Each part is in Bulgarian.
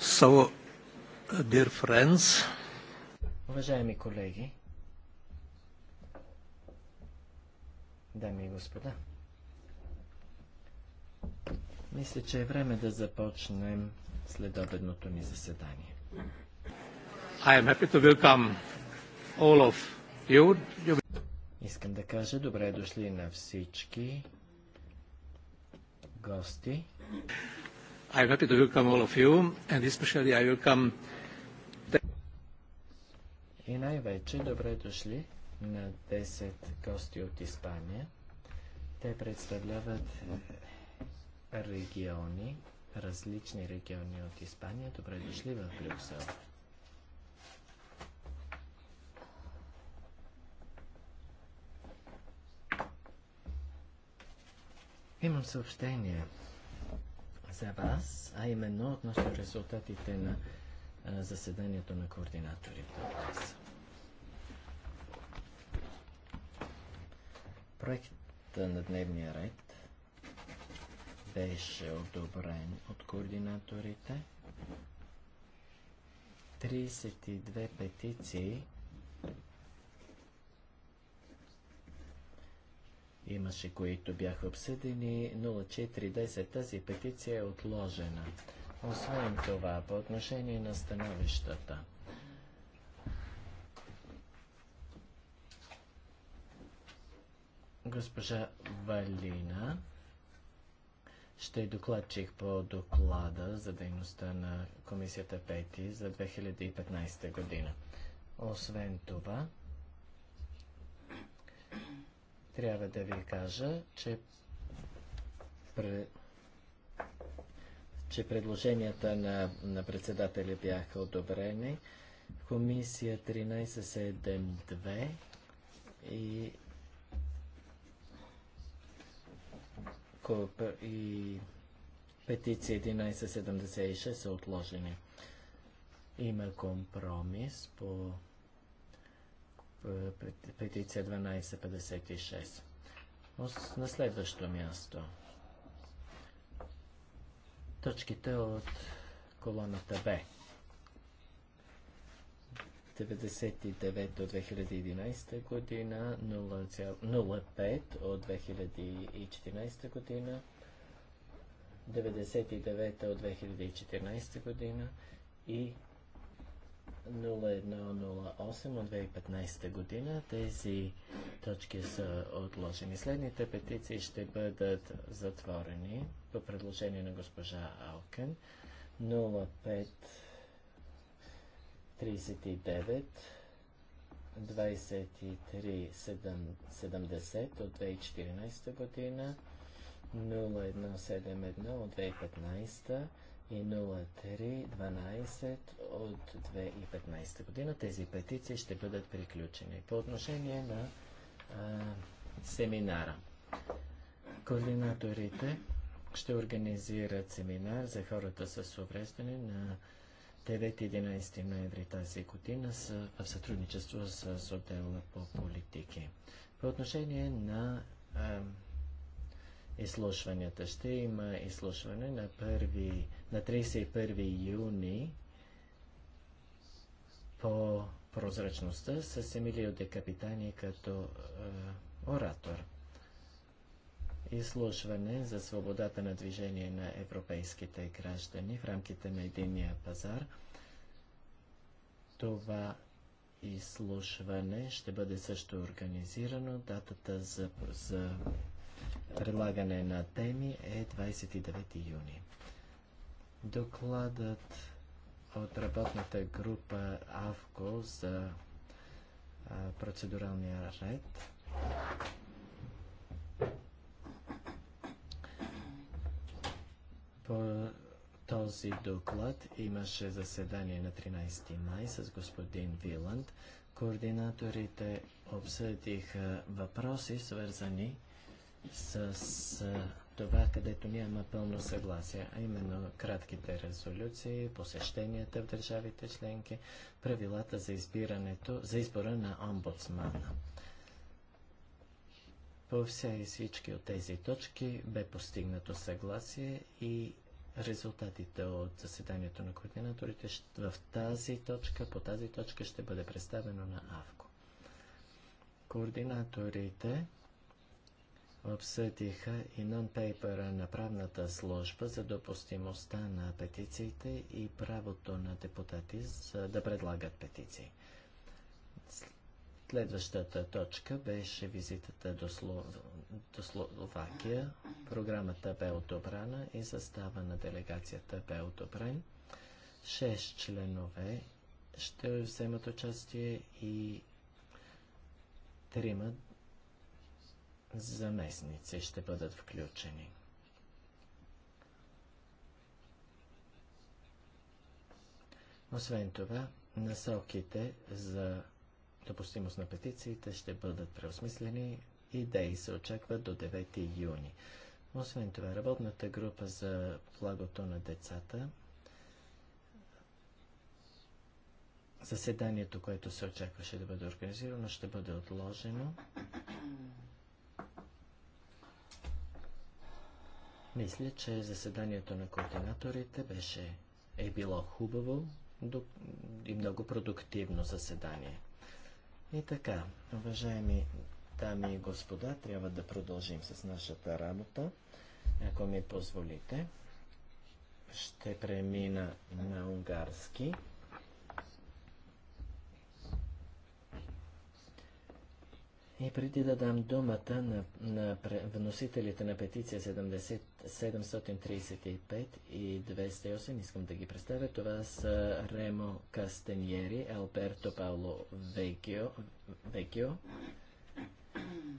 So, dear friends, Уважаеми колеги, дами и господа, мисля, че е време да започнем следобедното ни заседание. I am happy to welcome all of you. Искам да кажа добре дошли на всички гости. I'm happy to welcome all of you and especially I welcome и най-вече добре дошли на 10 гости от Испания. Те представляват е, региони, различни региони от Испания. Добре дошли в Брюксел. Имам съобщение за вас, а именно относно резултатите на заседанието на координаторите Проектът на дневния ред беше одобрен от координаторите. 32 петиции имаше, които бяха обсъдени. 0410 тази петиция е отложена. Освен това, по отношение на становищата. Госпожа Валина ще е докладчих по доклада за дейността на Комисията Пети за 2015 година. Освен това, трябва да ви кажа, че, пре... че предложенията на, на председателя бяха одобрени. Комисия 1372 и и петиция 1176 са отложени. Има компромис по петиция 1256. На следващо място. Точките от колоната Б. 99 до 2011 година, 05 от 2014 година, 99 от 2014 година и 0108 от 2015 година. Тези точки са отложени. Следните петиции ще бъдат затворени по предложение на госпожа Алкен. 0539 2370 от 2014 година 0171 от 2015 и 12 от 2015 година. Тези петиции ще бъдат приключени. По отношение на а, семинара. Координаторите ще организират семинар за хората с увреждане на 9-11 ноември тази година в сътрудничество с, отдела по политики. По отношение на а, изслушванията. Ще има изслушване на 1 на 31 юни по прозрачността с Емилио де Капитани като е, оратор. Изслушване за свободата на движение на европейските граждани в рамките на единния пазар. Това изслушване ще бъде също организирано. Датата за, за предлагане на теми е 29 юни. Докладът от работната група АВКО за процедуралния ред по този доклад имаше заседание на 13 май с господин Виланд. Координаторите обсъдиха въпроси, свързани с това, където няма пълно съгласие, а именно кратките резолюции, посещенията в държавите членки, правилата за избирането, за избора на омбудсмана. По все и всички от тези точки бе постигнато съгласие и резултатите от заседанието на координаторите в тази точка, по тази точка ще бъде представено на АВКО. Координаторите обсъдиха и нон-пейпера на правната служба за допустимостта на петициите и правото на депутати за да предлагат петиции. Следващата точка беше визитата до, Сло... до Словакия. Програмата бе одобрена и състава на делегацията бе одобрен. Шест членове ще вземат участие и трима заместници ще бъдат включени. Освен това, насоките за допустимост на петициите ще бъдат преосмислени. Идеи се очакват до 9 юни. Освен това, работната група за благото на децата, заседанието, което се очакваше да бъде организирано, ще бъде отложено Мисля, че заседанието на координаторите беше, е било хубаво и много продуктивно заседание. И така, уважаеми дами и господа, трябва да продължим с нашата работа. Ако ми позволите, ще премина на унгарски. И преди да дам думата на, на вносителите на петиция 70, 735 и 208, искам да ги представя. Това са Ремо Кастеньери, Алберто Пауло Векио.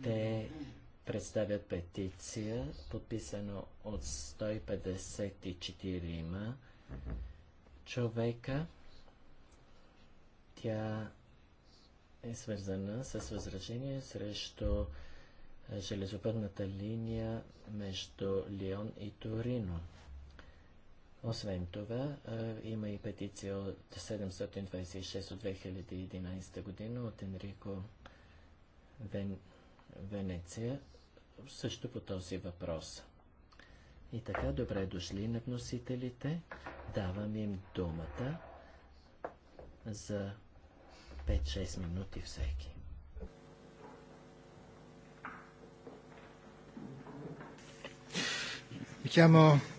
Те представят петиция, подписано от 154 човека. Тя е свързана с възражение срещу е, железопътната линия между Лион и Торино. Освен това, е, има и петиция от 726 от 2011 година от Енрико Вен... Венеция, също по този въпрос. И така, добре дошли на вносителите. Давам им думата за 5-6 минути всеки.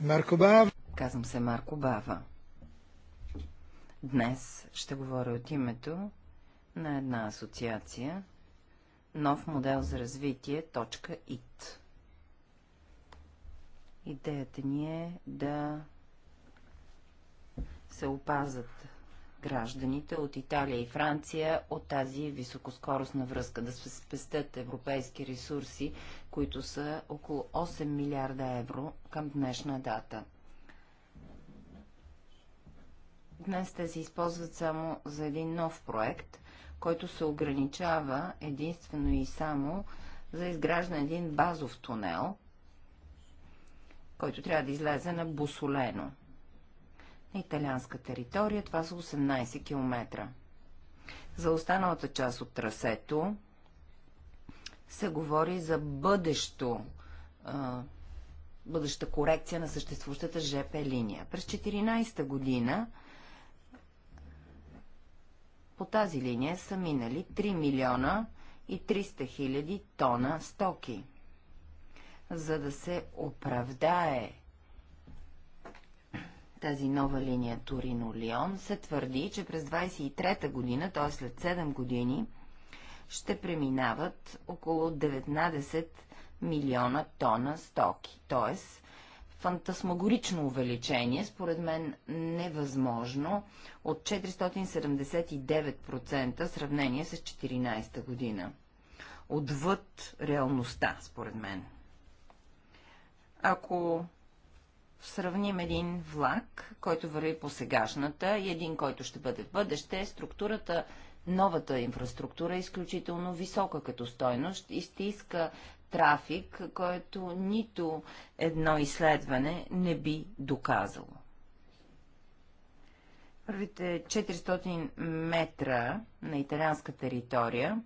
Марко Бава. Казвам се Марко Бава. Днес ще говоря от името на една асоциация Нов модел за развитие .it. Идеята ни е да се опазат гражданите от Италия и Франция от тази високоскоростна връзка, да се спестят европейски ресурси, които са около 8 милиарда евро към днешна дата. Днес те се използват само за един нов проект, който се ограничава единствено и само за изграждане един базов тунел, който трябва да излезе на Бусолено на италианска територия. Това са 18 км. За останалата част от трасето се говори за бъдещо, бъдеща корекция на съществуващата ЖП линия. През 14-та година по тази линия са минали 3 милиона и 300 хиляди тона стоки. За да се оправдае тази нова линия Торино-Лион, се твърди, че през 23-та година, т.е. след 7 години, ще преминават около 19 милиона тона стоки. Т.е. фантасмагорично увеличение, според мен невъзможно, от 479% в сравнение с 14-та година. Отвъд реалността, според мен. Ако сравним един влак, който върви по сегашната и един, който ще бъде в бъдеще, структурата, новата инфраструктура е изключително висока като стойност и стиска трафик, който нито едно изследване не би доказало. Първите 400 метра на италианска територия,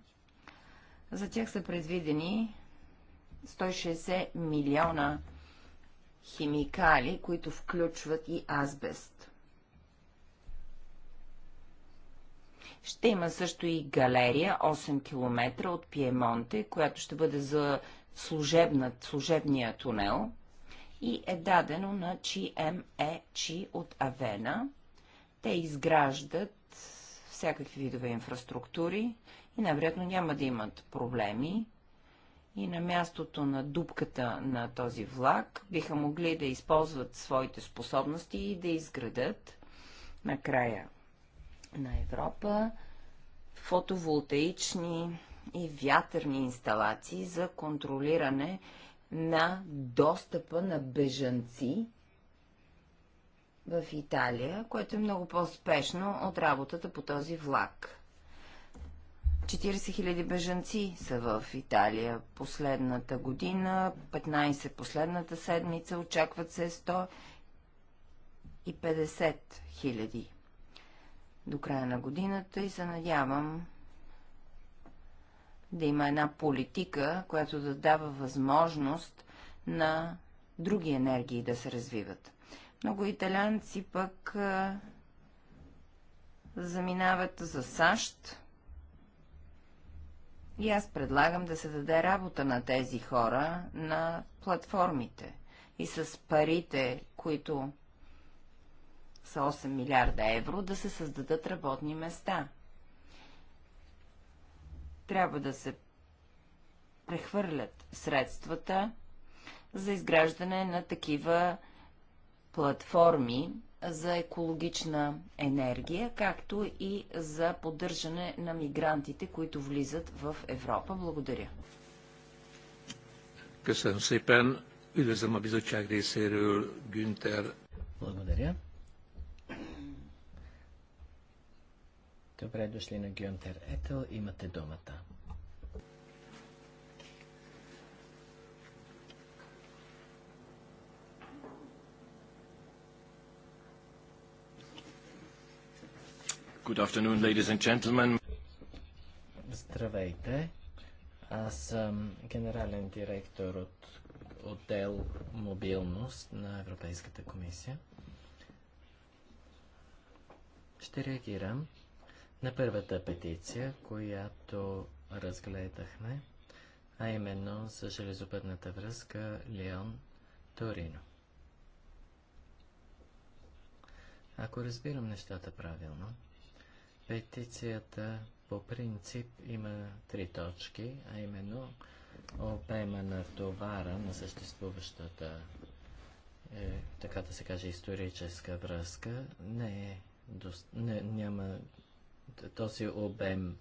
за тях са предвидени 160 милиона химикали, които включват и азбест. Ще има също и галерия 8 км от Пиемонте, която ще бъде за служебна, служебния тунел и е дадено на ЧИ е от Авена. Те изграждат всякакви видове инфраструктури и най-вероятно няма да имат проблеми и на мястото на дупката на този влак биха могли да използват своите способности и да изградат на края на Европа фотоволтаични и вятърни инсталации за контролиране на достъпа на бежанци в Италия, което е много по-спешно от работата по този влак. 40 000 бежанци са в Италия последната година, 15 последната седмица, очакват се 150 000 до края на годината и се надявам да има една политика, която да дава възможност на други енергии да се развиват. Много италянци пък заминават за САЩ, и аз предлагам да се даде работа на тези хора на платформите. И с парите, които са 8 милиарда евро, да се създадат работни места. Трябва да се прехвърлят средствата за изграждане на такива платформи за екологична енергия, както и за поддържане на мигрантите, които влизат в Европа. Благодаря. Благодаря. Добре дошли на Гюнтер Етел. Имате думата. Good afternoon, ladies and gentlemen. Здравейте. Аз съм генерален директор от отдел мобилност на Европейската комисия. Ще реагирам на първата петиция, която разгледахме, а именно за железопътната връзка Лион-Торино. Ако разбирам нещата правилно, Петицията по принцип има три точки, а именно обема на товара на съществуващата, е, така да се каже, историческа връзка не е, дост... не, няма този обем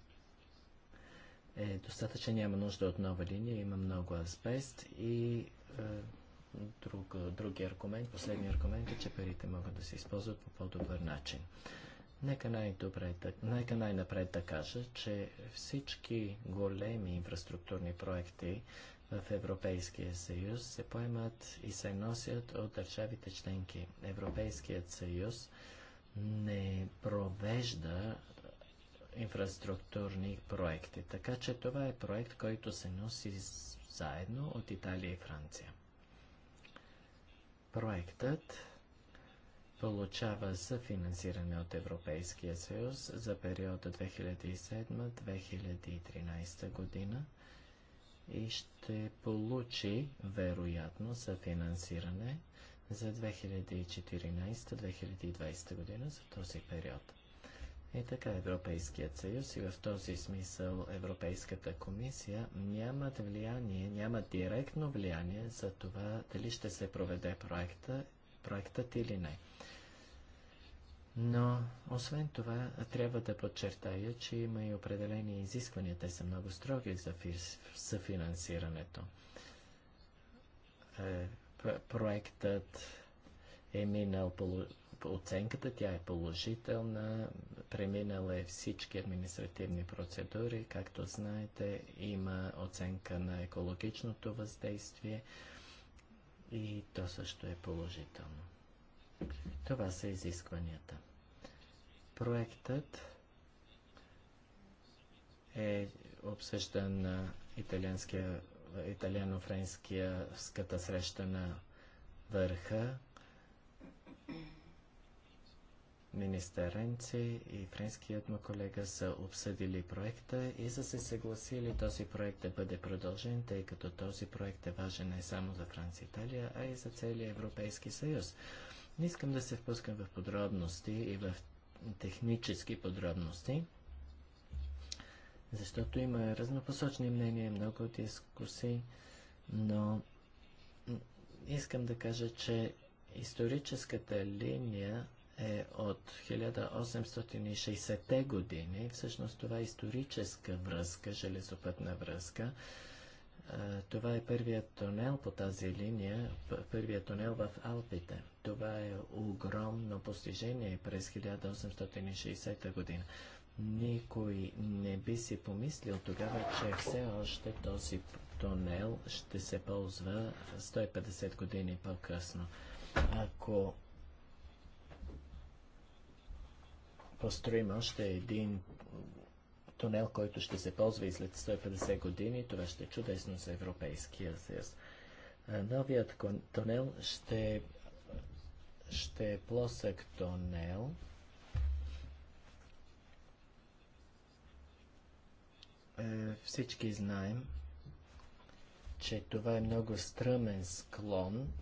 е достатъчно няма нужда от нова линия, има много азбест и е, друг, други аргумент, последният аргумент е, че парите могат да се използват по по-добър начин. Нека най-добре, нека най-напред да кажа, че всички големи инфраструктурни проекти в Европейския съюз се поемат и се носят от държавите членки. Европейският съюз не провежда инфраструктурни проекти. Така че това е проект, който се носи заедно от Италия и Франция. Проектът получава съфинансиране от Европейския съюз за периода 2007-2013 година и ще получи вероятно съфинансиране за 2014-2020 година за този период. И така Европейският съюз и в този смисъл Европейската комисия нямат влияние, нямат директно влияние за това дали ще се проведе проекта проектът или не. Но, освен това, трябва да подчертая, че има и определени изисквания. Те са много строги за, съфинансирането. финансирането. Е, проектът е минал оценката, тя е положителна, преминала е всички административни процедури. Както знаете, има оценка на екологичното въздействие и то също е положително. Това са изискванията. Проектът е обсъждан на италиано-френския ската среща на върха министър Ренци и френският му колега са обсъдили проекта и са се съгласили този проект да бъде продължен, тъй като този проект е важен не само за Франция и Италия, а и за целия Европейски съюз. Не искам да се впускам в подробности и в технически подробности, защото има разнопосочни мнения, много дискусии, но искам да кажа, че историческата линия е от 1860-те години. Всъщност това е историческа връзка, железопътна връзка. Това е първият тунел по тази линия, първият тунел в Алпите. Това е огромно постижение през 1860 година. Никой не би си помислил тогава, че все още този тунел ще се ползва 150 години по-късно. Ако построим още един тунел, който ще се ползва и след 150 години. Това ще е чудесно за Европейския съюз. Новият тунел ще, ще е плосък тунел. Всички знаем, че това е много стръмен склон.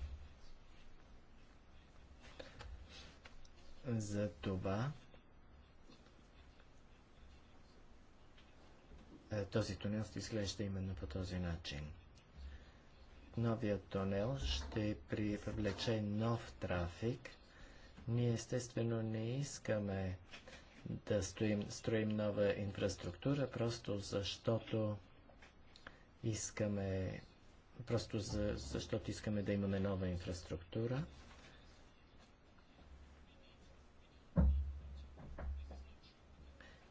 За това Е, този тунел ще изглежда именно по този начин. Новият тунел ще привлече нов трафик. Ние естествено не искаме да стоим, строим нова инфраструктура, просто защото искаме, просто за, защото искаме да имаме нова инфраструктура.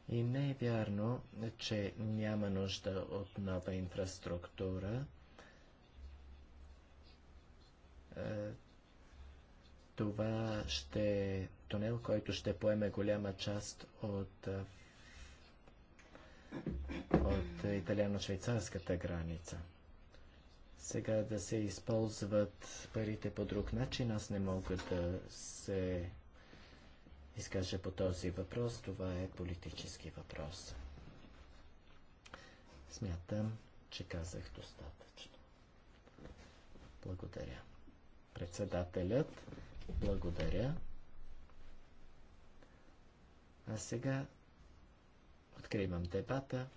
И не е вярно, че няма нужда от нова инфраструктура. Е, това ще е тунел, който ще поеме голяма част от, е, от италиано-швейцарската граница. Сега да се използват парите по друг начин, аз не мога да се изкаже по този въпрос. Това е политически въпрос. Смятам, че казах достатъчно. Благодаря. Председателят, благодаря. А сега откривам дебата.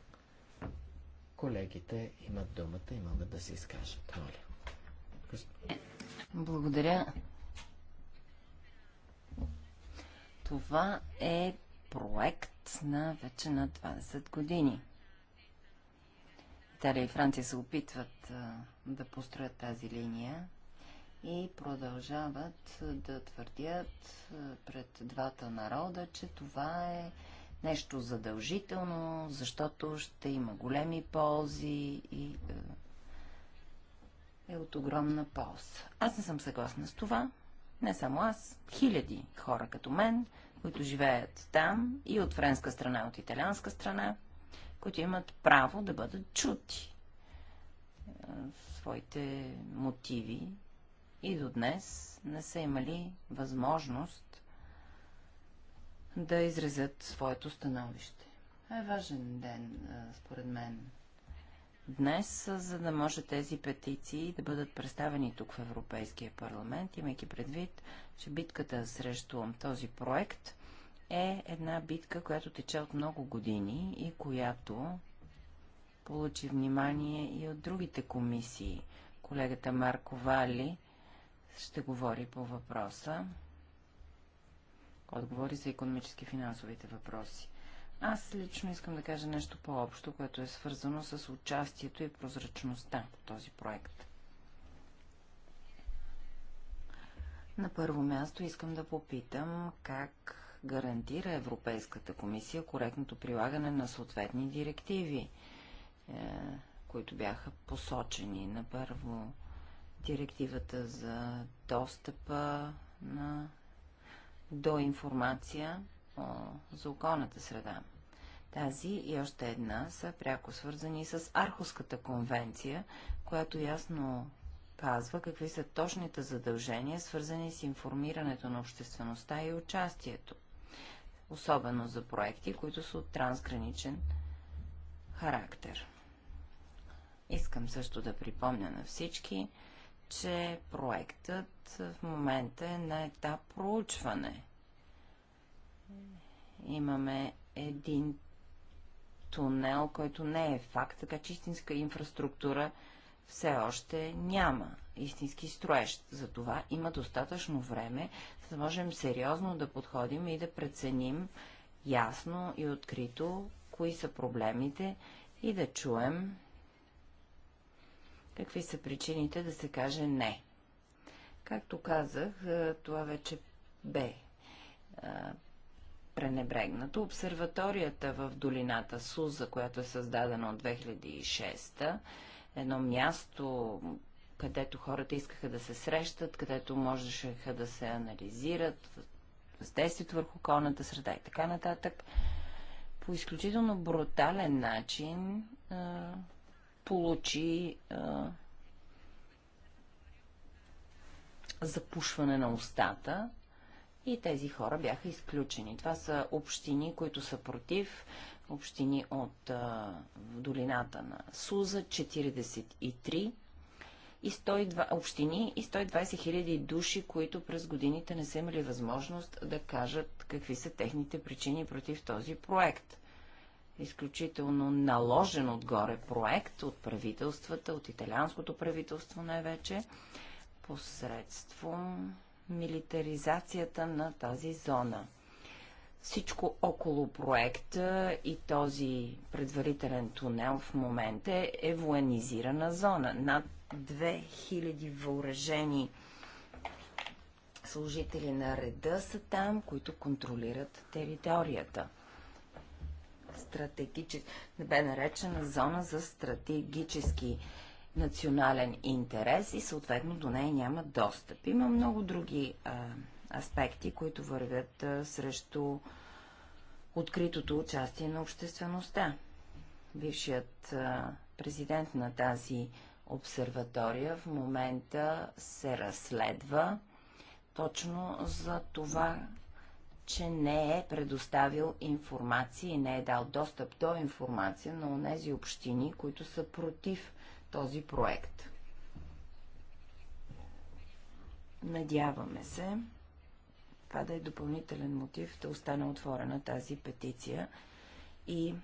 Колегите имат думата и могат да се изкажат. Моля. Благодаря. Това е проект на вече на 20 години. Италия и Франция се опитват да построят тази линия и продължават да твърдят пред двата народа, че това е нещо задължително, защото ще има големи ползи и е от огромна полза. Аз не съм съгласна с това. Не само аз, хиляди хора като мен, които живеят там и от френска страна, и от италианска страна, които имат право да бъдат чути е, своите мотиви и до днес не са имали възможност да изразят своето становище. Това е важен ден, е, според мен, днес, за да може тези петиции да бъдат представени тук в Европейския парламент, имайки предвид, че битката срещу този проект е една битка, която тече от много години и която получи внимание и от другите комисии. Колегата Марко Вали ще говори по въпроса. Отговори за економически и финансовите въпроси. Аз лично искам да кажа нещо по-общо, което е свързано с участието и прозрачността в този проект. На първо място искам да попитам как гарантира Европейската комисия коректното прилагане на съответни директиви, е, които бяха посочени. На първо директивата за достъпа на, до информация за околната среда. Тази и още една са пряко свързани с Архуската конвенция, която ясно казва какви са точните задължения, свързани с информирането на обществеността и участието, особено за проекти, които са от трансграничен характер. Искам също да припомня на всички, че проектът в момента е на етап проучване – Имаме един тунел, който не е факт, така че истинска инфраструктура все още няма истински строеж. Затова има достатъчно време, за да можем сериозно да подходим и да преценим ясно и открито кои са проблемите и да чуем какви са причините да се каже не. Както казах, това вече бе пренебрегнато. Обсерваторията в долината Суза, която е създадена от 2006 едно място, където хората искаха да се срещат, където можеха да се анализират въздействието върху околната среда и така нататък, по изключително брутален начин а, получи а, запушване на устата и тези хора бяха изключени. Това са общини, които са против, общини от а, долината на Суза, 43 и 102 общини и 120 хиляди души, които през годините не са имали възможност да кажат какви са техните причини против този проект. Изключително наложен отгоре проект от правителствата, от италианското правителство най-вече, посредством милитаризацията на тази зона. Всичко около проекта и този предварителен тунел в момента е, е военизирана зона. Над 2000 въоръжени служители на реда са там, които контролират територията. Стратегически бе наречена зона за стратегически национален интерес и съответно до нея няма достъп. Има много други а, аспекти, които вървят а, срещу откритото участие на обществеността. Бившият а, президент на тази обсерватория в момента се разследва точно за това, че не е предоставил информация и не е дал достъп до информация на тези общини, които са против този проект. Надяваме се това да е допълнителен мотив да остане отворена тази петиция и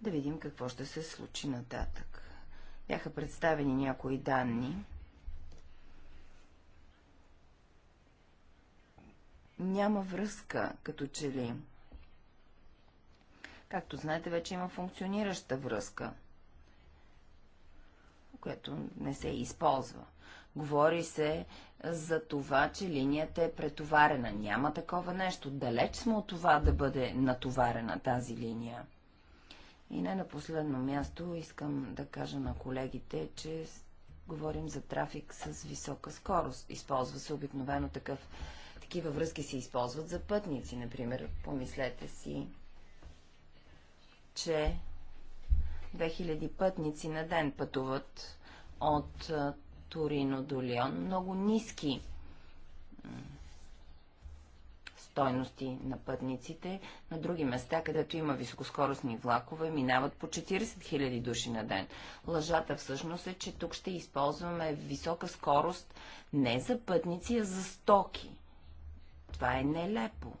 да видим какво ще се случи нататък. Бяха представени някои данни. Няма връзка, като че ли, Както знаете, вече има функционираща връзка, която не се използва. Говори се за това, че линията е претоварена. Няма такова нещо. Далеч сме от това да бъде натоварена тази линия. И не на последно място искам да кажа на колегите, че говорим за трафик с висока скорост. Използва се обикновено такъв. Такива връзки се използват за пътници, например. Помислете си че 2000 пътници на ден пътуват от Торино до Лион. Много ниски стойности на пътниците. На други места, където има високоскоростни влакове, минават по 40 000 души на ден. Лъжата всъщност е, че тук ще използваме висока скорост не за пътници, а за стоки. Това е нелепо.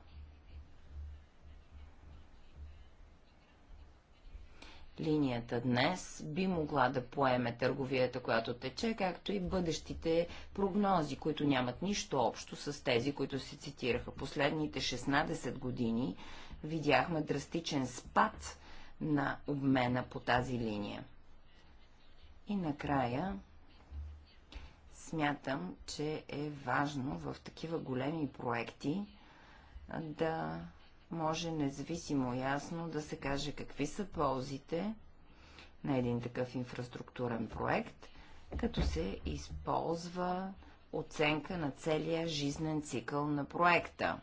линията днес би могла да поеме търговията, която тече, както и бъдещите прогнози, които нямат нищо общо с тези, които се цитираха. Последните 16 години видяхме драстичен спад на обмена по тази линия. И накрая смятам, че е важно в такива големи проекти да може независимо ясно да се каже какви са ползите на един такъв инфраструктурен проект, като се използва оценка на целия жизнен цикъл на проекта.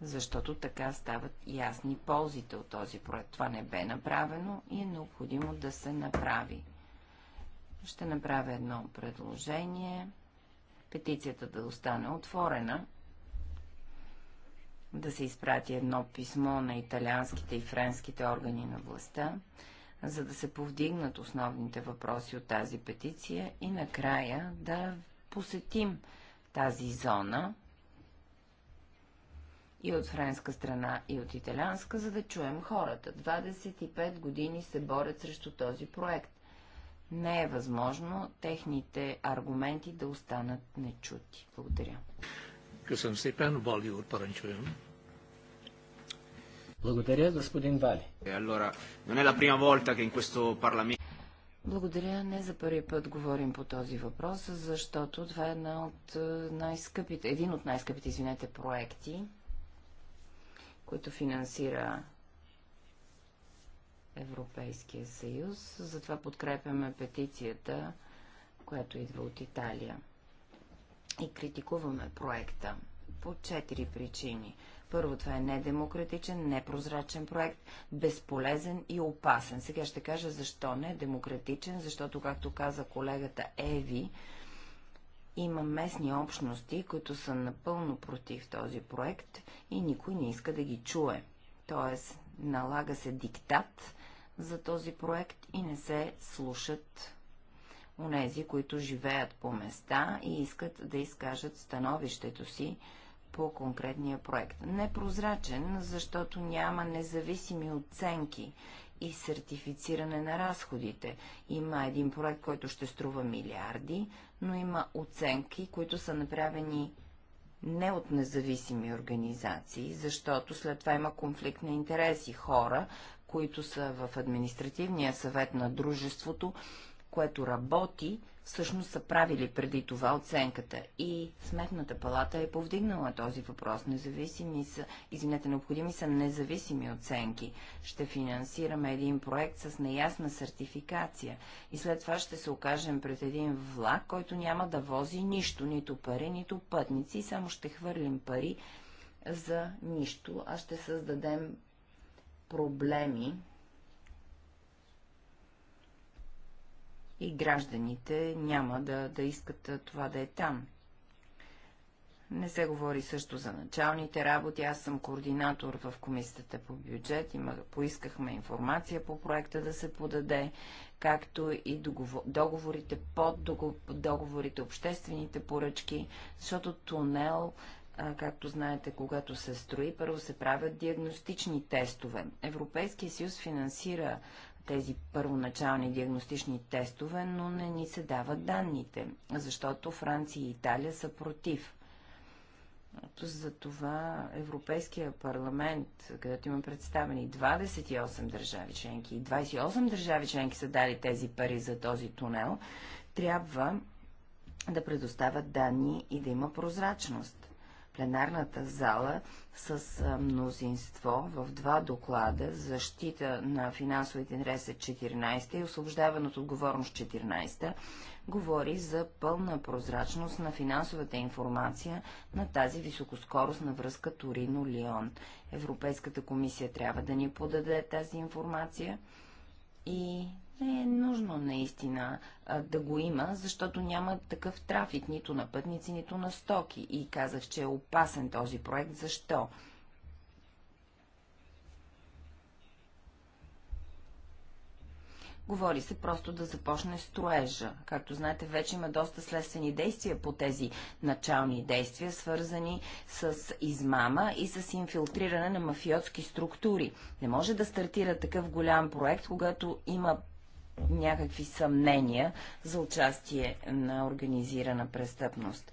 Защото така стават ясни ползите от този проект. Това не бе направено и е необходимо да се направи. Ще направя едно предложение. Петицията да остане отворена да се изпрати едно писмо на италианските и френските органи на властта, за да се повдигнат основните въпроси от тази петиция и накрая да посетим тази зона и от френска страна, и от италианска, за да чуем хората. 25 години се борят срещу този проект. Не е възможно техните аргументи да останат нечути. Благодаря. Късен Степен, Vali от parancsoljon. Благодаря, господин Вали. Е, Благодаря. Не за първи път говорим по този въпрос, защото това е една от е, най-скъпите, един от най-скъпите, извинете, проекти, които финансира Европейския съюз. Затова подкрепяме петицията, която идва от Италия. И критикуваме проекта по четири причини – първо, това е недемократичен, непрозрачен проект, безполезен и опасен. Сега ще кажа защо не е демократичен, защото, както каза колегата Еви, има местни общности, които са напълно против този проект и никой не иска да ги чуе. Тоест, налага се диктат за този проект и не се слушат нези, които живеят по места и искат да изкажат становището си по конкретния проект. Непрозрачен, защото няма независими оценки и сертифициране на разходите. Има един проект, който ще струва милиарди, но има оценки, които са направени не от независими организации, защото след това има конфликт на интереси. Хора, които са в административния съвет на дружеството, което работи всъщност са правили преди това оценката. И Сметната палата е повдигнала този въпрос. Независими са, извинете, необходими са независими оценки. Ще финансираме един проект с неясна сертификация. И след това ще се окажем пред един влак, който няма да вози нищо, нито пари, нито пътници. Само ще хвърлим пари за нищо, а ще създадем проблеми и гражданите няма да, да искат това да е там. Не се говори също за началните работи. Аз съм координатор в комисията по бюджет. Има, поискахме информация по проекта да се подаде, както и договорите под договорите, обществените поръчки, защото тунел, както знаете, когато се строи, първо се правят диагностични тестове. Европейския съюз финансира тези първоначални диагностични тестове, но не ни се дават данните, защото Франция и Италия са против. За това Европейския парламент, където има представени 28 държави членки и 28 държави членки са дали тези пари за този тунел, трябва да предоставят данни и да има прозрачност пленарната зала с мнозинство в два доклада защита на финансовите интереси 14 е и освобождаване от отговорност 14 говори за пълна прозрачност на финансовата информация на тази високоскоростна връзка Торино-Лион. Европейската комисия трябва да ни подаде тази информация и не е нужно наистина а, да го има, защото няма такъв трафик нито на пътници, нито на стоки. И казах, че е опасен този проект. Защо? Говори се просто да започне строежа. Както знаете, вече има доста следствени действия по тези начални действия, свързани с измама и с инфилтриране на мафиотски структури. Не може да стартира такъв голям проект, когато има някакви съмнения за участие на организирана престъпност.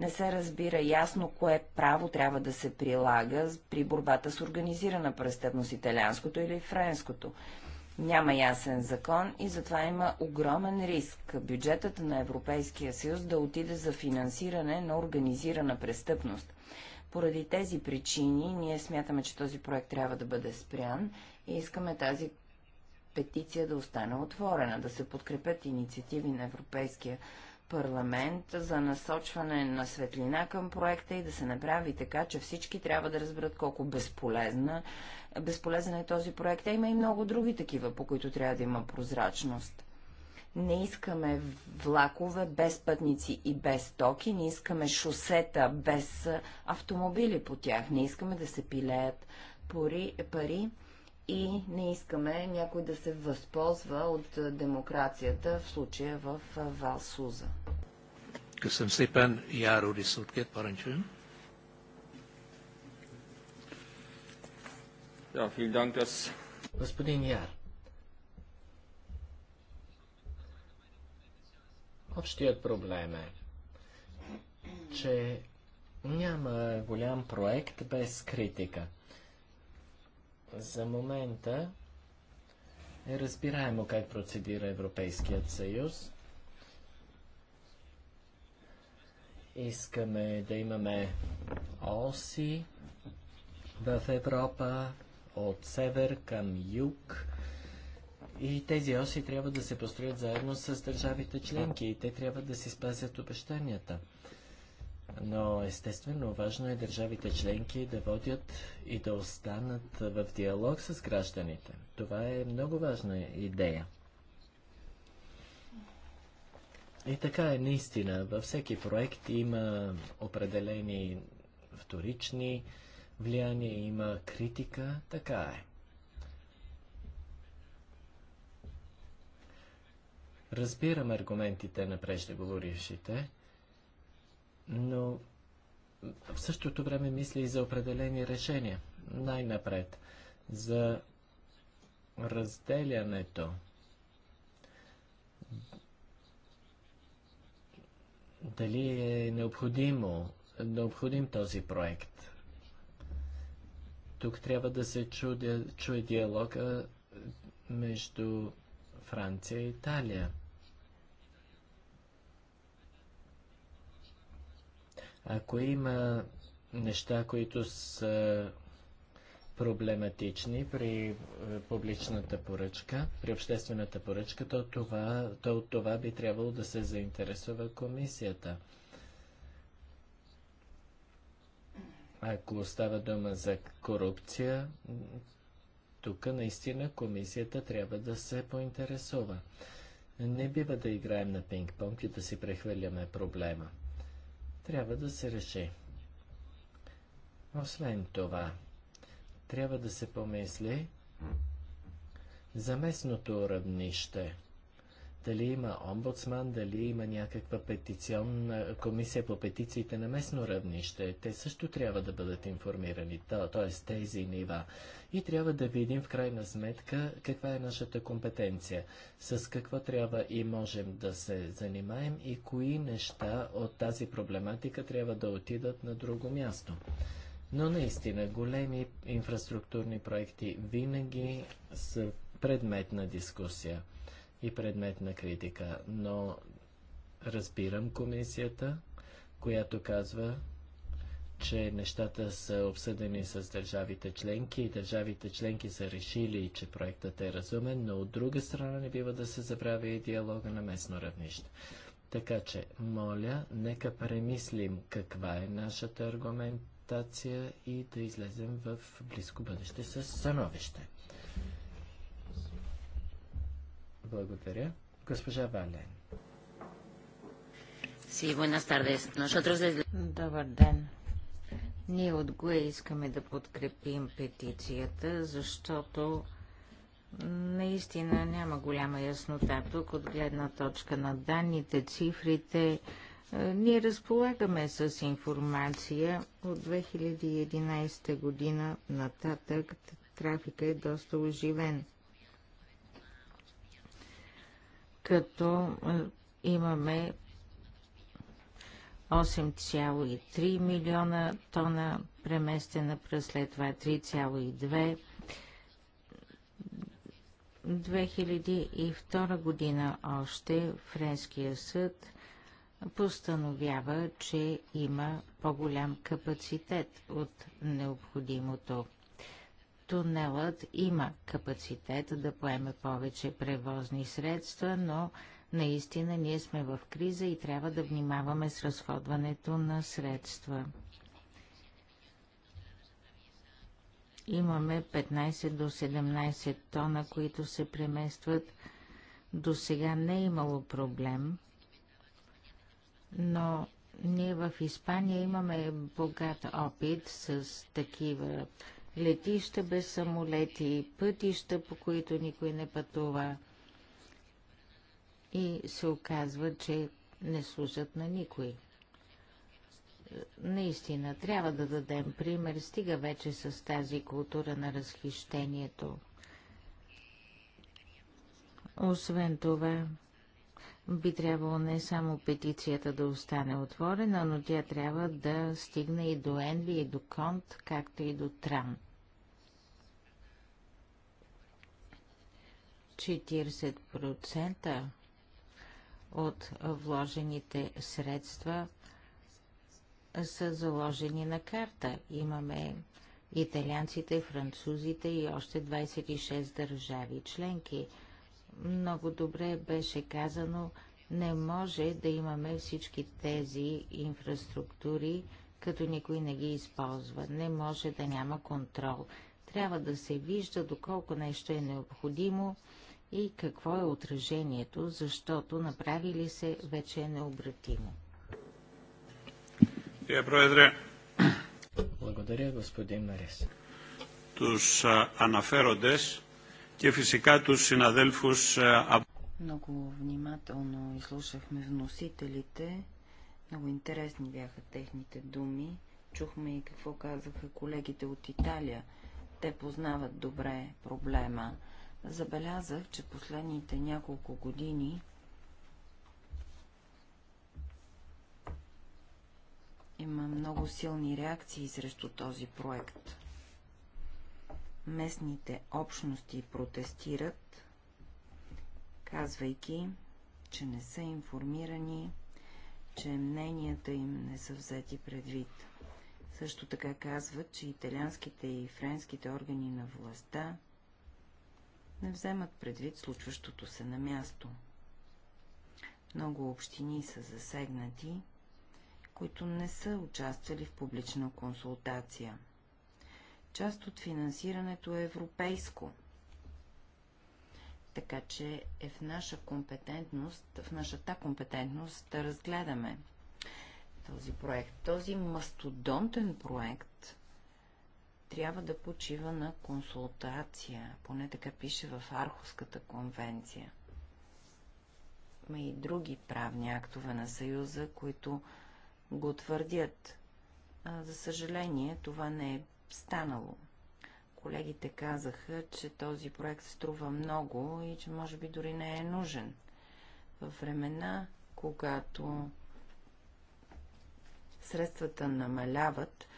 Не се разбира ясно кое право трябва да се прилага при борбата с организирана престъпност, италианското или френското. Няма ясен закон и затова има огромен риск бюджетът на Европейския съюз да отиде за финансиране на организирана престъпност. Поради тези причини ние смятаме, че този проект трябва да бъде спрян и искаме тази петиция да остане отворена, да се подкрепят инициативи на Европейския парламент за насочване на светлина към проекта и да се направи така, че всички трябва да разберат колко безполезна, безполезен е този проект. А има и много други такива, по които трябва да има прозрачност. Не искаме влакове без пътници и без токи, не искаме шосета без автомобили по тях, не искаме да се пилеят пари и не искаме някой да се възползва от демокрацията в случая в Валсуза. Късъм szépen, járó részút két parancsoljon. Ja, vielen Dank, Господин Яр, общият проблем е, че няма голям проект без критика. За момента е разбираемо как процедира Европейският съюз. Искаме да имаме оси в Европа от север към юг. И тези оси трябва да се построят заедно с държавите членки и те трябва да си спазят обещанията. Но естествено важно е държавите членки да водят и да останат в диалог с гражданите. Това е много важна идея. И така е наистина. Във всеки проект има определени вторични влияния, има критика. Така е. Разбирам аргументите на преждеговорившите но в същото време мисля и за определени решения. Най-напред за разделянето. Дали е необходимо, необходим този проект? Тук трябва да се чуде, чуе диалога между Франция и Италия. Ако има неща, които са проблематични при е, публичната поръчка, при обществената поръчка, то, това, то от това би трябвало да се заинтересува комисията. Ако става дума за корупция, тук наистина комисията трябва да се поинтересува. Не бива да играем на пинг-понг и да си прехвърляме проблема трябва да се реши. Освен това, трябва да се помисли за местното равнище – дали има омбудсман, дали има някаква петиционна комисия по петициите на местно равнище. Те също трябва да бъдат информирани, т.е. тези нива. И трябва да видим в крайна сметка каква е нашата компетенция, с какво трябва и можем да се занимаем и кои неща от тази проблематика трябва да отидат на друго място. Но наистина големи инфраструктурни проекти винаги са предмет на дискусия и предмет на критика, но разбирам комисията, която казва, че нещата са обсъдени с държавите членки и държавите членки са решили, че проектът е разумен, но от друга страна не бива да се забравя и диалога на местно равнище. Така че, моля, нека премислим каква е нашата аргументация и да излезем в близко бъдеще с становище. Благодаря. Госпожа Вален. Sí, buenas tardes. Nosotros desde... Добър ден. Ние от ГУЕ искаме да подкрепим петицията, защото наистина няма голяма яснота тук от гледна точка на данните, цифрите. Е, ние разполагаме с информация от 2011 година нататък. Трафика е доста оживен. като е, имаме 8,3 милиона тона преместена пръст, след това 3,2 е 2002 година още Френския съд постановява, че има по-голям капацитет от необходимото. Тунелът има капацитет да поеме повече превозни средства, но наистина ние сме в криза и трябва да внимаваме с разходването на средства. Имаме 15 до 17 тона, които се преместват. До сега не е имало проблем, но ние в Испания имаме богат опит с такива летища без самолети, пътища, по които никой не пътува. И се оказва, че не служат на никой. Наистина, трябва да дадем пример, стига вече с тази култура на разхищението. Освен това, би трябвало не само петицията да остане отворена, но тя трябва да стигне и до Енви, и до Конт, както и до Тран. 40% от вложените средства са заложени на карта. Имаме италианците, французите и още 26 държави членки. Много добре беше казано, не може да имаме всички тези инфраструктури, като никой не ги използва. Не може да няма контрол. Трябва да се вижда доколко нещо е необходимо и какво е отражението, защото направили се вече е необратимо. Благодаря, господин Марис. Тус Анаферодес και φυσικά τους συναδέλφους Много внимателно изслушахме вносителите. Много интересни бяха техните думи. Чухме и какво казаха колегите от Италия. Те познават добре проблема забелязах, че последните няколко години има много силни реакции срещу този проект. Местните общности протестират, казвайки, че не са информирани, че мненията им не са взети предвид. Също така казват, че италианските и френските органи на властта не вземат предвид случващото се на място. Много общини са засегнати, които не са участвали в публична консултация. Част от финансирането е европейско, така че е в наша компетентност, в нашата компетентност да разгледаме този проект. Този мастодонтен проект трябва да почива на консултация. Поне така пише в Арховската конвенция. Има и други правни актове на Съюза, които го твърдят. А, за съжаление, това не е станало. Колегите казаха, че този проект струва много и че може би дори не е нужен. Във времена, когато средствата намаляват,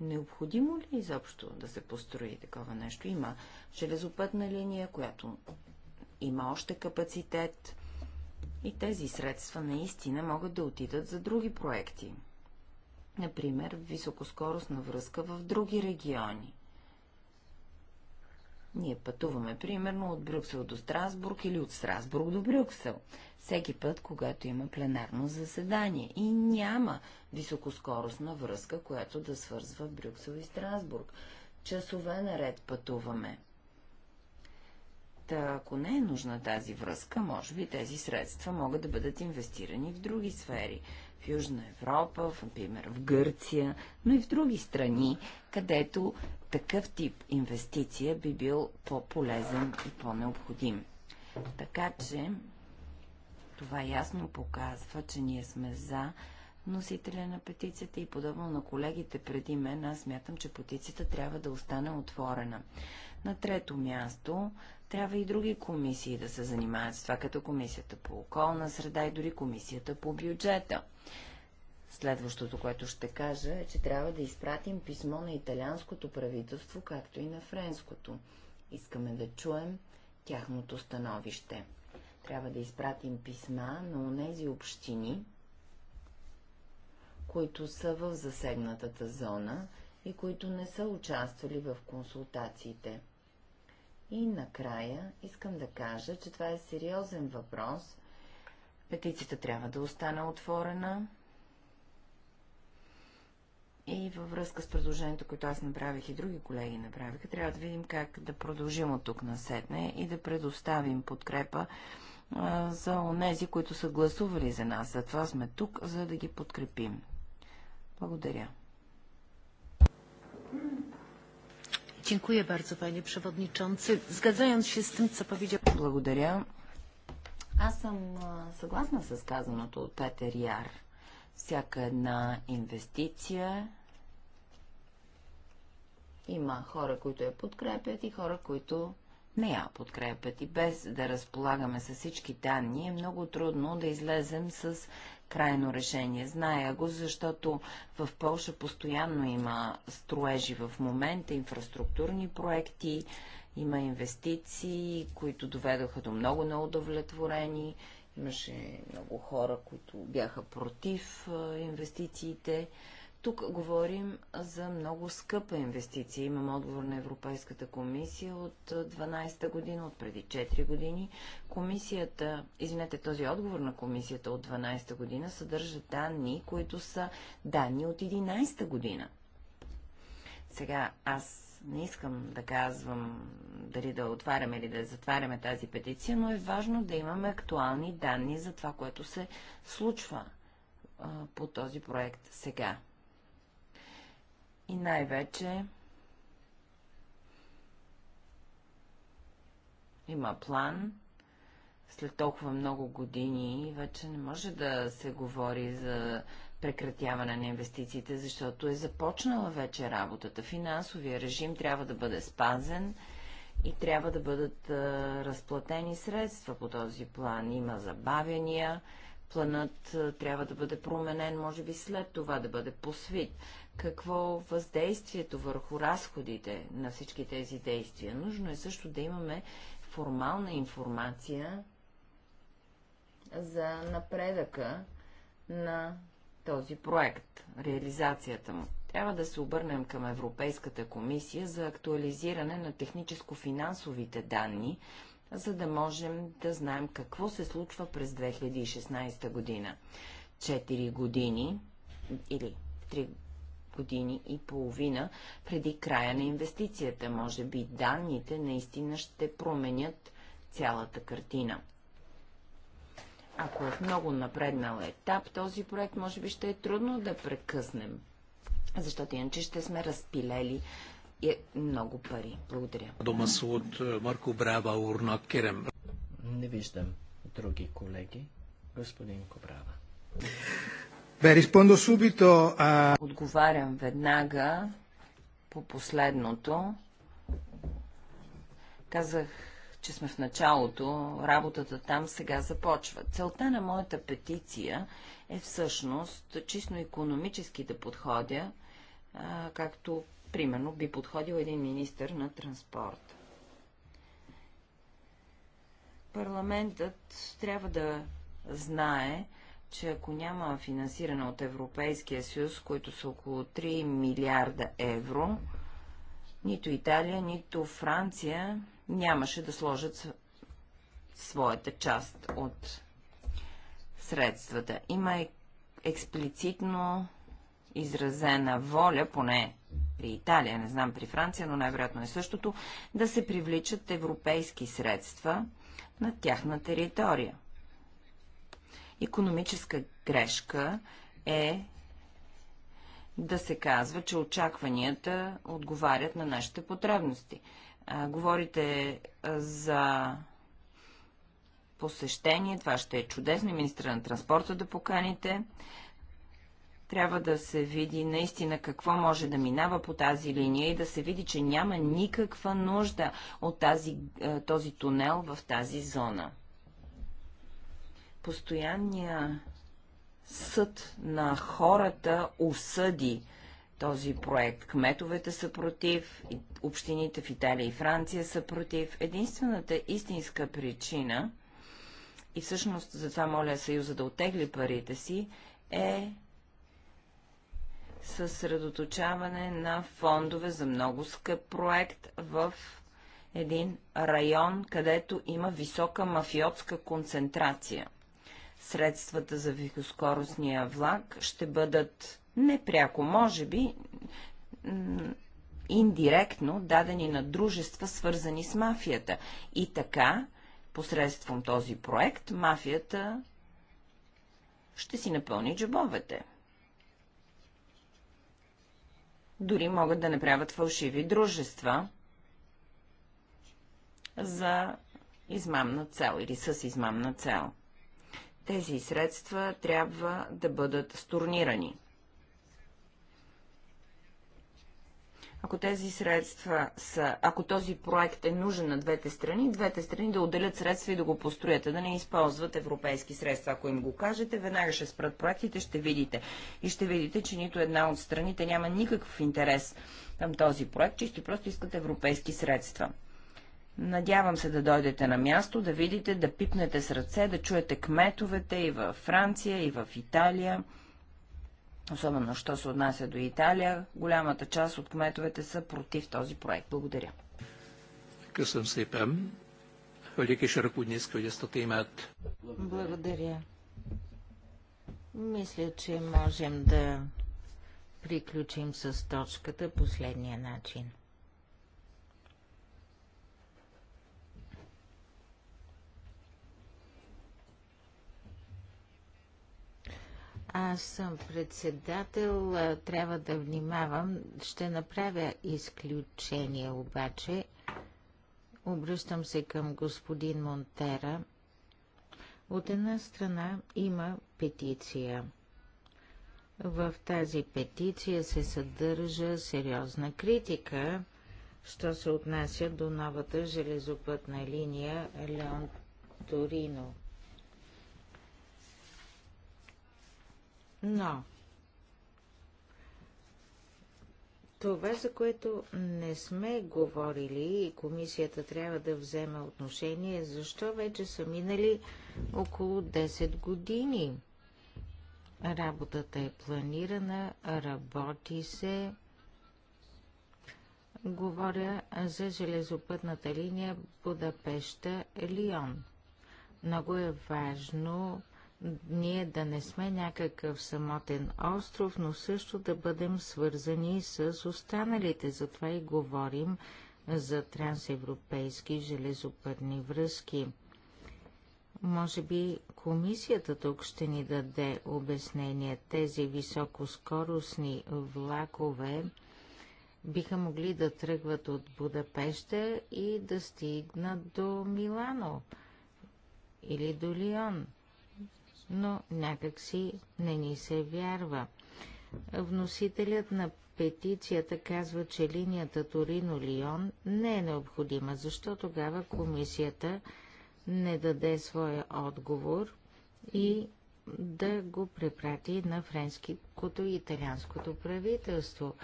Необходимо ли изобщо да се построи такова нещо? Има железопътна линия, която има още капацитет и тези средства наистина могат да отидат за други проекти. Например, високоскоростна връзка в други региони. Ние пътуваме, примерно, от Брюксел до Страсбург или от Страсбург до Брюксел. Всеки път, когато има пленарно заседание. И няма високоскоростна връзка, която да свързва Брюксел и Страсбург. Часове наред пътуваме. Та, ако не е нужна тази връзка, може би тези средства могат да бъдат инвестирани в други сфери в Южна Европа, в, например в Гърция, но и в други страни, където такъв тип инвестиция би бил по-полезен и по-необходим. Така че това ясно показва, че ние сме за носителя на петицията и подобно на колегите преди мен, аз смятам, че петицията трябва да остане отворена. На трето място трябва и други комисии да се занимават с това, като комисията по околна среда и дори комисията по бюджета. Следващото, което ще кажа е, че трябва да изпратим писмо на италианското правителство, както и на френското. Искаме да чуем тяхното становище. Трябва да изпратим писма на онези общини, които са в засегнатата зона и които не са участвали в консултациите. И накрая искам да кажа, че това е сериозен въпрос. Петицията трябва да остане отворена. И във връзка с предложението, което аз направих и други колеги направиха, трябва да видим как да продължим от тук на сетне и да предоставим подкрепа а, за онези, които са гласували за нас. Затова сме тук, за да ги подкрепим. Благодаря. Dziękuję bardzo, panie przewodniczący. Zgadzając się z tym, co powiedział... Благодаря. Аз съм съгласна с казаното от Петър Яр. Всяка една инвестиция има хора, които я подкрепят и хора, които не я подкрепят. И без да разполагаме с всички данни, е много трудно да излезем с крайно решение. Зная го, защото в Польша постоянно има строежи в момента, инфраструктурни проекти, има инвестиции, които доведоха до много неудовлетворени. Имаше много хора, които бяха против инвестициите. Тук говорим за много скъпа инвестиция. Имам отговор на Европейската комисия от 12-та година, от преди 4 години. Комисията, извинете, този отговор на комисията от 12-та година съдържа данни, които са данни от 11-та година. Сега аз не искам да казвам дали да отваряме или да затваряме тази петиция, но е важно да имаме актуални данни за това, което се случва а, по този проект сега и най-вече има план. След толкова много години вече не може да се говори за прекратяване на инвестициите, защото е започнала вече работата. Финансовия режим трябва да бъде спазен и трябва да бъдат а, разплатени средства по този план. Има забавяния, планът а, трябва да бъде променен, може би след това да бъде посвит какво въздействието върху разходите на всички тези действия. Нужно е също да имаме формална информация за напредъка на този проект, реализацията му. Трябва да се обърнем към Европейската комисия за актуализиране на техническо-финансовите данни, за да можем да знаем какво се случва през 2016 година. Четири години или три години и половина преди края на инвестицията. Може би данните наистина ще променят цялата картина. Ако е в много напреднал етап, този проект може би ще е трудно да прекъснем, защото иначе ще сме разпилели и много пари. Благодаря. Дома са от е, Марко Брава, Урна Керем. Не виждам други колеги. Господин Кобрава. Бе, респондо субито... А... Отговарям веднага по последното. Казах, че сме в началото, работата там сега започва. Целта на моята петиция е всъщност чисто економически да подходя, а, както примерно би подходил един министр на транспорт. Парламентът трябва да знае, че ако няма финансиране от Европейския съюз, които са около 3 милиарда евро, нито Италия, нито Франция нямаше да сложат своята част от средствата. Има е- експлицитно изразена воля, поне при Италия, не знам при Франция, но най-вероятно е същото, да се привличат европейски средства на тяхна територия. Економическа грешка е да се казва, че очакванията отговарят на нашите потребности. А, говорите за посещение, това ще е чудесно, и министра на транспорта да поканите. Трябва да се види наистина какво може да минава по тази линия и да се види, че няма никаква нужда от тази, този тунел в тази зона. Постоянния съд на хората осъди този проект. Кметовете са против, общините в Италия и Франция са против. Единствената истинска причина, и всъщност затова моля Съюза да отегли парите си, е съсредоточаване на фондове за много скъп проект в един район, където има висока мафиотска концентрация средствата за високоскоростния влак ще бъдат непряко, може би, индиректно дадени на дружества, свързани с мафията. И така, посредством този проект, мафията ще си напълни джобовете. Дори могат да направят фалшиви дружества за измамна цел или с измамна цел. Тези средства трябва да бъдат стурнирани. Ако тези средства са, ако този проект е нужен на двете страни, двете страни да отделят средства и да го построят, а да не използват европейски средства. Ако им го кажете, веднага ще спрат проектите, ще видите. И ще видите, че нито една от страните няма никакъв интерес към този проект, чисто просто искат европейски средства. Надявам се да дойдете на място, да видите, да пипнете с ръце, да чуете кметовете и във Франция, и в Италия. Особено, що се отнася до Италия, голямата част от кметовете са против този проект. Благодаря. Късъм Сейпем. Велики Шаракудницки, дестата имат. Благодаря. Мисля, че можем да приключим с точката последния начин. аз съм председател, трябва да внимавам. Ще направя изключение обаче. Обръщам се към господин Монтера. От една страна има петиция. В тази петиция се съдържа сериозна критика, що се отнася до новата железопътна линия Леон Торино. Но това, за което не сме говорили и комисията трябва да вземе отношение, защо вече са минали около 10 години. Работата е планирана, работи се. Говоря за железопътната линия Будапешта-Лион. Много е важно ние да не сме някакъв самотен остров, но също да бъдем свързани с останалите. Затова и говорим за трансевропейски железопътни връзки. Може би комисията тук ще ни даде обяснение. Тези високоскоростни влакове биха могли да тръгват от Будапеща и да стигнат до Милано или до Лион но някак си не ни се вярва. Вносителят на петицията казва, че линията Торино-Лион не е необходима, защо тогава комисията не даде своя отговор и да го препрати на френското и италианското правителство.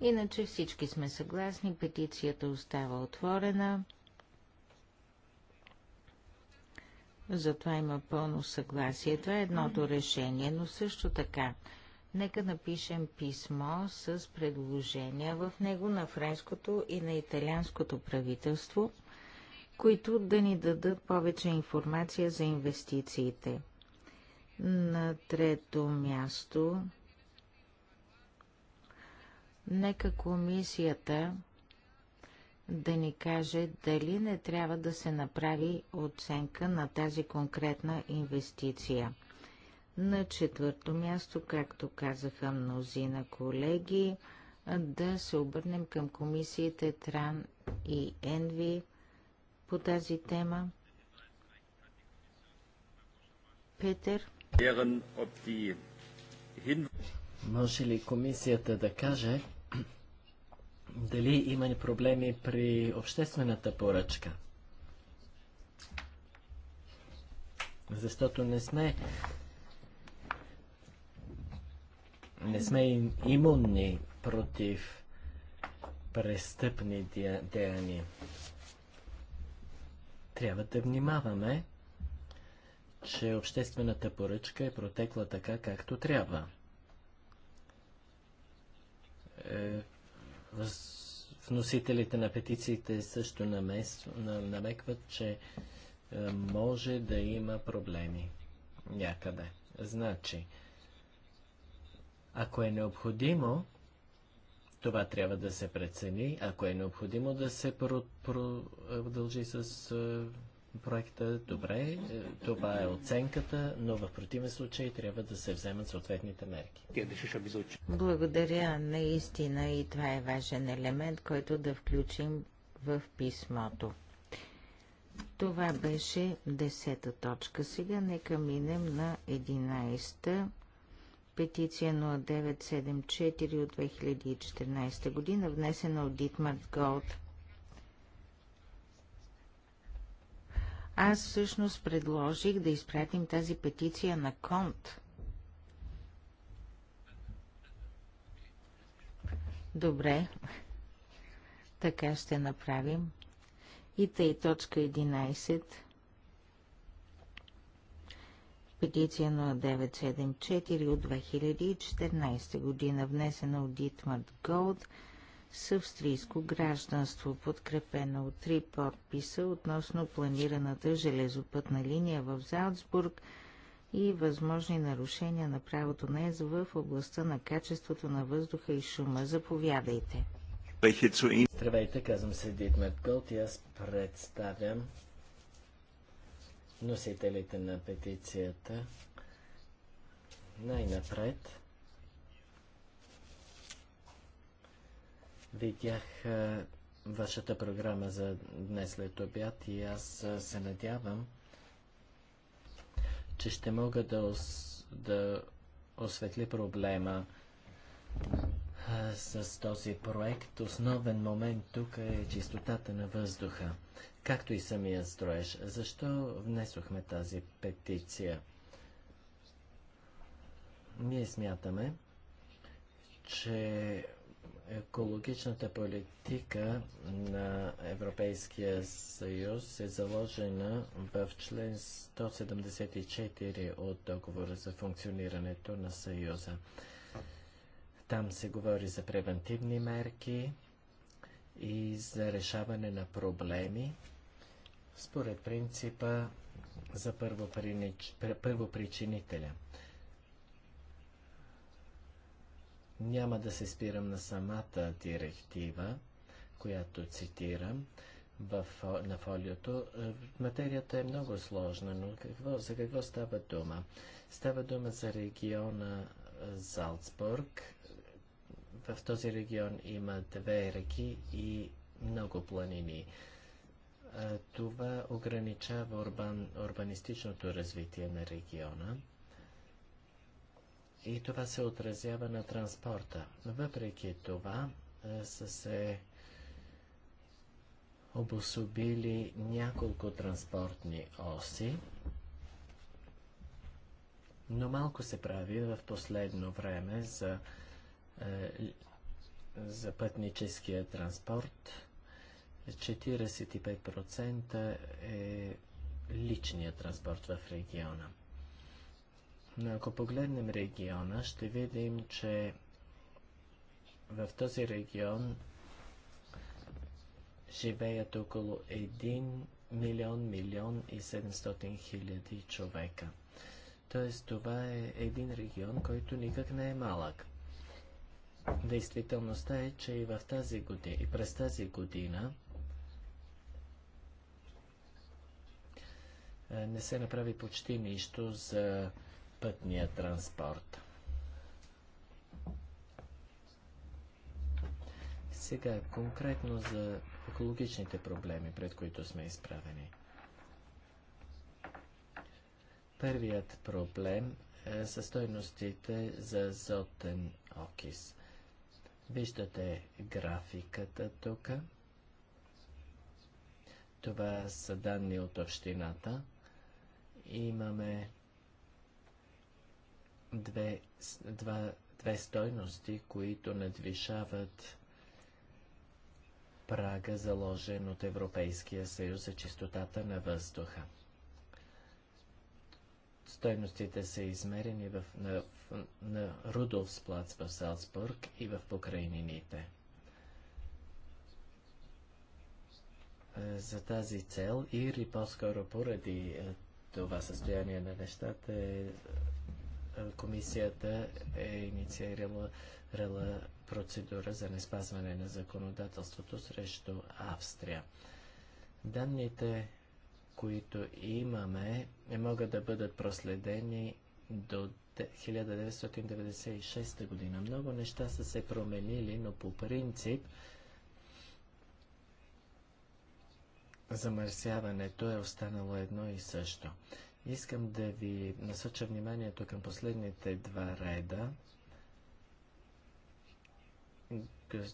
Иначе всички сме съгласни, петицията остава отворена. Затова има пълно съгласие. Това е едното решение, но също така нека напишем писмо с предложения в него на френското и на италианското правителство, които да ни дадат повече информация за инвестициите. На трето място, нека комисията да ни каже дали не трябва да се направи оценка на тази конкретна инвестиция. На четвърто място, както казаха мнозина колеги, да се обърнем към комисиите Тран и Енви по тази тема. Петър? Може ли комисията да каже дали има проблеми при обществената поръчка. Защото не сме не сме имунни против престъпни деяния. Трябва да внимаваме, че обществената поръчка е протекла така, както трябва. Е, Вносителите на петициите също намес, намекват, че е, може да има проблеми някъде. Значи, ако е необходимо, това трябва да се прецени, ако е необходимо да се продължи с е, проекта. Добре, е, това е оценката, но в противен случай трябва да се вземат съответните мерки. Благодаря, наистина и това е важен елемент, който да включим в писмото. Това беше 10-та точка. Сега нека минем на 11-та. Петиция 0974 от 2014 година, внесена от Дитмарт Голд Аз всъщност предложих да изпратим тази петиция на Конт. Добре, така ще направим. И тъй точка 11. Петиция 0974 от 2014 година, внесена от Дитмарт Голд – с австрийско гражданство, подкрепена от три подписа относно планираната железопътна линия в Залцбург и възможни нарушения на правото на ЕС в областта на качеството на въздуха и шума. Заповядайте. Здравейте, казвам се Дитмет Голд и аз представям носителите на петицията. Най-напред Видях вашата програма за днес след обяд и аз се надявам, че ще мога да, ос, да осветли проблема а, с този проект. Основен момент тук е чистотата на въздуха, както и самия строеж. Защо внесохме тази петиция? Ние смятаме, че екологичната политика на Европейския съюз е заложена в член 174 от договора за функционирането на съюза. Там се говори за превентивни мерки и за решаване на проблеми според принципа за първопричинителя. Няма да се спирам на самата директива, която цитирам в, на фолиото. Е, материята е много сложна, но какво, за какво става дума? Става дума за региона е, Залцбург. В този регион има две реки и много планини. Е, това ограничава урбан, урбанистичното развитие на региона и това се отразява на транспорта. Въпреки това са се обособили няколко транспортни оси, но малко се прави в последно време за, е, за пътническия транспорт. 45% е личният транспорт в региона. Но ако погледнем региона, ще видим, че в този регион живеят около 1 милион, милион и 700 хиляди човека. Тоест това е един регион, който никак не е малък. Действителността е, че и, в тази година, и през тази година е, не се направи почти нищо за пътния транспорт. Сега конкретно за екологичните проблеми, пред които сме изправени. Първият проблем е са стойностите за азотен окис. Виждате графиката тук. Това са данни от общината. Имаме две, два, две стойности, които надвишават прага, заложен от Европейския съюз за чистотата на въздуха. Стойностите са измерени в, на, на на Рудолфсплац в Салцбург и в покрайнините. Е, за тази цел или по-скоро поради е, това състояние на нещата е комисията е инициирала процедура за неспазване на законодателството срещу Австрия. Данните, които имаме, не могат да бъдат проследени до 1996 година. Много неща са се променили, но по принцип замърсяването е останало едно и също. Искам да ви насоча вниманието към последните два реда.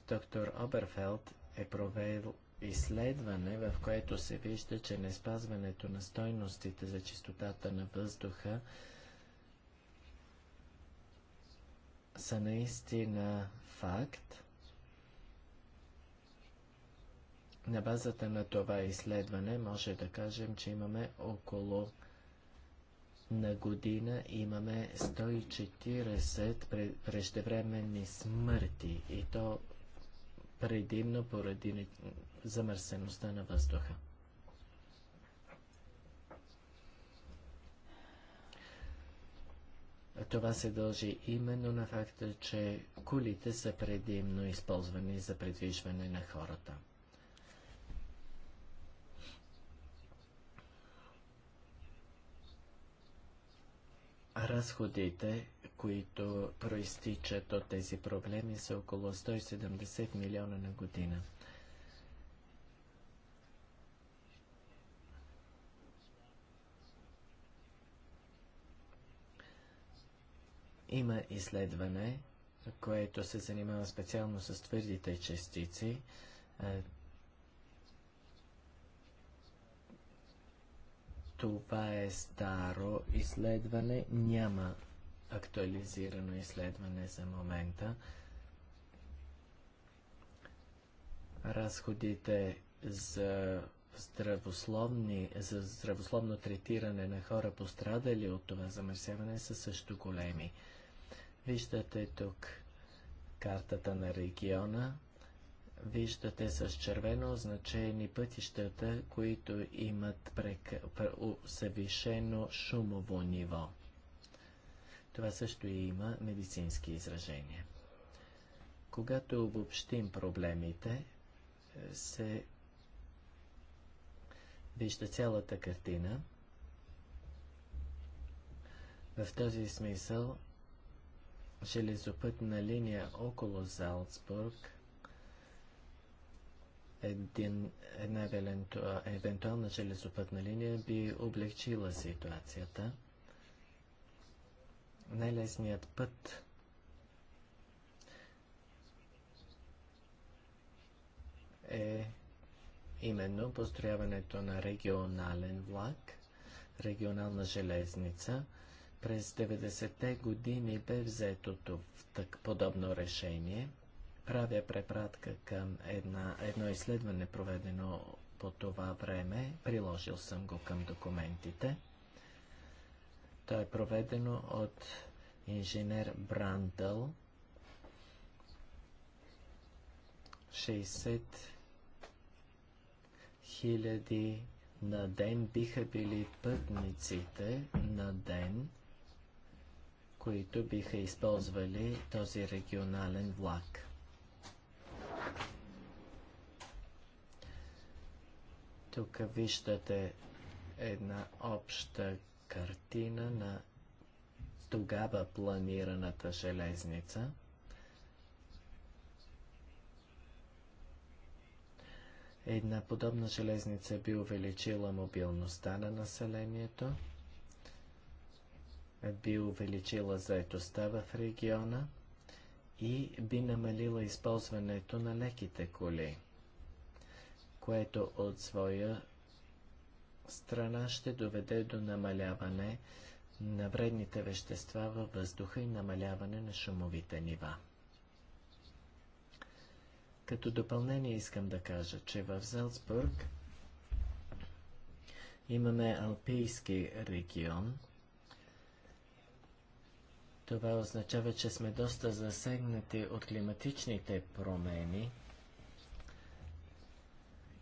Доктор Оберфелд е провел изследване, в което се вижда, че не спазването на стойностите за чистотата на въздуха са наистина факт. На базата на това изследване може да кажем, че имаме около на година имаме 140 преждевременни смърти и то предимно поради замърсеността на въздуха. Това се дължи именно на факта, че колите са предимно използвани за предвижване на хората. Разходите, които проистичат от тези проблеми, са около 170 милиона на година. Има изследване, което се занимава специално с твърдите частици. Това е старо изследване, няма актуализирано изследване за момента. Разходите за здравословни, за здравословно третиране на хора пострадали от това замърсяване са също големи. Виждате тук картата на региона. Виждате с червено означени пътищата, които имат прек... съвишено шумово ниво. Това също и има медицински изражения. Когато обобщим проблемите, е, се вижда цялата картина. В този смисъл железопътна линия около Залцбург – един, една евентуална железопътна линия би облегчила ситуацията. Най-лесният път е именно построяването на регионален влак, регионална железница. През 90-те години бе взето подобно решение – правя препратка към една, едно изследване, проведено по това време. Приложил съм го към документите. То е проведено от инженер Брандъл. 60 хиляди на ден биха били пътниците на ден, които биха използвали този регионален влак. Тук виждате една обща картина на тогава планираната железница. Една подобна железница би увеличила мобилността на населението, би увеличила заетостта в региона и би намалила използването на леките коли което от своя страна ще доведе до намаляване на вредните вещества във въздуха и намаляване на шумовите нива. Като допълнение искам да кажа, че в Залцбург имаме Алпийски регион. Това означава, че сме доста засегнати от климатичните промени –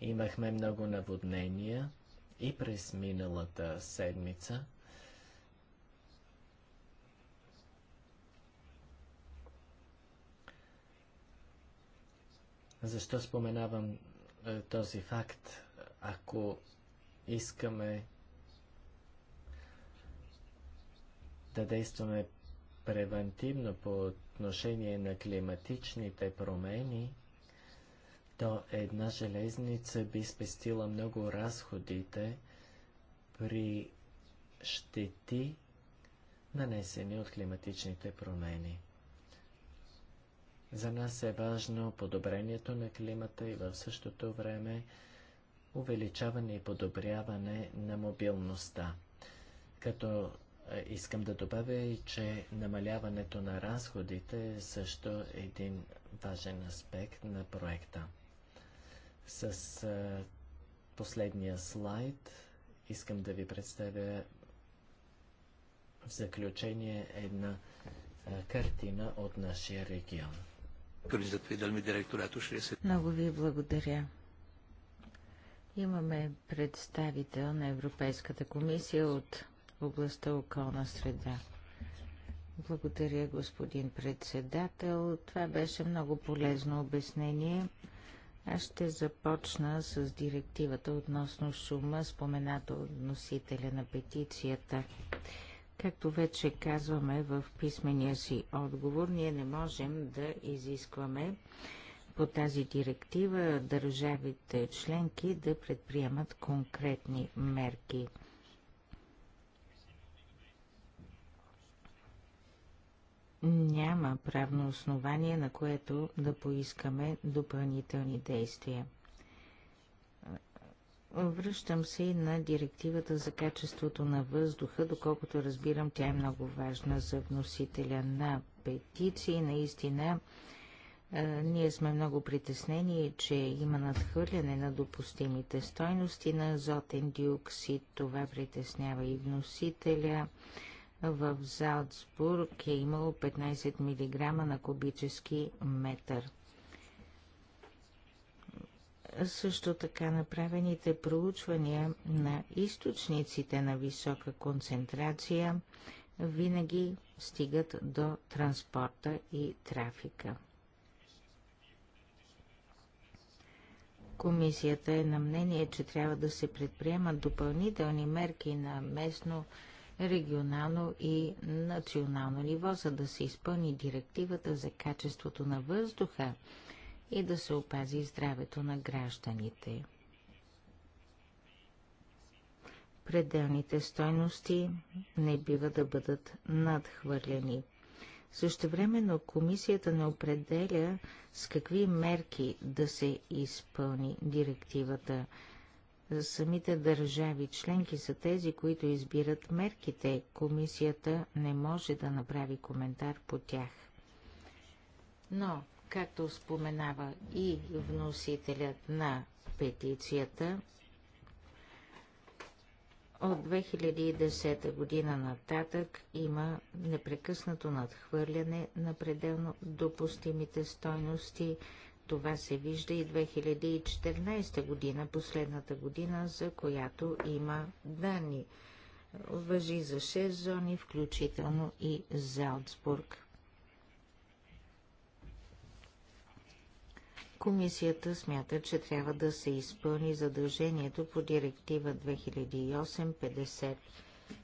Имахме много наводнения и през миналата седмица. Защо споменавам е, този факт? Ако искаме да действаме превентивно по отношение на климатичните промени, то една железница би спестила много разходите при щети, нанесени от климатичните промени. За нас е важно подобрението на климата и в същото време увеличаване и подобряване на мобилността. Като е, искам да добавя и, че намаляването на разходите е също един важен аспект на проекта. С а, последния слайд искам да ви представя в заключение една а, картина от нашия регион. Много ви благодаря. Имаме представител на Европейската комисия от областта околна среда. Благодаря, господин председател. Това беше много полезно обяснение. Аз ще започна с директивата относно шума, спомената от носителя на петицията. Както вече казваме в писмения си отговор, ние не можем да изискваме по тази директива държавите членки да предприемат конкретни мерки – няма правно основание, на което да поискаме допълнителни действия. Връщам се и на директивата за качеството на въздуха, доколкото разбирам, тя е много важна за вносителя на петиции. Наистина, е, ние сме много притеснени, че има надхвърляне на допустимите стойности на азотен диоксид. Това притеснява и вносителя в Залцбург е имало 15 мг на кубически метър. Също така направените проучвания на източниците на висока концентрация винаги стигат до транспорта и трафика. Комисията е на мнение, че трябва да се предприемат допълнителни мерки на местно регионално и национално ниво, за да се изпълни директивата за качеството на въздуха и да се опази здравето на гражданите. Пределните стойности не бива да бъдат надхвърлени. Същевременно комисията не определя с какви мерки да се изпълни директивата – Самите държави членки са тези, които избират мерките. Комисията не може да направи коментар по тях. Но, както споменава и вносителят на петицията, от 2010 година нататък има непрекъснато надхвърляне на пределно допустимите стойности – това се вижда и 2014 година, последната година, за която има данни. Въжи за 6 зони, включително и Залцбург. Комисията смята, че трябва да се изпълни задължението по директива 2008-50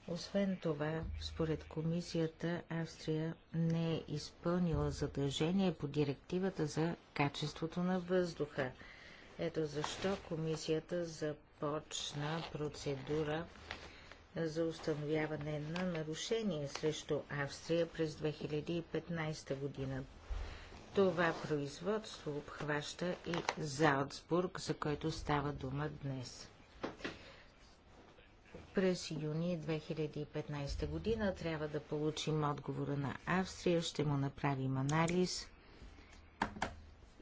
освен това, според комисията, Австрия не е изпълнила задължение по директивата за качеството на въздуха. Ето защо комисията започна процедура за установяване на нарушение срещу Австрия през 2015 година. Това производство обхваща и Залцбург, за който става дума днес през юни 2015 година. Трябва да получим отговора на Австрия, ще му направим анализ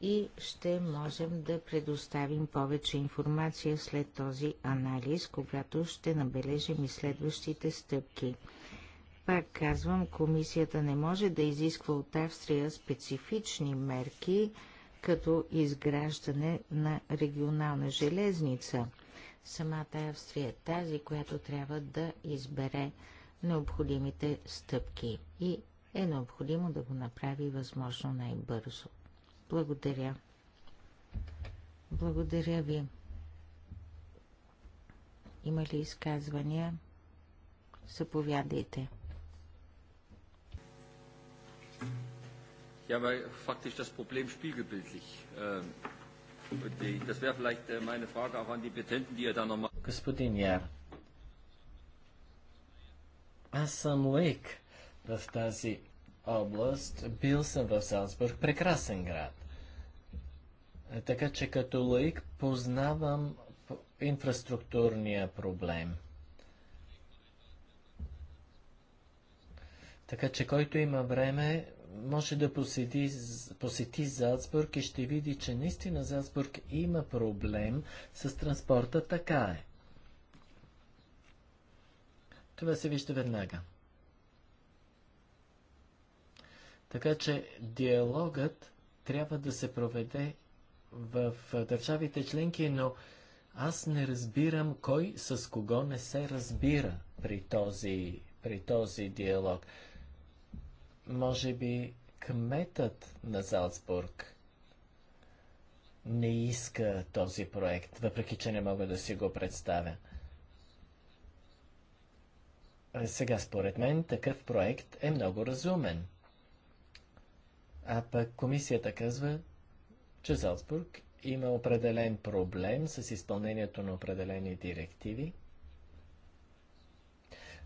и ще можем да предоставим повече информация след този анализ, когато ще набележим и следващите стъпки. Пак казвам, комисията не може да изисква от Австрия специфични мерки, като изграждане на регионална железница – самата Австрия е тази, която трябва да избере необходимите стъпки и е необходимо да го направи възможно най-бързо. Благодаря. Благодаря ви. Има ли изказвания? Съповядайте. Ja, weil faktisch das Problem spiegelbildlich ähm, Господин Яр, аз съм лейк в тази област. Бил съм в Салцбург. Прекрасен град. Така че като лаик познавам инфраструктурния проблем. Така че който има време, може да посети, посети Залцбург и ще види, че наистина Залцбург има проблем с транспорта, така е. Това се вижда веднага. Така че диалогът трябва да се проведе в държавите членки, но аз не разбирам кой с кого не се разбира при този, при този диалог. Може би кметът на Залцбург не иска този проект, въпреки че не мога да си го представя. Е, сега, според мен, такъв проект е много разумен. А пък комисията казва, че Залцбург има определен проблем с изпълнението на определени директиви.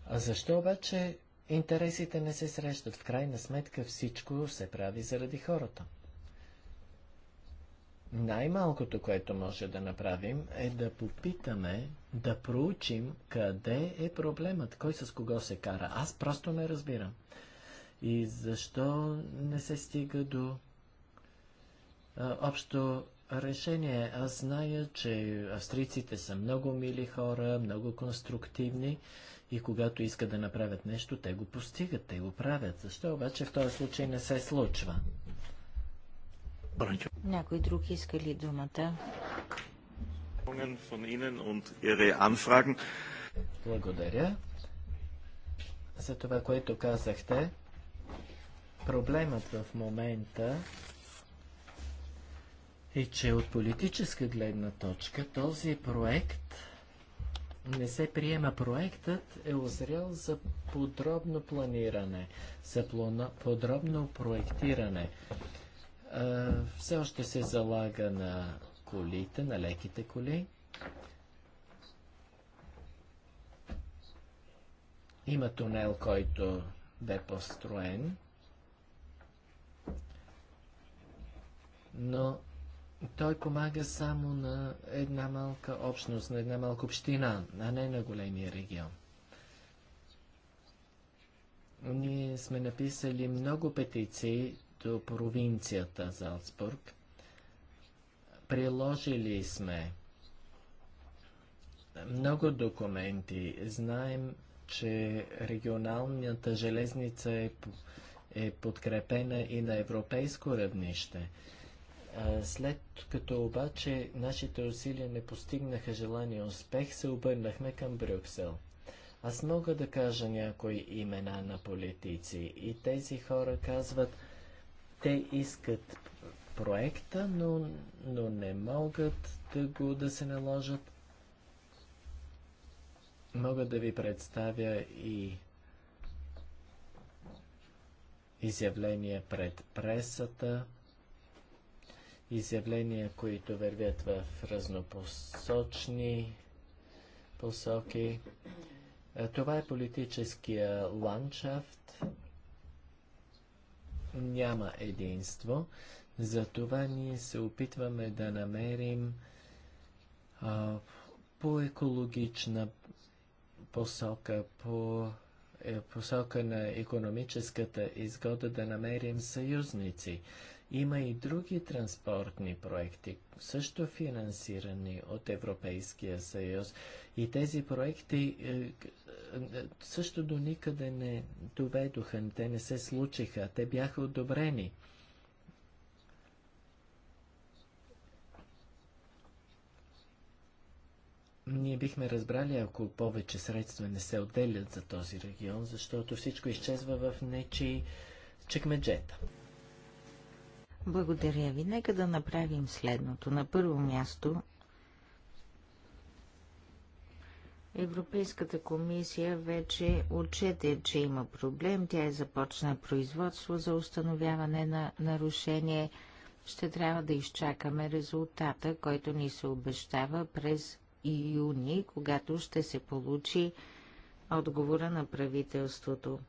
А защо обаче Интересите не се срещат. В крайна сметка всичко се прави заради хората. Най-малкото, което може да направим, е да попитаме, да проучим къде е проблемът, кой с кого се кара. Аз просто не разбирам. И защо не се стига до а, общо решение? Аз зная, че австрийците са много мили хора, много конструктивни. А, и когато искат да направят нещо, те го постигат, те го правят. Защо обаче в този случай не се случва? Някой друг иска ли думата? Благодаря за това, което казахте. Проблемът в момента е, че от политическа гледна точка този проект не се приема проектът, е озрял за подробно планиране, за подробно проектиране. А, все още се залага на колите, на леките коли. Има тунел, който бе построен, но той помага само на една малка общност, на една малка община, а не на големия регион. Ние сме написали много петиции до провинцията Залцбург. Приложили сме много документи. Знаем, че регионалната железница е, е подкрепена и на европейско равнище. След като обаче нашите усилия не постигнаха желания успех, се обърнахме към Брюксел. Аз мога да кажа някои имена на политици и тези хора казват, те искат проекта, но, но не могат да го да се наложат. Мога да ви представя и изявление пред пресата изявления, които вървят в разнопосочни посоки. Това е политическия ландшафт. Няма единство. Затова ние се опитваме да намерим а, по екологична посока, по е, посока на економическата изгода да намерим съюзници. Има и други транспортни проекти, също финансирани от Европейския съюз. И тези проекти е, е, също до никъде не доведоха, те не се случиха, те бяха одобрени. Ние бихме разбрали, ако повече средства не се отделят за този регион, защото всичко изчезва в нечи чекмеджета. Благодаря ви. Нека да направим следното. На първо място Европейската комисия вече отчете, че има проблем. Тя е започна производство за установяване на нарушение. Ще трябва да изчакаме резултата, който ни се обещава през июни, когато ще се получи отговора на правителството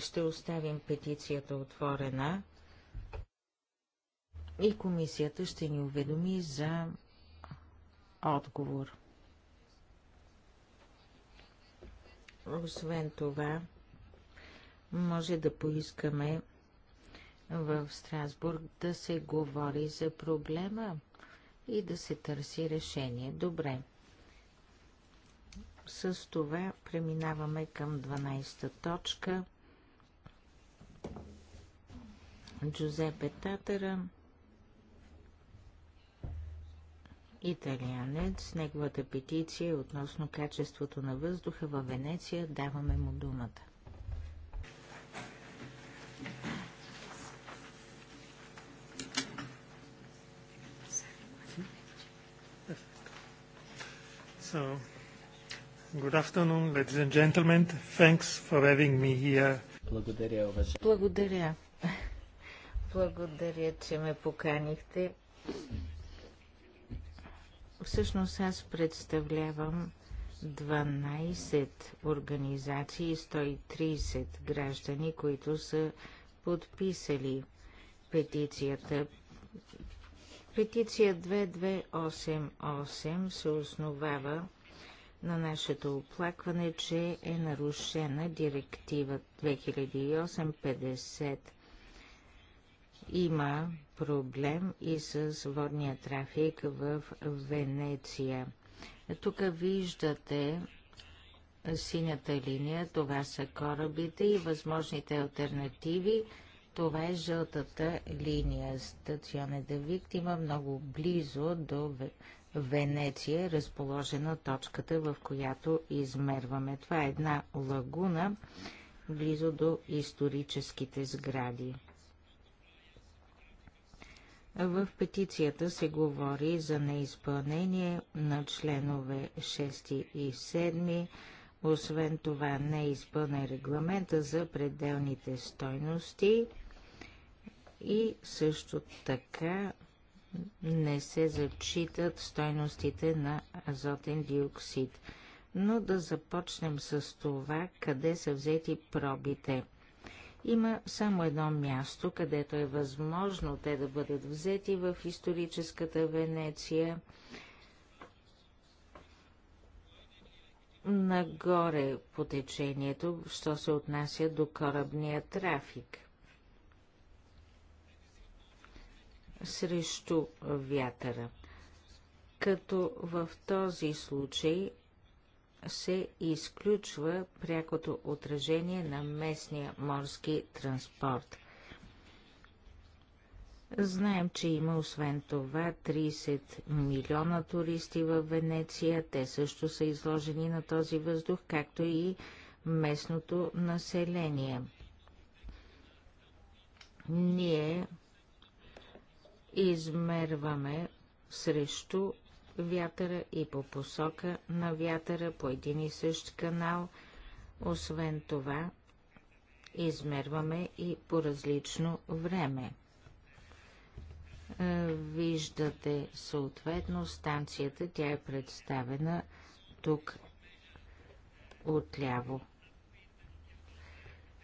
ще оставим петицията отворена и комисията ще ни уведоми за отговор. Освен това, може да поискаме в Страсбург да се говори за проблема и да се търси решение. Добре. С това преминаваме към 12-та точка. Джузепе Татара, италианец. Неговата петиция относно качеството на въздуха във Венеция. Даваме му думата. So, good afternoon, ladies and gentlemen. Thanks for having me here. Благодаря, уважаеми. Благодаря. Благодаря, че ме поканихте. Всъщност аз представлявам 12 организации и 130 граждани, които са подписали петицията. Петиция 2288 се основава на нашето оплакване, че е нарушена директива 2008-50 има проблем и с водния трафик в Венеция. Тук виждате синята линия, това са корабите и възможните альтернативи. Това е жълтата линия. Стационе Давикт има много близо до Венеция, разположена точката, в която измерваме. Това е една лагуна близо до историческите сгради. В петицията се говори за неизпълнение на членове 6 и 7. Освен това не е изпълнен регламента за пределните стойности и също така не се зачитат стойностите на азотен диоксид. Но да започнем с това, къде са взети пробите. Има само едно място, където е възможно те да бъдат взети в историческата Венеция. Нагоре по течението, що се отнася до корабния трафик. Срещу вятъра. Като в този случай се изключва прякото отражение на местния морски транспорт. Знаем, че има освен това 30 милиона туристи в Венеция. Те също са изложени на този въздух, както и местното население. Ние измерваме срещу вятъра и по посока на вятъра по един и същ канал. Освен това, измерваме и по различно време. Е, виждате съответно станцията, тя е представена тук отляво.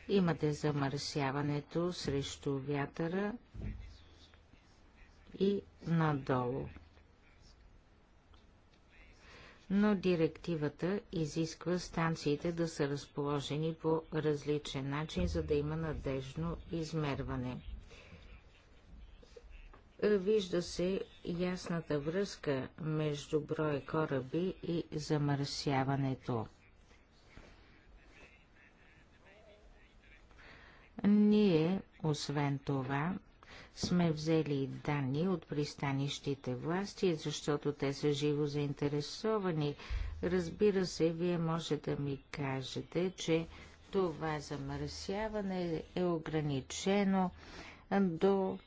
Имате замърсяването срещу вятъра и надолу но директивата изисква станциите да са разположени по различен начин, за да има надежно измерване. Вижда се ясната връзка между броя кораби и замърсяването. Ние, освен това, сме взели данни от пристанищите власти, защото те са живо заинтересовани. Разбира се, вие може да ми кажете, че това замърсяване е ограничено до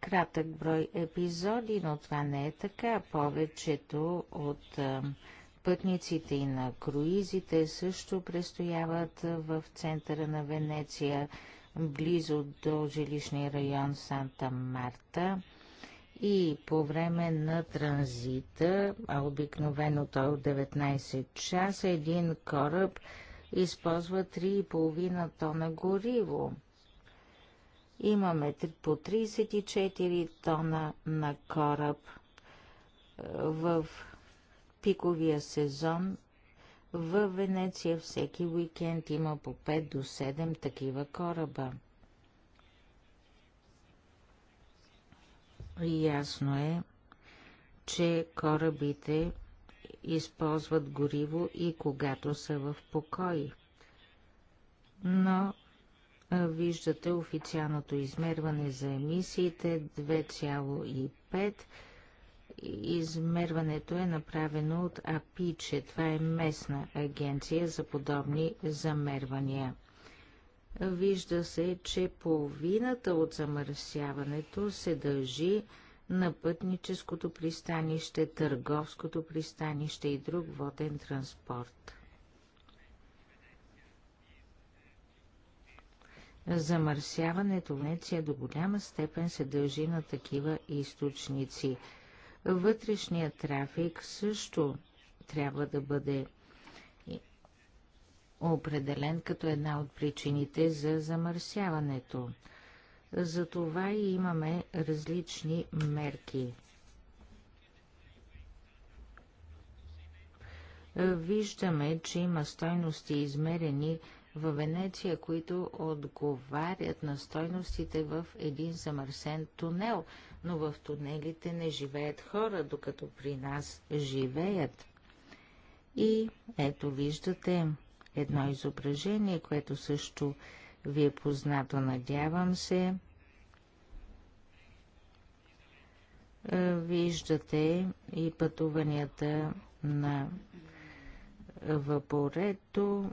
кратък брой епизоди, но това не е така. Повечето от пътниците и на круизите също престояват в центъра на Венеция близо до жилищния район Санта Марта и по време на транзита, а обикновено той е от 19 часа, един кораб използва 3,5 тона гориво. Имаме по 34 тона на кораб е, в пиковия сезон в Венеция всеки уикенд има по 5 до 7 такива кораба. Ясно е, че корабите използват гориво и когато са в покой. Но виждате официалното измерване за емисиите 2,5 Измерването е направено от АПИЧЕ, това е местна агенция за подобни замервания. Вижда се, че половината от замърсяването се дължи на пътническото пристанище, търговското пристанище и друг воден транспорт. Замърсяването в Венеция до голяма степен се дължи на такива източници – Вътрешният трафик също трябва да бъде определен като една от причините за замърсяването. Затова и имаме различни мерки. Виждаме, че има стойности измерени в Венеция, които отговарят на стойностите в един замърсен тунел но в тунелите не живеят хора, докато при нас живеят. И ето виждате едно изображение, което също ви е познато, надявам се. Е, виждате и пътуванията на въпорето,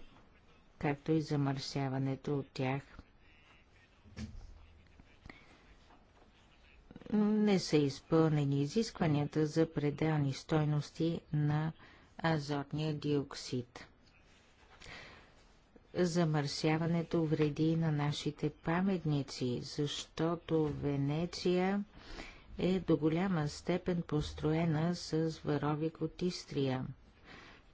както и замърсяването от тях – не са изпълнени изискванията за пределни стойности на азотния диоксид. Замърсяването вреди на нашите паметници, защото Венеция е до голяма степен построена с варовик от Истрия,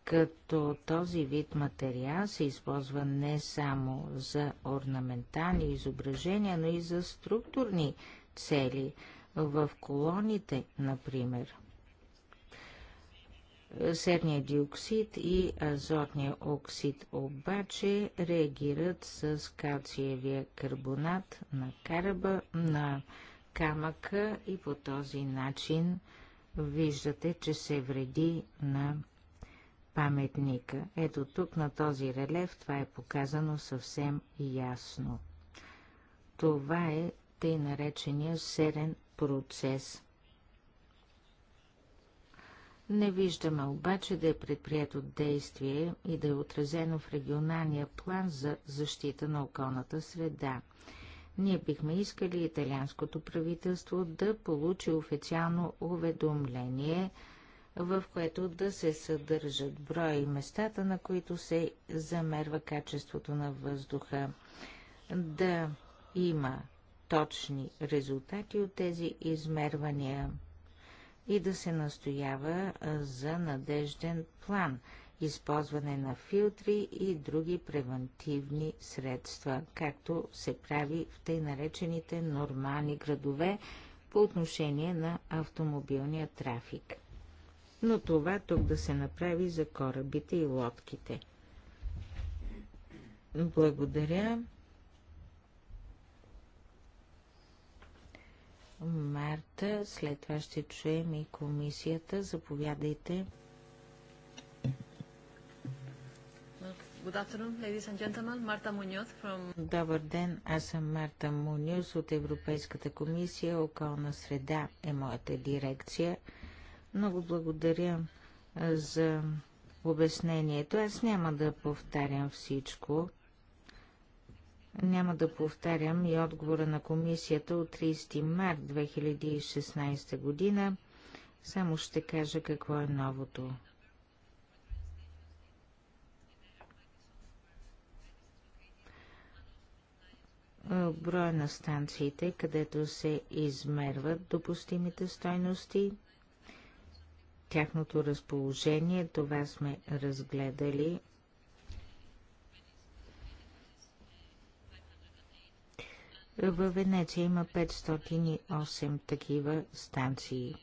като този вид материал се използва не само за орнаментални изображения, но и за структурни цели – в колоните, например. Серния диоксид и азотния оксид обаче реагират с калциевия карбонат на караба, на камъка и по този начин виждате, че се вреди на паметника. Ето тук на този релеф това е показано съвсем ясно. Това е тъй наречения серен процес. Не виждаме обаче да е предприето действие и да е отразено в регионалния план за защита на околната среда. Ние бихме искали италианското правителство да получи официално уведомление, в което да се съдържат броя и местата, на които се замерва качеството на въздуха, да има точни резултати от тези измервания и да се настоява за надежден план, използване на филтри и други превентивни средства, както се прави в тъй наречените нормални градове по отношение на автомобилния трафик. Но това тук да се направи за корабите и лодките. Благодаря. Марта. След това ще чуем и комисията. Заповядайте. Добър ден, аз съм Марта Муньоз от Европейската комисия. Околна среда е моята дирекция. Много благодаря за обяснението. Аз няма да повтарям всичко. Няма да повтарям и отговора на комисията от 30 март 2016 година. Само ще кажа какво е новото. Броя на станциите, където се измерват допустимите стойности, тяхното разположение, това сме разгледали В Венеция има 508 такива станции.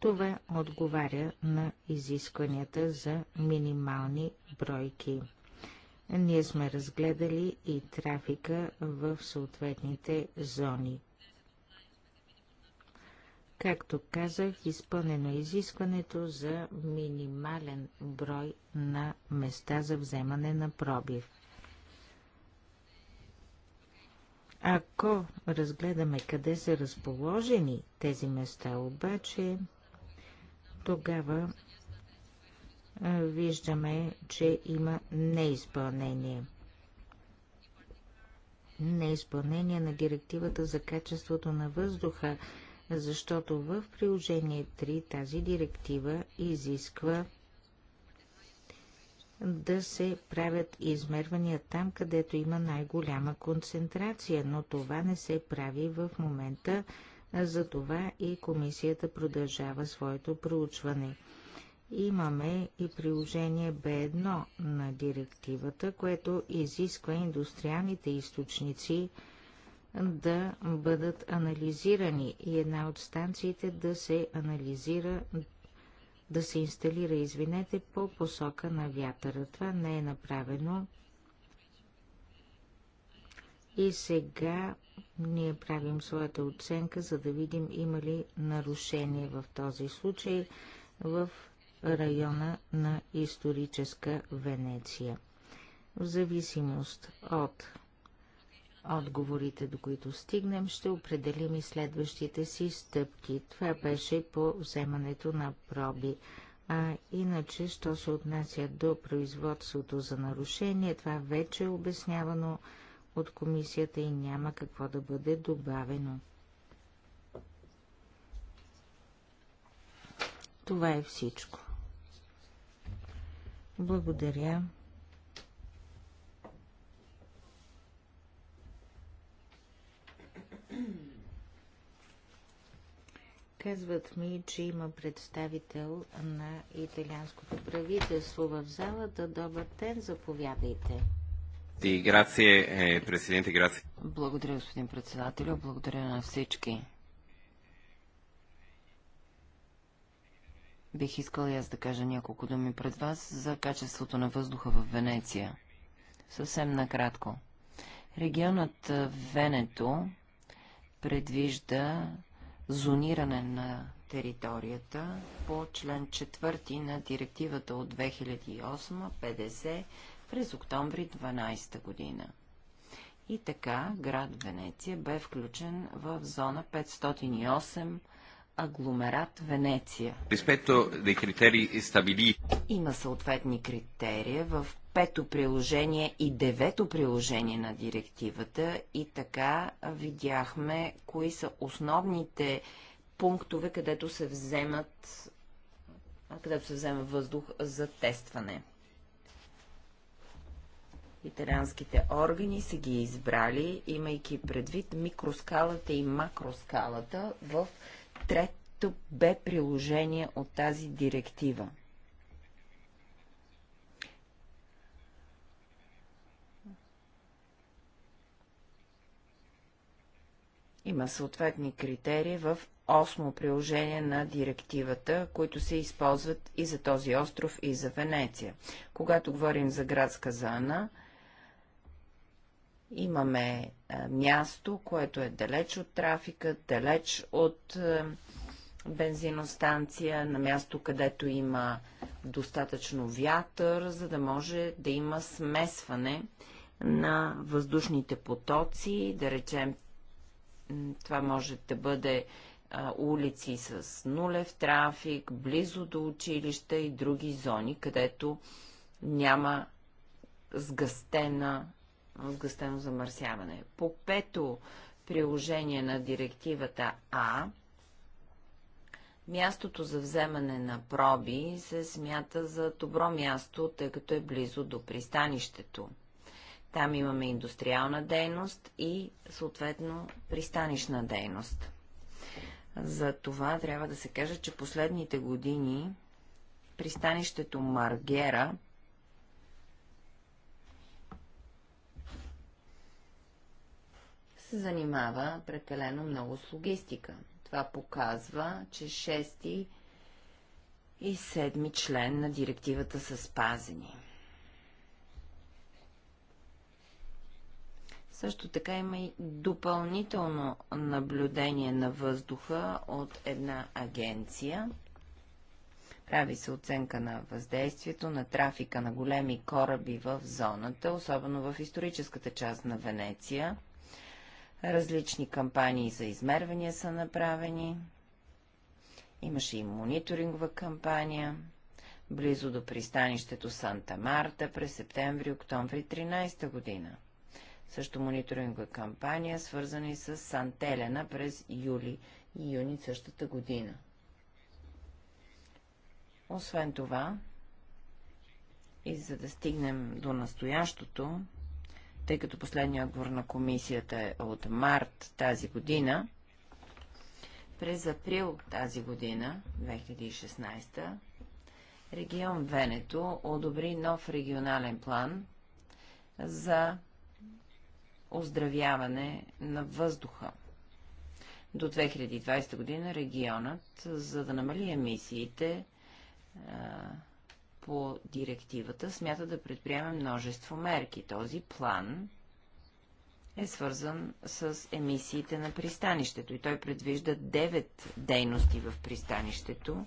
Това отговаря на изискванията за минимални бройки. Ние сме разгледали и трафика в съответните зони. Както казах, изпълнено е изискването за минимален брой на места за вземане на пробив. Ако разгледаме къде са разположени тези места, обаче, тогава виждаме, че има неизпълнение. Неизпълнение на директивата за качеството на въздуха, защото в приложение 3 тази директива изисква да се правят измервания там, където има най-голяма концентрация, но това не се прави в момента, за това и комисията продължава своето проучване. Имаме и приложение B1 на директивата, което изисква индустриалните източници да бъдат анализирани и една от станциите да се анализира да се инсталира, извинете, по посока на вятъра. Това не е направено. И сега ние правим своята оценка, за да видим има ли нарушение в този случай в района на историческа Венеция. В зависимост от отговорите, до които стигнем, ще определим и следващите си стъпки. Това беше по вземането на проби. А иначе, що се отнася до производството за нарушение, това вече е обяснявано от комисията и няма какво да бъде добавено. Това е всичко. Благодаря. Казват ми, че има представител на италианското правителство в залата. Добър ден, заповядайте. Е, Благодаря, господин председател. Благодаря на всички. Бих искал и аз да кажа няколко думи пред вас за качеството на въздуха в Венеция. Съвсем накратко. Регионът Венето предвижда зониране на територията по член 4 на директивата от 2008-50 през октомври 12 година. И така град Венеция бе включен в зона 508 агломерат Венеция. Има съответни критерии в пето приложение и девето приложение на директивата и така видяхме кои са основните пунктове, където се вземат където се взема въздух за тестване. Италианските органи са ги избрали, имайки предвид микроскалата и макроскалата в трето Б приложение от тази директива. Има съответни критерии в осмо приложение на директивата, които се използват и за този остров, и за Венеция. Когато говорим за градска зона, имаме е, място, което е далеч от трафика, далеч от е, бензиностанция, на място, където има достатъчно вятър, за да може да има смесване на въздушните потоци, да речем това може да бъде а, улици с нулев трафик, близо до училища и други зони, където няма сгъстена, сгъстено замърсяване. По пето приложение на директивата А, мястото за вземане на проби се смята за добро място, тъй като е близо до пристанището. Там имаме индустриална дейност и съответно пристанищна дейност. За това трябва да се каже, че последните години пристанището Маргера се занимава прекалено много с логистика. Това показва, че шести и седми член на директивата са спазени. Също така има и допълнително наблюдение на въздуха от една агенция. Прави се оценка на въздействието на трафика на големи кораби в зоната, особено в историческата част на Венеция. Различни кампании за измервания са направени. Имаше и мониторингова кампания. Близо до пристанището Санта Марта през септември-октомври 13 година също мониторингова кампания, свързани с Сантелена през юли и юни същата година. Освен това, и за да стигнем до настоящото, тъй като последният отговор на комисията е от март тази година, през април тази година, 2016, регион Венето одобри нов регионален план за оздравяване на въздуха. До 2020 година регионът, за да намали емисиите по директивата, смята да предприеме множество мерки. Този план е свързан с емисиите на пристанището и той предвижда 9 дейности в пристанището,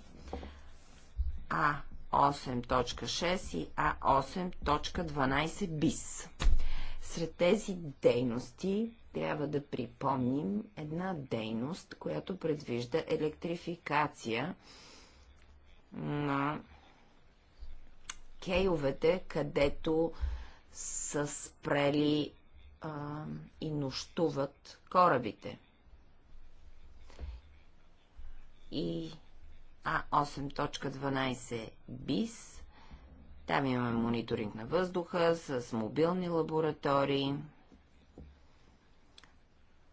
А8.6 и А8.12 бис. Сред тези дейности трябва да припомним една дейност, която предвижда електрификация на кейовете, където са спрели а, и нощуват корабите. И А8.12 БИС там имаме мониторинг на въздуха с мобилни лаборатории.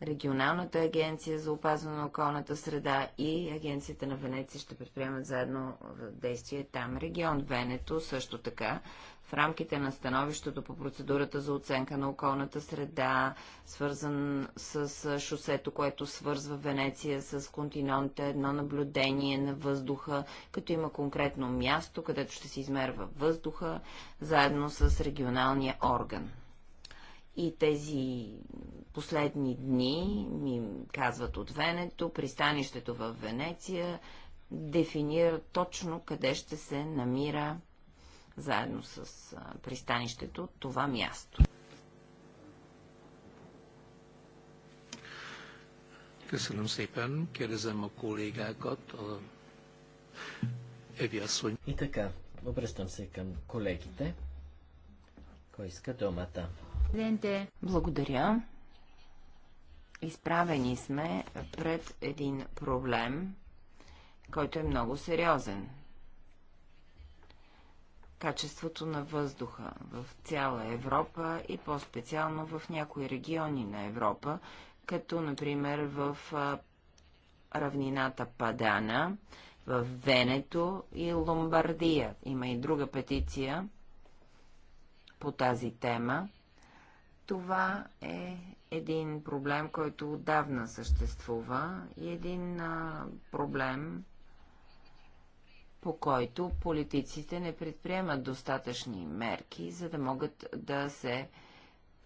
Регионалната агенция за опазване на околната среда и агенцията на Венеция ще предприемат заедно действие там. Регион Венето също така в рамките на становището по процедурата за оценка на околната среда, свързан с шосето, което свързва Венеция с континента, едно наблюдение на въздуха, като има конкретно място, където ще се измерва въздуха, заедно с регионалния орган. И тези последни дни ми казват от Венето, пристанището в Венеция, дефинира точно къде ще се намира заедно с пристанището това място. Köszönöm szépen, kérdezem a kollégákat, a Evi asszony. И така, обръщам се към колегите. Кой иска думата? Благодаря. Изправени сме пред един проблем, който е много сериозен качеството на въздуха в цяла Европа и по-специално в някои региони на Европа, като например в равнината Падана, в Венето и Ломбардия. Има и друга петиция по тази тема. Това е един проблем, който отдавна съществува и един проблем, по който политиците не предприемат достатъчни мерки, за да могат да се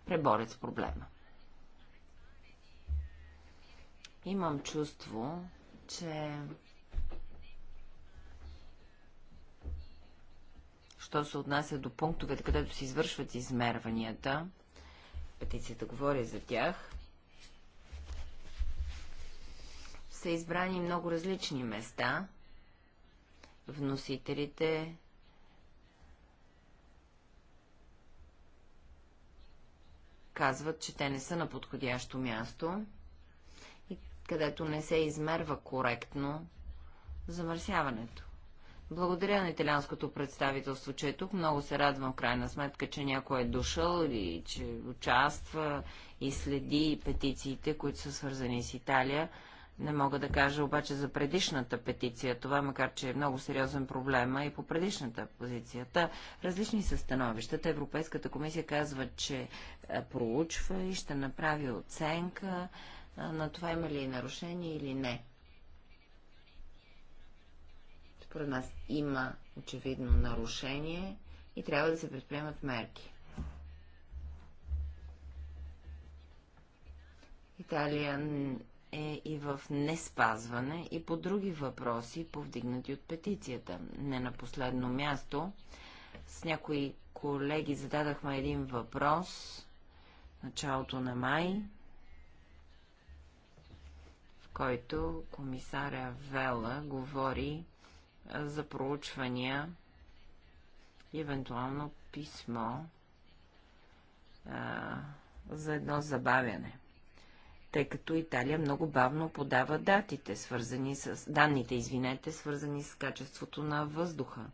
преборят с проблема. Имам чувство, че що се отнася до пунктовете, където се извършват измерванията, петицията говори за тях, са избрани много различни места, вносителите. Казват, че те не са на подходящо място и където не се измерва коректно замърсяването. Благодаря на италианското представителство, че е тук. Много се радвам в крайна сметка, че някой е дошъл и че участва и следи петициите, които са свързани с Италия. Не мога да кажа обаче за предишната петиция, това макар, че е много сериозен проблема и по предишната позицията. Различни са становищата. Европейската комисия казва, че е, проучва и ще направи оценка е, на това има ли нарушение или не. Според нас има очевидно нарушение и трябва да се предприемат мерки. Италия е и в неспазване и по други въпроси, повдигнати от петицията. Не на последно място, с някои колеги зададахме един въпрос началото на май, в който комисаря Вела говори за проучвания и евентуално писмо а, за едно забавяне тъй като Италия много бавно подава датите, свързани с... данните, извинете, свързани с качеството на въздуха.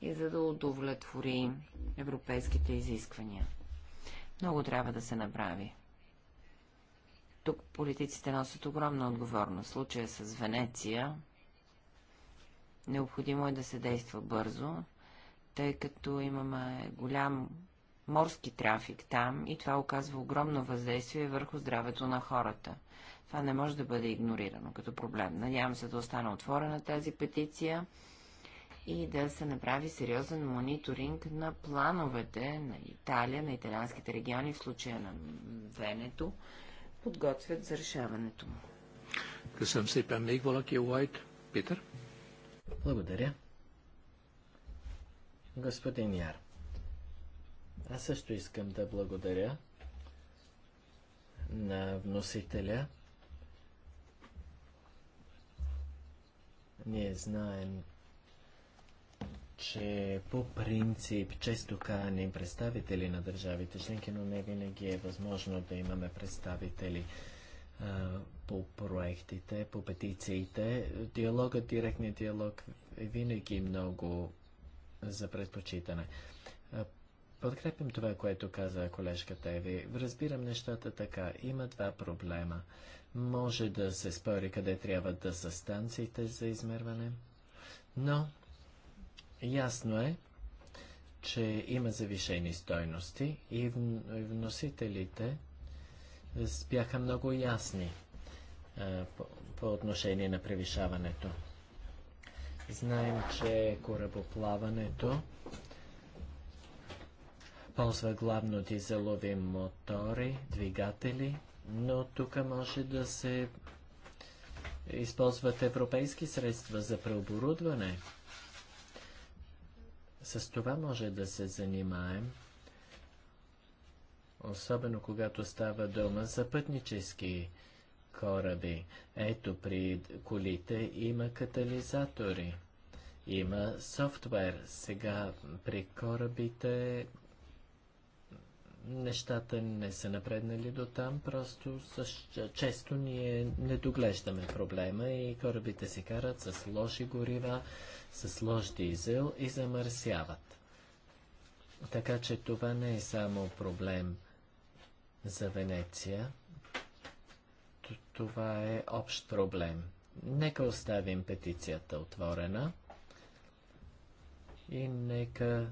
И за да удовлетвори европейските изисквания. Много трябва да се направи. Тук политиците носят огромна отговорност. Случая с Венеция. Необходимо е да се действа бързо, тъй като имаме голям морски трафик там и това оказва огромно въздействие върху здравето на хората. Това не може да бъде игнорирано като проблем. Надявам се да остане отворена тази петиция и да се направи сериозен мониторинг на плановете на Италия, на италианските региони, в случая на Венето, подготвят за решаването му. Питър. Благодаря. Господин Яр, аз също искам да благодаря на вносителя. Ние знаем, че по принцип често каним представители на държавите членки, но не винаги е възможно да имаме представители а, по проектите, по петициите. Диалогът, директният диалог е винаги много за предпочитане. Подкрепям това, което каза колежката Еви. Разбирам нещата така. Има два проблема. Може да се спори къде трябва да са станциите за измерване, но ясно е, че има завишени стойности и вносителите бяха много ясни по отношение на превишаването. Знаем, че е корабоплаването ползва главно дизелови мотори, двигатели, но тук може да се използват европейски средства за преоборудване. С това може да се занимаем, особено когато става дома за пътнически кораби. Ето при колите има катализатори, има софтуер. Сега при корабите нещата не са напреднали до там, просто също, често ние не доглеждаме проблема и корабите се карат с лоши горива, с лош дизел и замърсяват. Така че това не е само проблем за Венеция това е общ проблем. Нека оставим петицията отворена и нека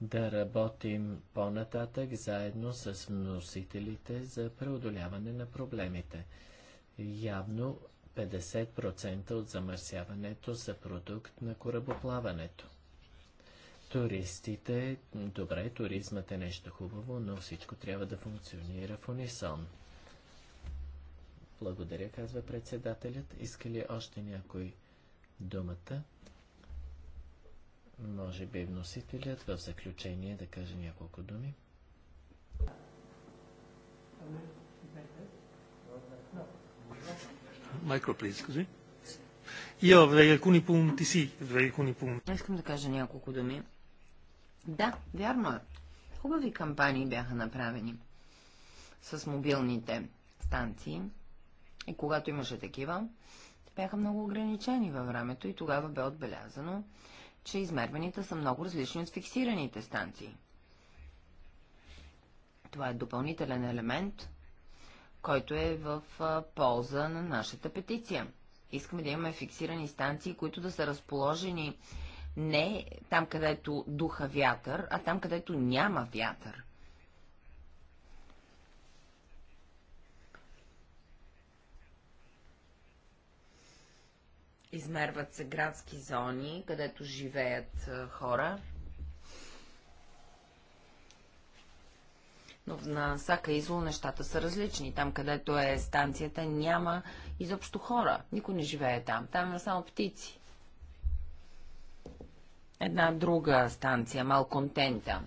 да работим по-нататък заедно с вносителите за преодоляване на проблемите. Явно 50% от замърсяването са продукт на корабоплаването. Туристите, добре, туризмът е нещо хубаво, но всичко трябва да функционира в унисон. Благодаря, казва председателят. Иска ли още някой думата? Може би вносителят в заключение да каже няколко думи. Micro, please, scusi. Io avrei alcuni punti, sì, avrei alcuni punti. Искам да кажа няколко думи. Да, вярно е. Хубави кампании бяха направени с мобилните станции. И когато имаше такива, те бяха много ограничени във времето и тогава бе отбелязано, че измерванията са много различни от фиксираните станции. Това е допълнителен елемент, който е в полза на нашата петиция. Искаме да имаме фиксирани станции, които да са разположени не там, където духа вятър, а там, където няма вятър. Измерват се градски зони, където живеят хора. Но на всяка изло нещата са различни. Там, където е станцията, няма изобщо хора. Никой не живее там. Там има само птици. Една друга станция, Малконтента.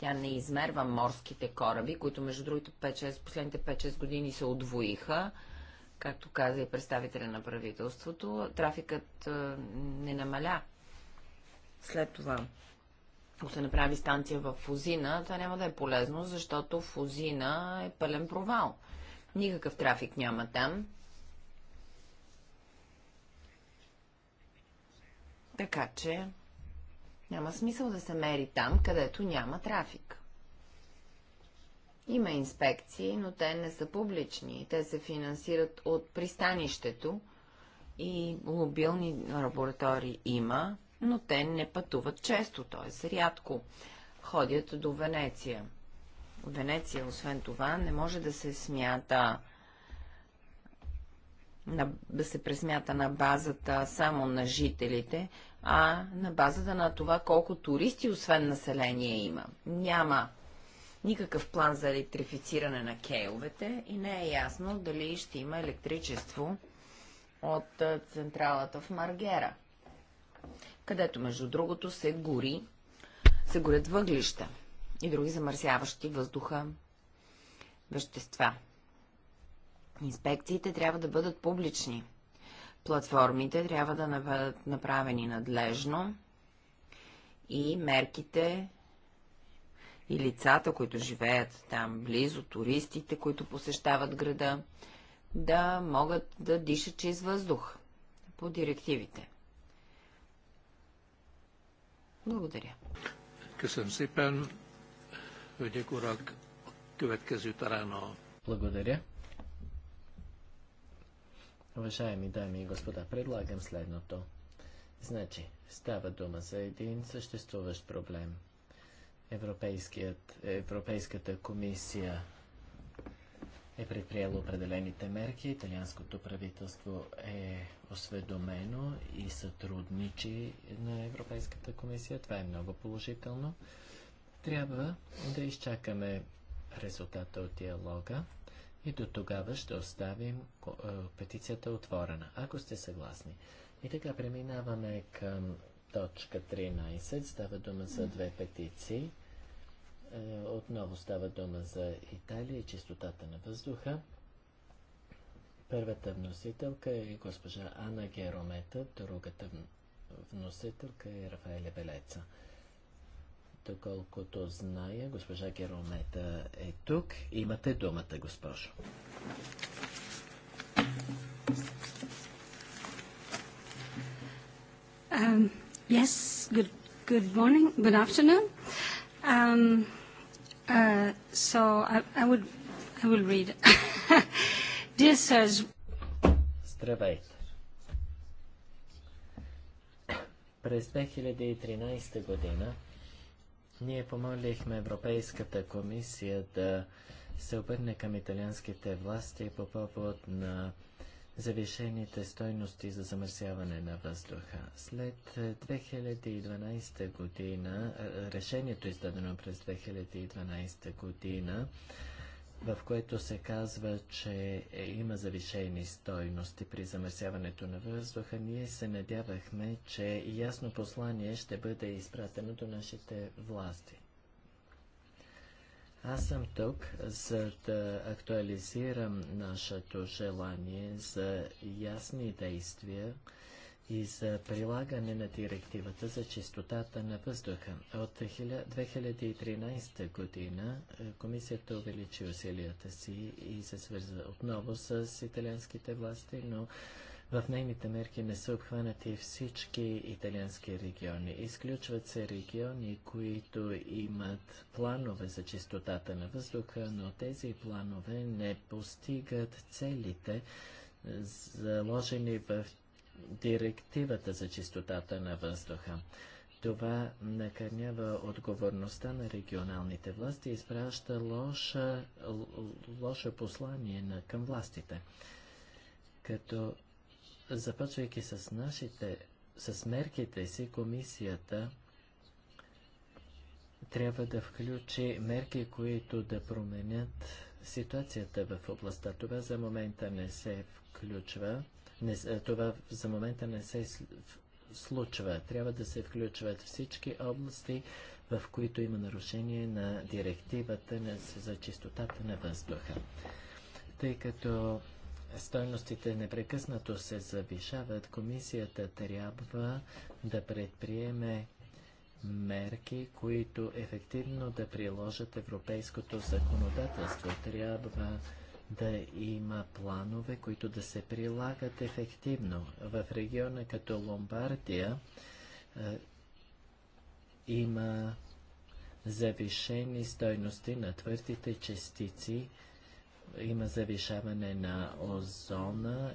Тя не измерва морските кораби, които между другото 5 последните 5-6 години се отвоиха. Както каза и представителя на правителството, трафикът е, не намаля. След това, ако се направи станция в Фузина, това няма да е полезно, защото Фузина е пълен провал. Никакъв трафик няма там. Така че няма смисъл да се мери там, където няма трафик. Има инспекции, но те не са публични. Те се финансират от пристанището и мобилни лаборатории има, но те не пътуват често, т.е. рядко. Ходят до Венеция. Венеция, освен това, не може да се смята на, да се пресмята на базата само на жителите, а на базата на това колко туристи, освен население, има. Няма никакъв план за електрифициране на кейловете и не е ясно дали ще има електричество от централата в Маргера, където между другото се гори, се горят въглища и други замърсяващи въздуха вещества. Инспекциите трябва да бъдат публични. Платформите трябва да бъдат направени надлежно и мерките и лицата, които живеят там близо, туристите, които посещават града, да могат да дишат чрез въздух по директивите. Благодаря. Благодаря. Уважаеми дами и господа, предлагам следното. Значи, става дума за един съществуващ проблем – Европейската комисия е предприела определените мерки, италианското правителство е осведомено и сътрудничи на Европейската комисия. Това е много положително. Трябва да изчакаме резултата от диалога и до тогава ще оставим е, петицията отворена, ако сте съгласни. И така преминаваме към точка 13 става дума за две петиции. Е, отново става дума за Италия и чистотата на въздуха. Първата вносителка е госпожа Ана Геромета, другата вносителка е Рафаеля Белеца. Доколкото зная, госпожа Геромета е тук. Имате думата, госпожо. Um, Yes, good, good morning, good afternoon. Um, uh, so I, I, would, I will read. Dear sirs, Здравейте! През 2013 година ние помолихме Европейската комисия да се обърне към италианските власти по повод на завишените стойности за замърсяване на въздуха. След 2012 е, година, е, е, решението издадено през 2012 година, в което се казва, че има завишени стойности при замърсяването на въздуха, ние се надявахме, че ясно послание ще бъде изпратено до нашите власти. Аз съм тук, за да актуализирам нашето желание за ясни действия и за прилагане на директивата за чистотата на въздуха. От 2013 година е, комисията увеличи усилията си и се свърза отново с италианските власти, но в нейните мерки не са обхванати всички италиански региони. Изключват се региони, които имат планове за чистотата на въздуха, но тези планове не постигат целите, заложени в директивата за чистотата на въздуха. Това накърнява отговорността на регионалните власти и изпраща лошо послание на, към властите. Като започвайки с нашите, с мерките си, комисията трябва да включи мерки, които да променят ситуацията в областта. Това за момента не се включва. Не, това за момента не се случва. Трябва да се включват всички области, в които има нарушение на директивата за чистотата на въздуха. Тъй като стойностите непрекъснато се завишават, комисията трябва да предприеме мерки, които ефективно да приложат европейското законодателство. Трябва да има планове, които да се прилагат ефективно. В региона като Ломбардия е, има завишени стойности на твърдите частици има завишаване на озона,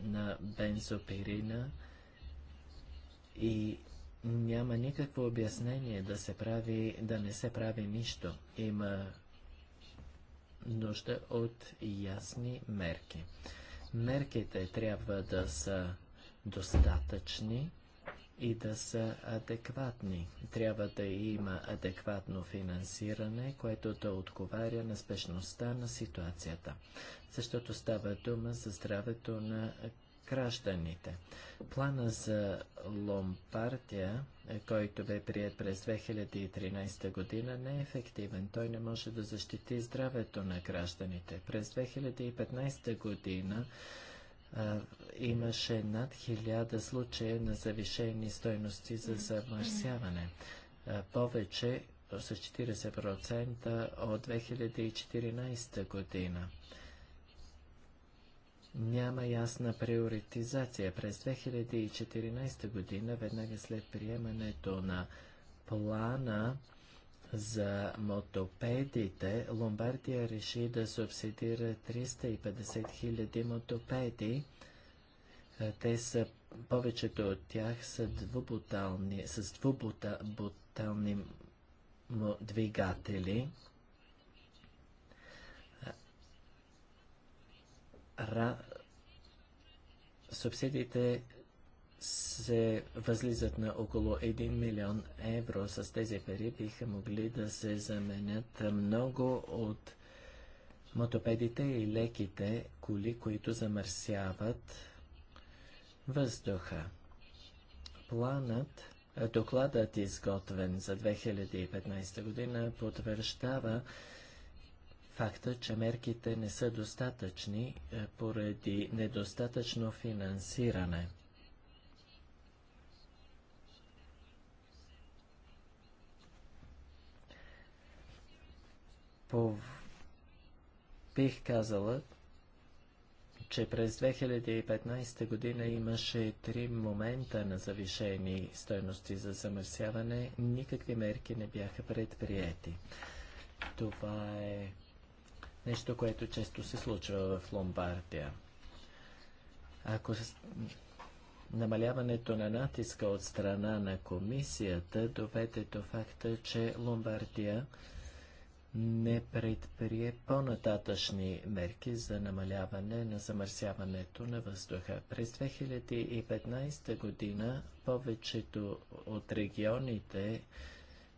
на бензопирина и няма никакво обяснение да се прави, да не се прави нищо. Има нужда от ясни мерки. Мерките трябва да са достатъчни, и да са адекватни. Трябва да има адекватно финансиране, което да отговаря на спешността на ситуацията, защото става дума за здравето на гражданите. Плана за Ломпардия, който бе прият през 2013 година, не е ефективен. Той не може да защити здравето на гражданите. През 2015 година имаше над хиляда случая на завишени стойности за замърсяване. Повече с 40% от 2014 година. Няма ясна приоритизация. През 2014 година, веднага след приемането на плана за мотопедите, Ломбардия реши да субсидира 350 000 мотопеди. Е, те са, повечето от тях са двубутални, с двубутални двигатели. Е, ра... Субсидиите се възлизат на около 1 милион евро. С тези пари биха могли да се заменят много от мотопедите и леките коли, които замърсяват въздуха. Планът, докладът изготвен за 2015 година потвърждава факта, че мерките не са достатъчни поради недостатъчно финансиране. по... бих казала, че през 2015 година имаше три момента на завишени стойности за замърсяване. Никакви мерки не бяха предприяти. Това е нещо, което често се случва в Ломбардия. Ако намаляването на натиска от страна на комисията доведе до факта, че Ломбардия не предприе по-нататъчни мерки за намаляване на замърсяването на въздуха. През 2015 година повечето от регионите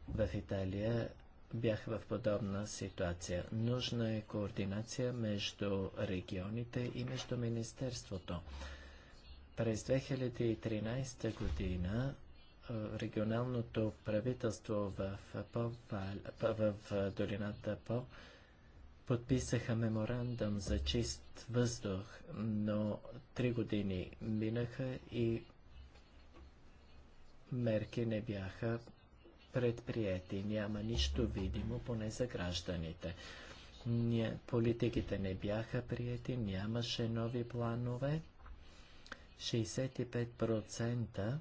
в Италия бяха в подобна ситуация. Нужна е координация между регионите и между Министерството. През 2013 година регионалното правителство в, по, в, в долината По подписаха меморандум за чист въздух, но три години минаха и мерки не бяха предприяти. Няма нищо видимо, поне за гражданите. Ня, политиките не бяха прияти, нямаше нови планове. 65%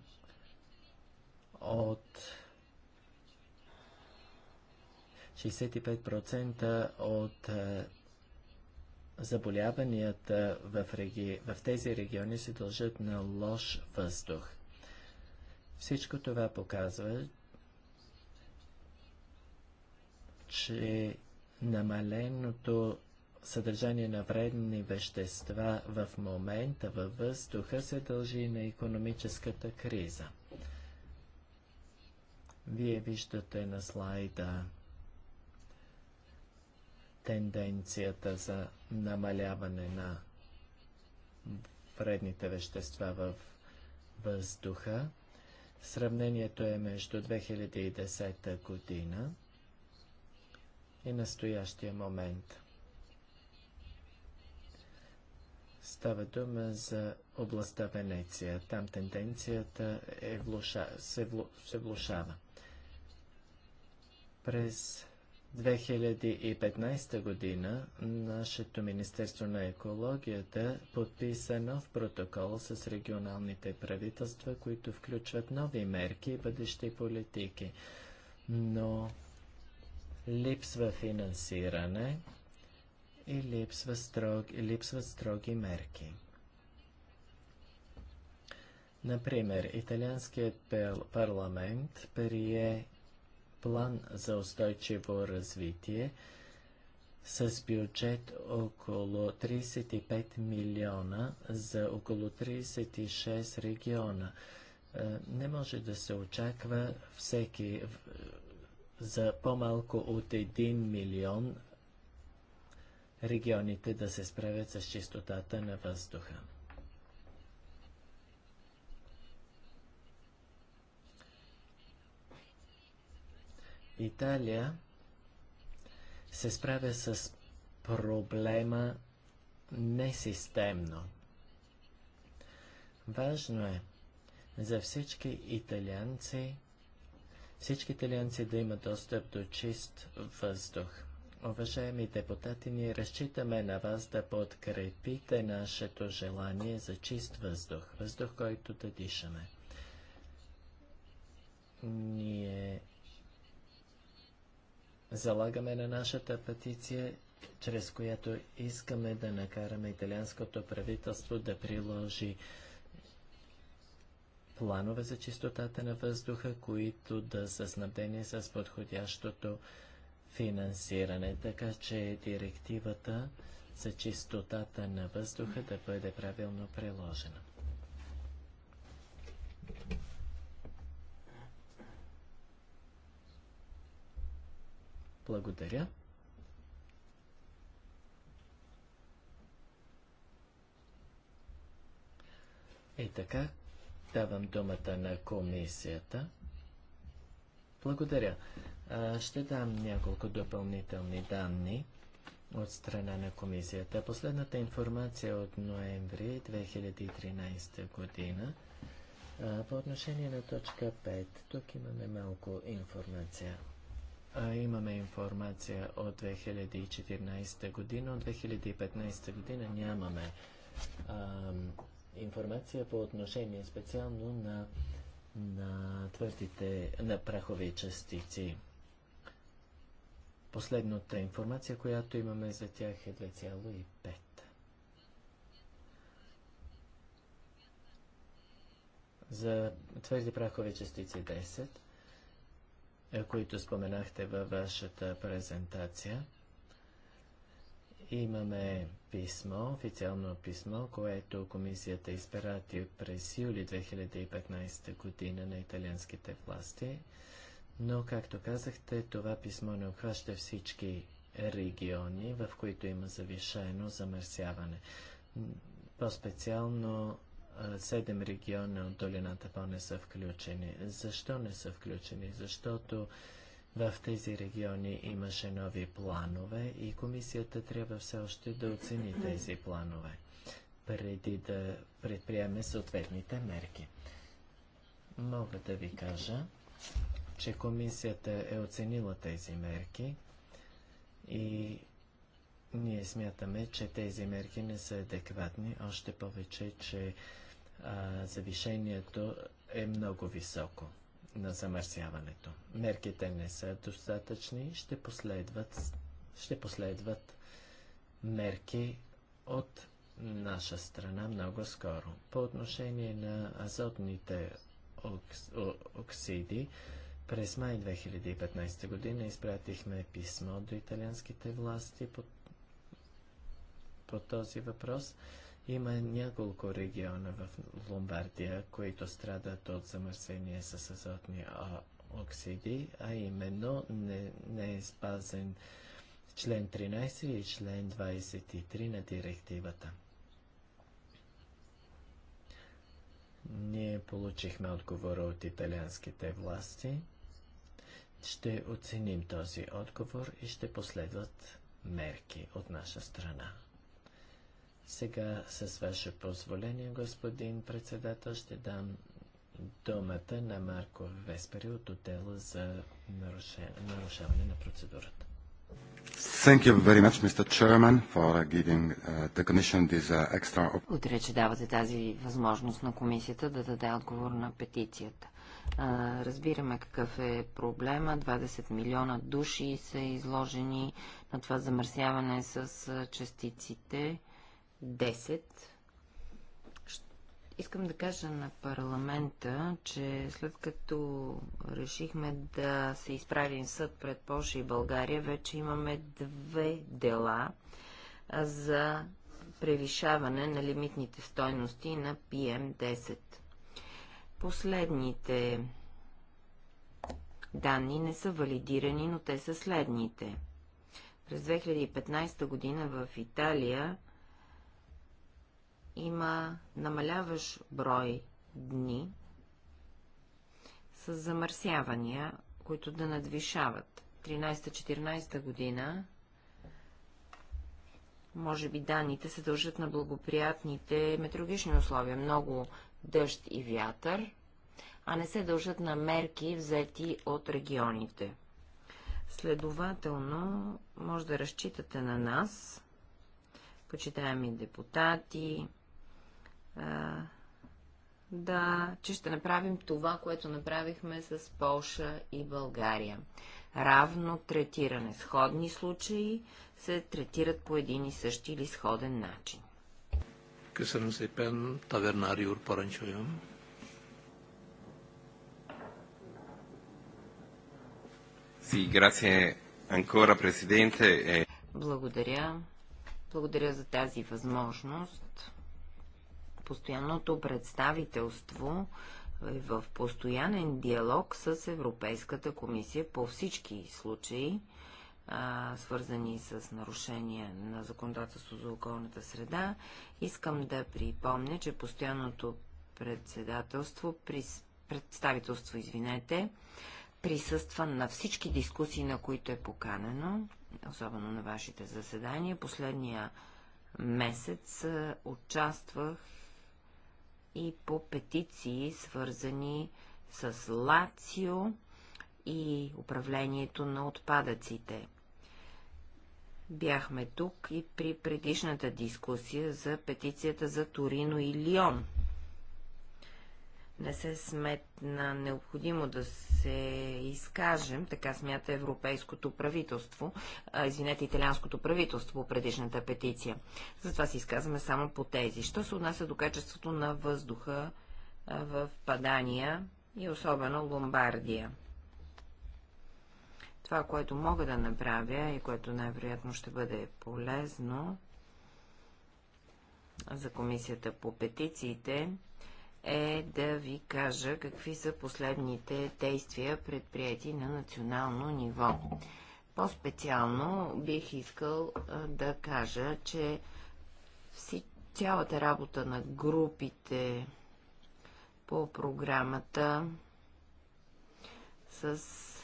от 65% от е, заболяванията в, реги... в тези региони се дължат на лош въздух. Всичко това показва, че намаленото съдържание на вредни вещества в момента във въздуха се дължи на економическата криза. Вие виждате на слайда тенденцията за намаляване на вредните вещества в въздуха. Сравнението е между 2010 година и настоящия момент. Става дума за областта Венеция. Там тенденцията е влуша, се, влу, се влушава. През 2015 година нашето Министерство на екологията подписа нов протокол с регионалните правителства, които включват нови мерки и бъдещи политики. Но липсва финансиране и липсва строг, липсват строги мерки. Например, италианският парламент прие план за устойчиво развитие с бюджет около 35 милиона за около 36 региона. Е, не може да се очаква всеки за по-малко от 1 милион регионите да се справят с чистотата на въздуха. Италия се справя с проблема несистемно. Важно е за всички италианци, всички италианци да имат достъп до чист въздух. Уважаеми депутати, ние разчитаме на вас да подкрепите нашето желание за чист въздух, въздух, който да дишаме. Ние залагаме на нашата петиция, чрез която искаме да накараме италианското правителство да приложи планове за чистотата на въздуха, които да са снабдени с подходящото финансиране, така че директивата за чистотата на въздуха да бъде правилно приложена. Благодаря. И така, давам думата на комисията. Благодаря. Ще дам няколко допълнителни данни от страна на комисията. Последната информация от ноември 2013 година по отношение на точка 5. Тук имаме малко информация. Имаме информация от 2014 година. От 2015 година нямаме а, информация по отношение специално на, на твърдите, на прахови частици. Последната информация, която имаме за тях е 2,5. За твърди прахови частици 10. Е, които споменахте във вашата презентация. Имаме писмо, официално писмо, което комисията изпрати през юли 2015 година на италианските власти, но, както казахте, това писмо не обхваща всички региони, в които има завишено замърсяване. По-специално седем региона от долината по не са включени. Защо не са включени? Защото в тези региони имаше нови планове и комисията трябва все още да оцени тези планове преди да предприеме съответните мерки. Мога да ви кажа, че комисията е оценила тези мерки и ние смятаме, че тези мерки не са адекватни, още повече, че завишението е много високо на замърсяването. Мерките не са достатъчни, ще последват, ще последват мерки от наша страна много скоро. По отношение на азотните окс, о, оксиди, през май 2015 година изпратихме писмо до италианските власти по, по този въпрос. Има няколко региона в Ломбардия, които страдат от замърсение с азотни оксиди, а именно не, не е спазен член 13 и член 23 на директивата. Ние получихме отговор от италианските власти. Ще оценим този отговор и ще последват мерки от наша страна. Сега, с ваше позволение, господин председател, ще дам думата на Марко Веспери от отдела за нарушаване на процедурата. Thank you very much, Mr. Chairman, for giving uh, the Commission this uh, extra... Благодаря, че давате тази възможност на комисията да даде отговор на петицията. разбираме какъв е проблема. 20 милиона души са изложени на това замърсяване с частиците. 10. Искам да кажа на парламента, че след като решихме да се изправим съд пред Польша и България, вече имаме две дела за превишаване на лимитните стойности на PM10. Последните данни не са валидирани, но те са следните. През 2015 година в Италия има намаляващ брой дни с замърсявания, които да надвишават. 13-14 година може би данните се дължат на благоприятните метеорологични условия, много дъжд и вятър, а не се дължат на мерки, взети от регионите. Следователно, може да разчитате на нас, почитаеми депутати, а, да, че ще направим това, което направихме с Полша и България. Равно третиране. Сходни случаи се третират по един и същи или сходен начин. Köszönöm szépen, Тавернари úr, parancsoljon. Sì, grazie ancora, Благодаря. Благодаря за тази възможност постоянното представителство е в постоянен диалог с Европейската комисия по всички случаи, свързани с нарушения на законодателство за околната среда. Искам да припомня, че постоянното председателство, представителство, извинете, присъства на всички дискусии, на които е поканено, особено на вашите заседания. Последния месец участвах и по петиции, свързани с Лацио и управлението на отпадъците. Бяхме тук и при предишната дискусия за петицията за Торино и Лион – не се сметна необходимо да се изкажем, така смята европейското правителство, извинете, италианското правителство по предишната петиция. Затова се изказваме само по тези. Що се отнася до качеството на въздуха в Падания и особено Ломбардия? Това, което мога да направя и което най-вероятно ще бъде полезно за комисията по петициите, е да ви кажа какви са последните действия предприяти на национално ниво. По-специално бих искал да кажа, че цялата работа на групите по програмата с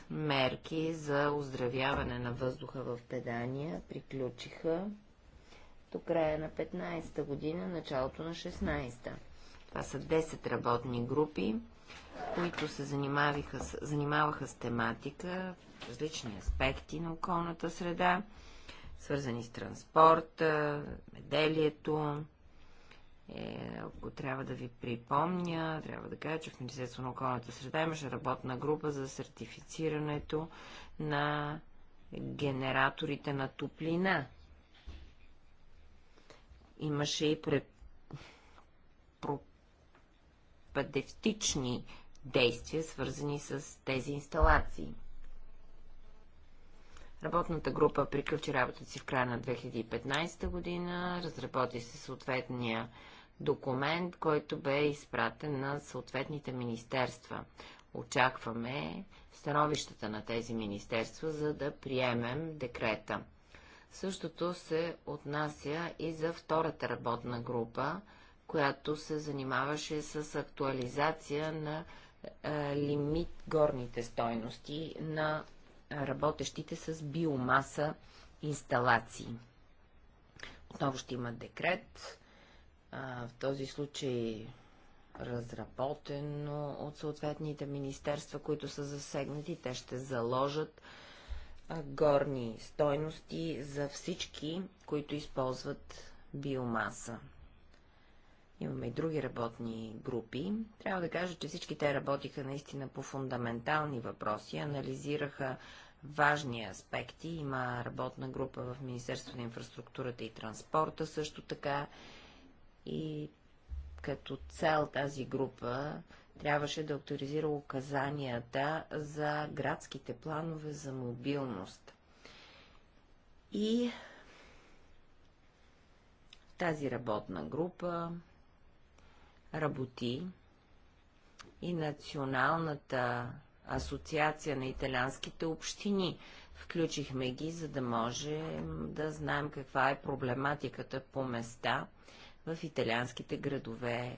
мерки за оздравяване на въздуха в Педания приключиха до края на 15-та година, началото на 16-та. Това са 10 работни групи, които се занимаваха, занимаваха с тематика, различни аспекти на околната среда, свързани с транспорта, меделието. Е, ако трябва да ви припомня, трябва да кажа, че в Министерство на околната среда имаше работна група за сертифицирането на генераторите на топлина. Имаше и пред... про терапевтични действия, свързани с тези инсталации. Работната група приключи работата си в края на 2015 година, разработи се съответния документ, който бе изпратен на съответните министерства. Очакваме становищата на тези министерства, за да приемем декрета. Същото се отнася и за втората работна група, която се занимаваше с актуализация на а, е, лимит горните стойности на работещите с биомаса инсталации. Отново ще има декрет. А, в този случай разработено от съответните министерства, които са засегнати. Те ще заложат а, горни стойности за всички, които използват биомаса. Имаме и други работни групи. Трябва да кажа, че всички те работиха наистина по фундаментални въпроси, анализираха важни аспекти. Има работна група в Министерството на инфраструктурата и транспорта също така. И като цел тази група трябваше да авторизира указанията за градските планове за мобилност. И тази работна група работи и Националната асоциация на италианските общини. Включихме ги, за да може да знаем каква е проблематиката по места в италианските градове.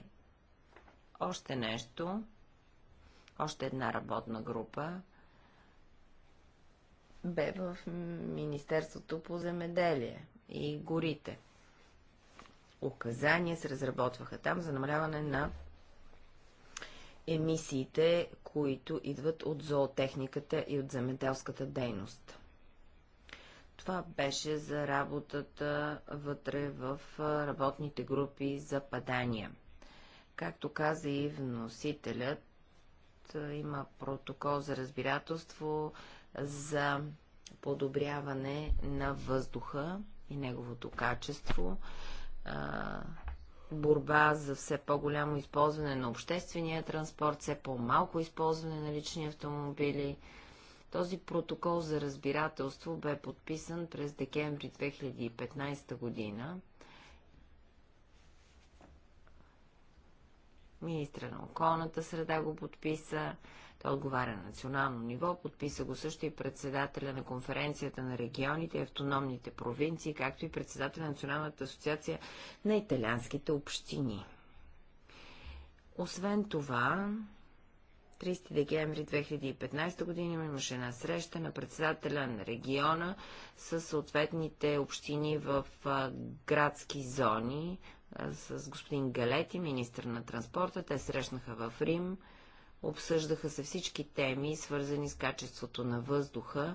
Още нещо, още една работна група бе в Министерството по земеделие и горите – указания се разработваха там за намаляване на емисиите, които идват от зоотехниката и от земеделската дейност. Това беше за работата вътре в работните групи за падания. Както каза и вносителят, има протокол за разбирателство за подобряване на въздуха и неговото качество а, борба за все по-голямо използване на обществения транспорт, все по-малко използване на лични автомобили. Този протокол за разбирателство бе подписан през декември 2015 година. Министра на околната среда го подписа, той отговаря на национално ниво, подписа го също и председателя на конференцията на регионите и автономните провинции, както и председателя на Националната асоциация на италианските общини. Освен това, 30 декември 2015 година имаше една среща на председателя на региона с съответните общини в градски зони с господин Галети, министр на транспорта. Те срещнаха в Рим Обсъждаха се всички теми, свързани с качеството на въздуха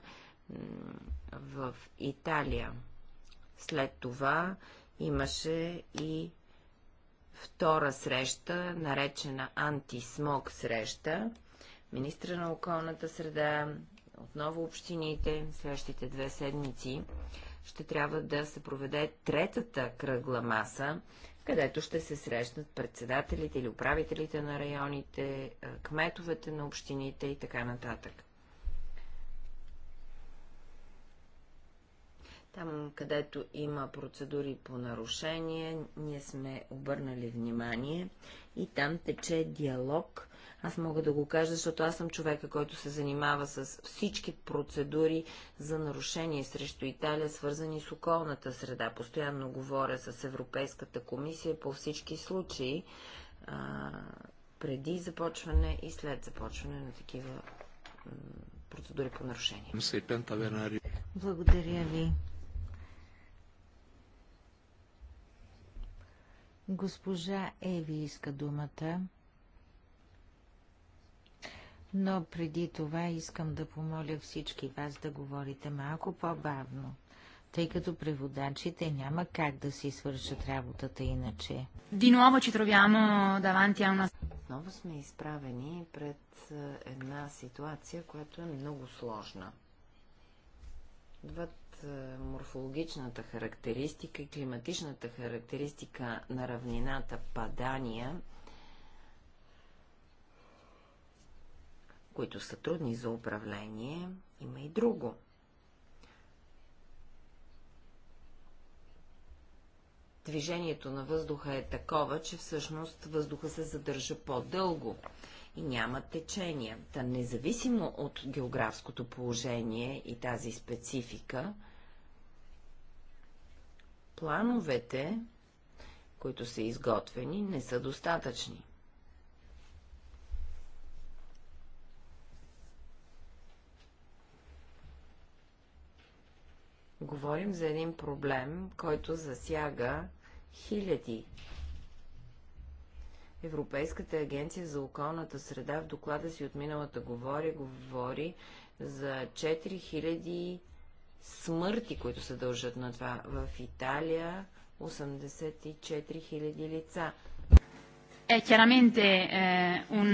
в Италия. След това имаше и втора среща, наречена антисмог среща. Министра на околната среда, отново общините, следващите две седмици ще трябва да се проведе третата кръгла маса, където ще се срещнат председателите или управителите на районите, кметовете на общините и така нататък. Там, където има процедури по нарушение, ние сме обърнали внимание и там тече диалог аз мога да го кажа, защото аз съм човека, който се занимава с всички процедури за нарушение срещу Италия, свързани с околната среда. Постоянно говоря с Европейската комисия по всички случаи преди започване и след започване на такива процедури по нарушение. Благодаря ви. Госпожа Еви иска думата но преди това искам да помоля всички вас да говорите малко по-бавно, тъй като преводачите няма как да си свършат работата иначе. Di че ci даванти davanti Отново сме изправени пред е, една ситуация, която е много сложна. Отвъд е, морфологичната характеристика и климатичната характеристика на равнината падания – които са трудни за управление, има и друго. Движението на въздуха е такова, че всъщност въздуха се задържа по-дълго и няма течение. Та независимо от географското положение и тази специфика, плановете, които са изготвени, не са достатъчни. Говорим за един проблем, който засяга хиляди. Европейската агенция за околната среда в доклада си от миналата говори, говори за 4000 смърти, които се дължат на това. В Италия 84 000 лица. Е, chiaramente, е, un,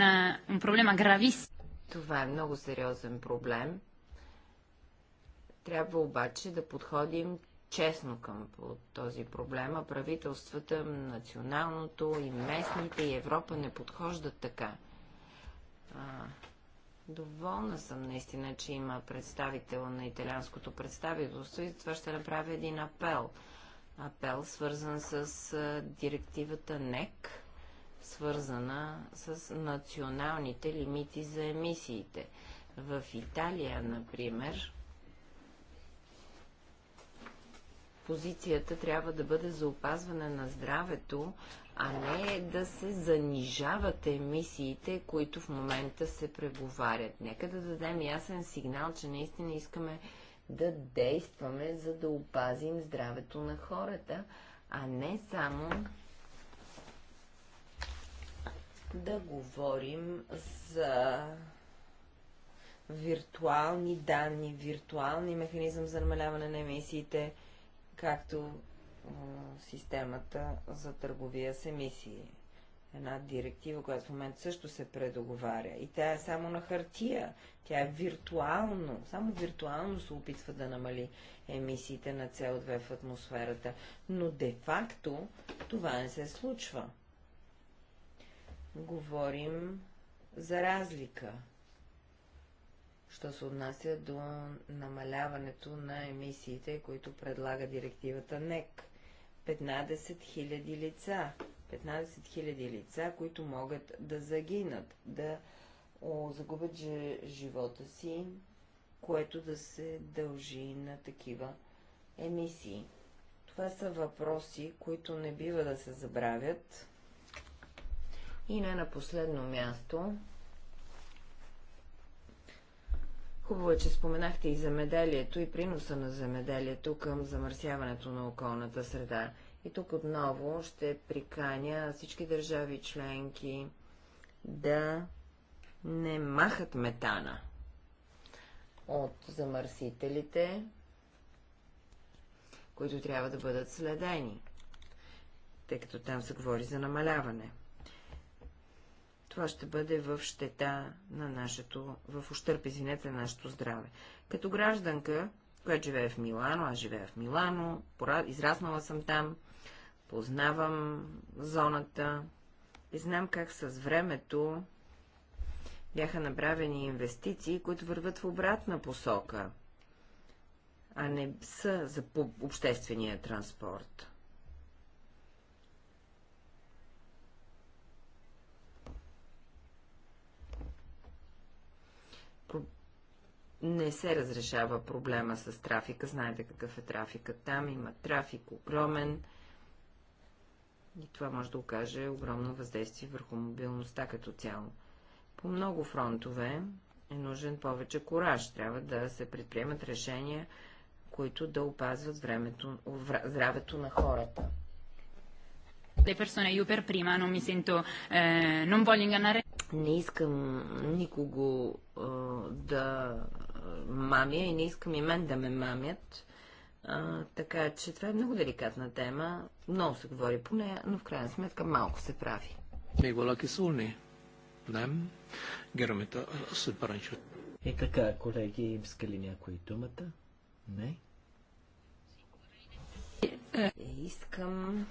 un problema gravissimo. Това е много сериозен проблем трябва обаче да подходим честно към този проблем, а правителствата, националното и местните и Европа не подхождат така. А, доволна съм наистина, че има представител на италианското представителство и това ще направя един апел. Апел свързан с директивата НЕК, свързана с националните лимити за емисиите. В Италия, например, позицията трябва да бъде за опазване на здравето, а не да се занижават емисиите, които в момента се преговарят. Нека да дадем ясен сигнал, че наистина искаме да действаме, за да опазим здравето на хората, а не само да говорим за виртуални данни, виртуални механизъм за намаляване на емисиите – както системата за търговия с емисии. Една директива, която в момента също се предоговаря. И тя е само на хартия. Тя е виртуално. Само виртуално се опитва да намали емисиите на CO2 в атмосферата. Но де-факто това не се случва. Говорим за разлика що се отнася до намаляването на емисиите, които предлага директивата НЕК. 15 000 лица. 15 000 лица, които могат да загинат, да о, загубят живота си, което да се дължи на такива емисии. Това са въпроси, които не бива да се забравят. И не на последно място, Хубаво е, че споменахте и земеделието и приноса на земеделието към замърсяването на околната среда. И тук отново ще приканя всички държави членки да не махат метана от замърсителите, които трябва да бъдат следени, тъй като там се говори за намаляване – това ще бъде в щета на нашето, в ущърп, извинете, на нашето здраве. Като гражданка, която живее в Милано, аз живея в Милано, израснала съм там, познавам зоната и знам как с времето бяха направени инвестиции, които върват в обратна посока, а не са за обществения транспорт. не се разрешава проблема с трафика. Знаете какъв е трафикът там. Има трафик огромен. И това може да окаже огромно въздействие върху мобилността като цяло. По много фронтове е нужен повече кораж. Трябва да се предприемат решения, които да опазват времето, здравето на хората. Le persone, io per prima non mi sento, eh, non voglio ingannare. Не искам никого е, да мамя и не искам и мен да ме мамят. А, така че това е много деликатна тема. Много се говори по нея, но в крайна сметка малко се прави. Мигола Кисулни. Нем. И така, колеги, иска ли някой думата? Не? Е, искам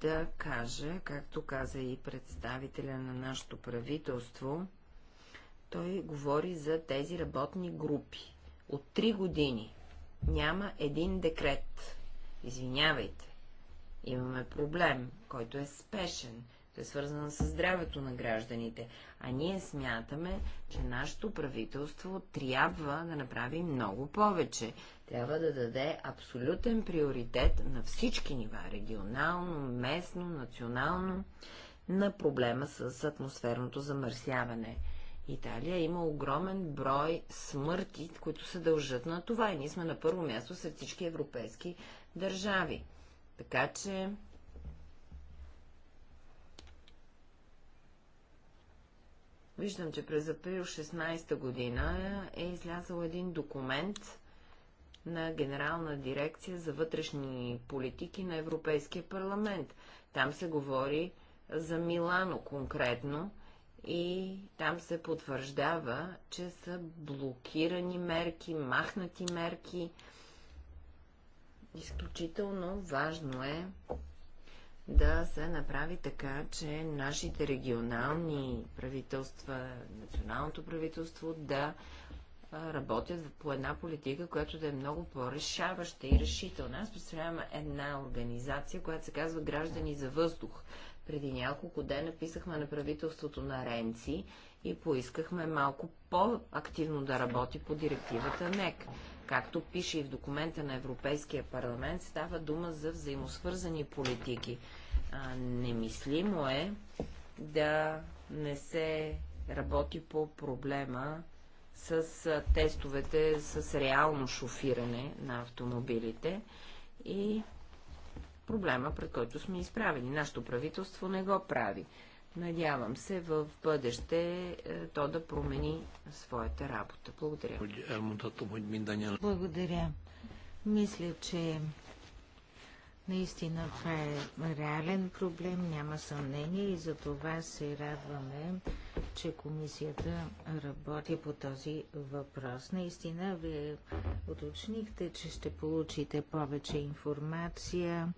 да кажа, както каза и представителя на нашето правителство, той говори за тези работни групи. От три години няма един декрет. Извинявайте. Имаме проблем, който е спешен. Той е свързан с здравето на гражданите. А ние смятаме, че нашето правителство трябва да направи много повече. Трябва да даде абсолютен приоритет на всички нива – регионално, местно, национално, на проблема с атмосферното замърсяване – Италия има огромен брой смърти, които се дължат на това. И ние сме на първо място сред всички европейски държави. Така че Виждам, че през април 16 година е излязъл един документ на Генерална дирекция за вътрешни политики на Европейския парламент. Там се говори за Милано конкретно и там се потвърждава, че са блокирани мерки, махнати мерки. Изключително важно е да се направи така, че нашите регионални правителства, националното правителство да работят по една политика, която да е много по-решаваща и решителна. Аз представлявам една организация, която се казва Граждани за въздух. Преди няколко дена писахме на правителството на Ренци и поискахме малко по-активно да работи по директивата НЕК. Както пише и в документа на Европейския парламент, става дума за взаимосвързани политики. А, немислимо е да не се работи по проблема с тестовете с реално шофиране на автомобилите и проблема, пред който сме изправени. Нашето правителство не го прави. Надявам се в бъдеще е, то да промени своята работа. Благодаря. Благодаря. Мисля, че наистина това е реален проблем, няма съмнение и за това се радваме, че комисията работи по този въпрос. Наистина, вие уточнихте, че ще получите повече информация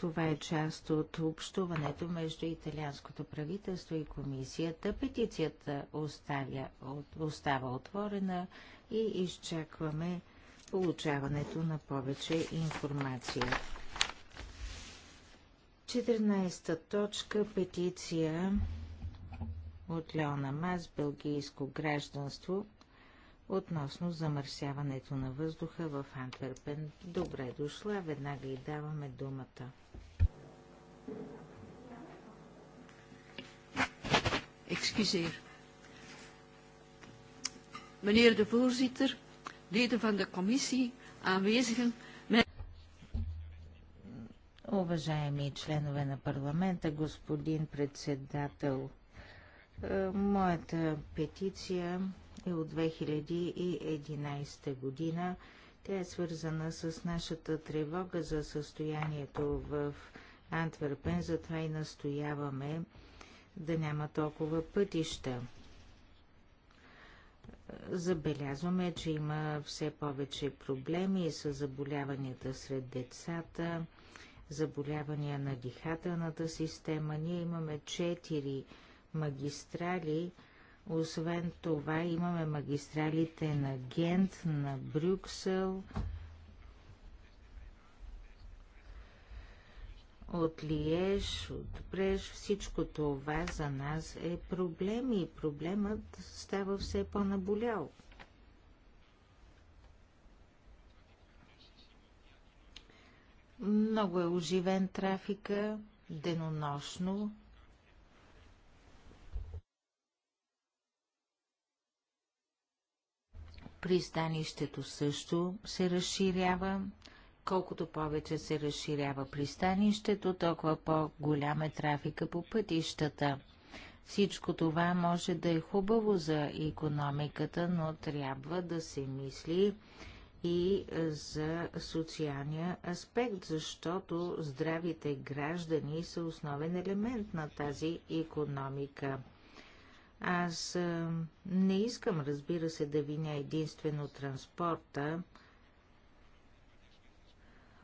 това е част от общуването между италианското правителство и комисията. Петицията оставя, остава отворена и изчакваме получаването на повече информация. 14-та точка петиция от Леона Маз, белгийско гражданство, относно замърсяването на въздуха в Антверпен. Добре дошла, веднага и даваме думата. Excuseer. Meneer de voorzitter, leden van de commissie, aanwezigen. Уважаеми членове на парламента, господин председател, е, моята петиция е от 2011 година. Тя е свързана с нашата тревога за състоянието в Антверпен, затова и настояваме да няма толкова пътища. Забелязваме, че има все повече проблеми с заболяванията сред децата, заболявания на дихателната система. Ние имаме четири магистрали. Освен това имаме магистралите на Гент, на Брюксел, от Лиеж, от Преж, всичко това за нас е проблем и проблемът става все по-наболял. Много е оживен трафика, денонощно. Пристанището също се разширява колкото повече се разширява пристанището, толкова по-голям е трафика по пътищата. Всичко това може да е хубаво за економиката, но трябва да се мисли и за социалния аспект, защото здравите граждани са основен елемент на тази економика. Аз не искам, разбира се, да виня единствено транспорта,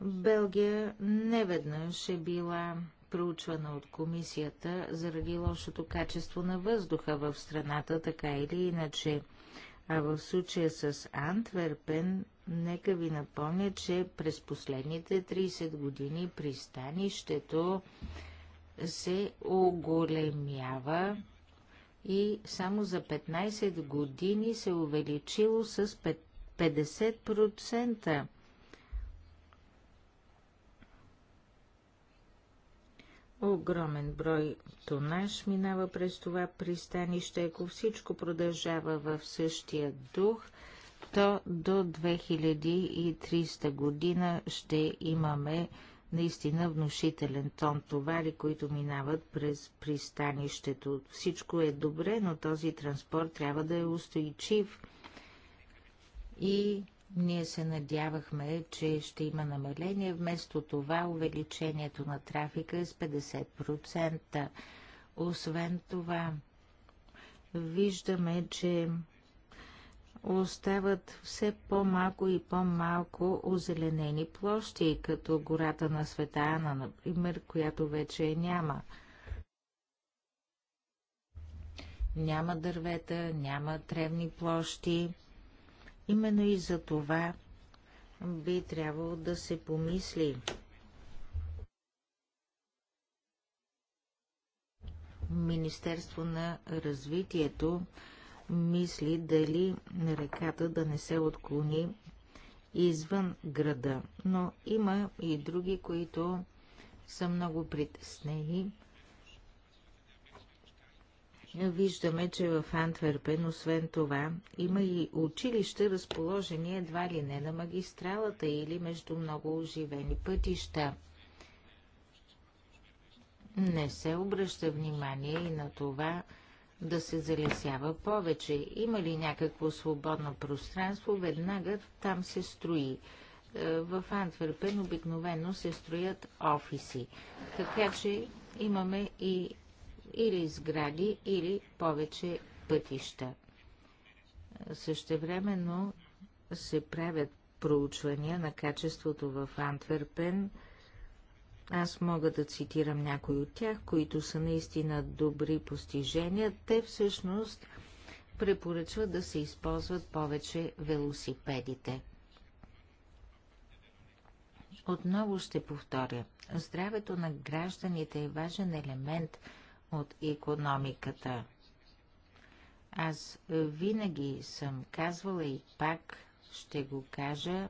Белгия неведнъж е била проучвана от комисията заради лошото качество на въздуха в страната, така или иначе. А в случая с Антверпен, нека ви напомня, че през последните 30 години пристанището се оголемява и само за 15 години се е увеличило с 50%. Огромен брой тонаж минава през това пристанище. Ако всичко продължава в същия дух, то до 2300 година ще имаме наистина внушителен тон товари, които минават през пристанището. Всичко е добре, но този транспорт трябва да е устойчив и ние се надявахме, че ще има намаление, вместо това увеличението на трафика е с 50%. Освен това, виждаме, че остават все по-малко и по-малко озеленени площи, като гората на Света Ана, например, която вече няма. Няма дървета, няма тревни площи. Именно и за това би трябвало да се помисли. Министерство на развитието мисли дали реката да не се отклони извън града, но има и други, които са много притеснени Виждаме, че в Антверпен, освен това, има и училища, разположени едва ли не на магистралата или между много оживени пътища. Не се обръща внимание и на това да се залесява повече. Има ли някакво свободно пространство, веднага там се строи е, в Антверпен обикновено се строят офиси. Така че имаме и или сгради, или повече пътища. Същевременно се правят проучвания на качеството в Антверпен. Аз мога да цитирам някои от тях, които са наистина добри постижения. Те всъщност препоръчват да се използват повече велосипедите. Отново ще повторя. Здравето на гражданите е важен елемент – от економиката. Аз винаги съм казвала и пак ще го кажа,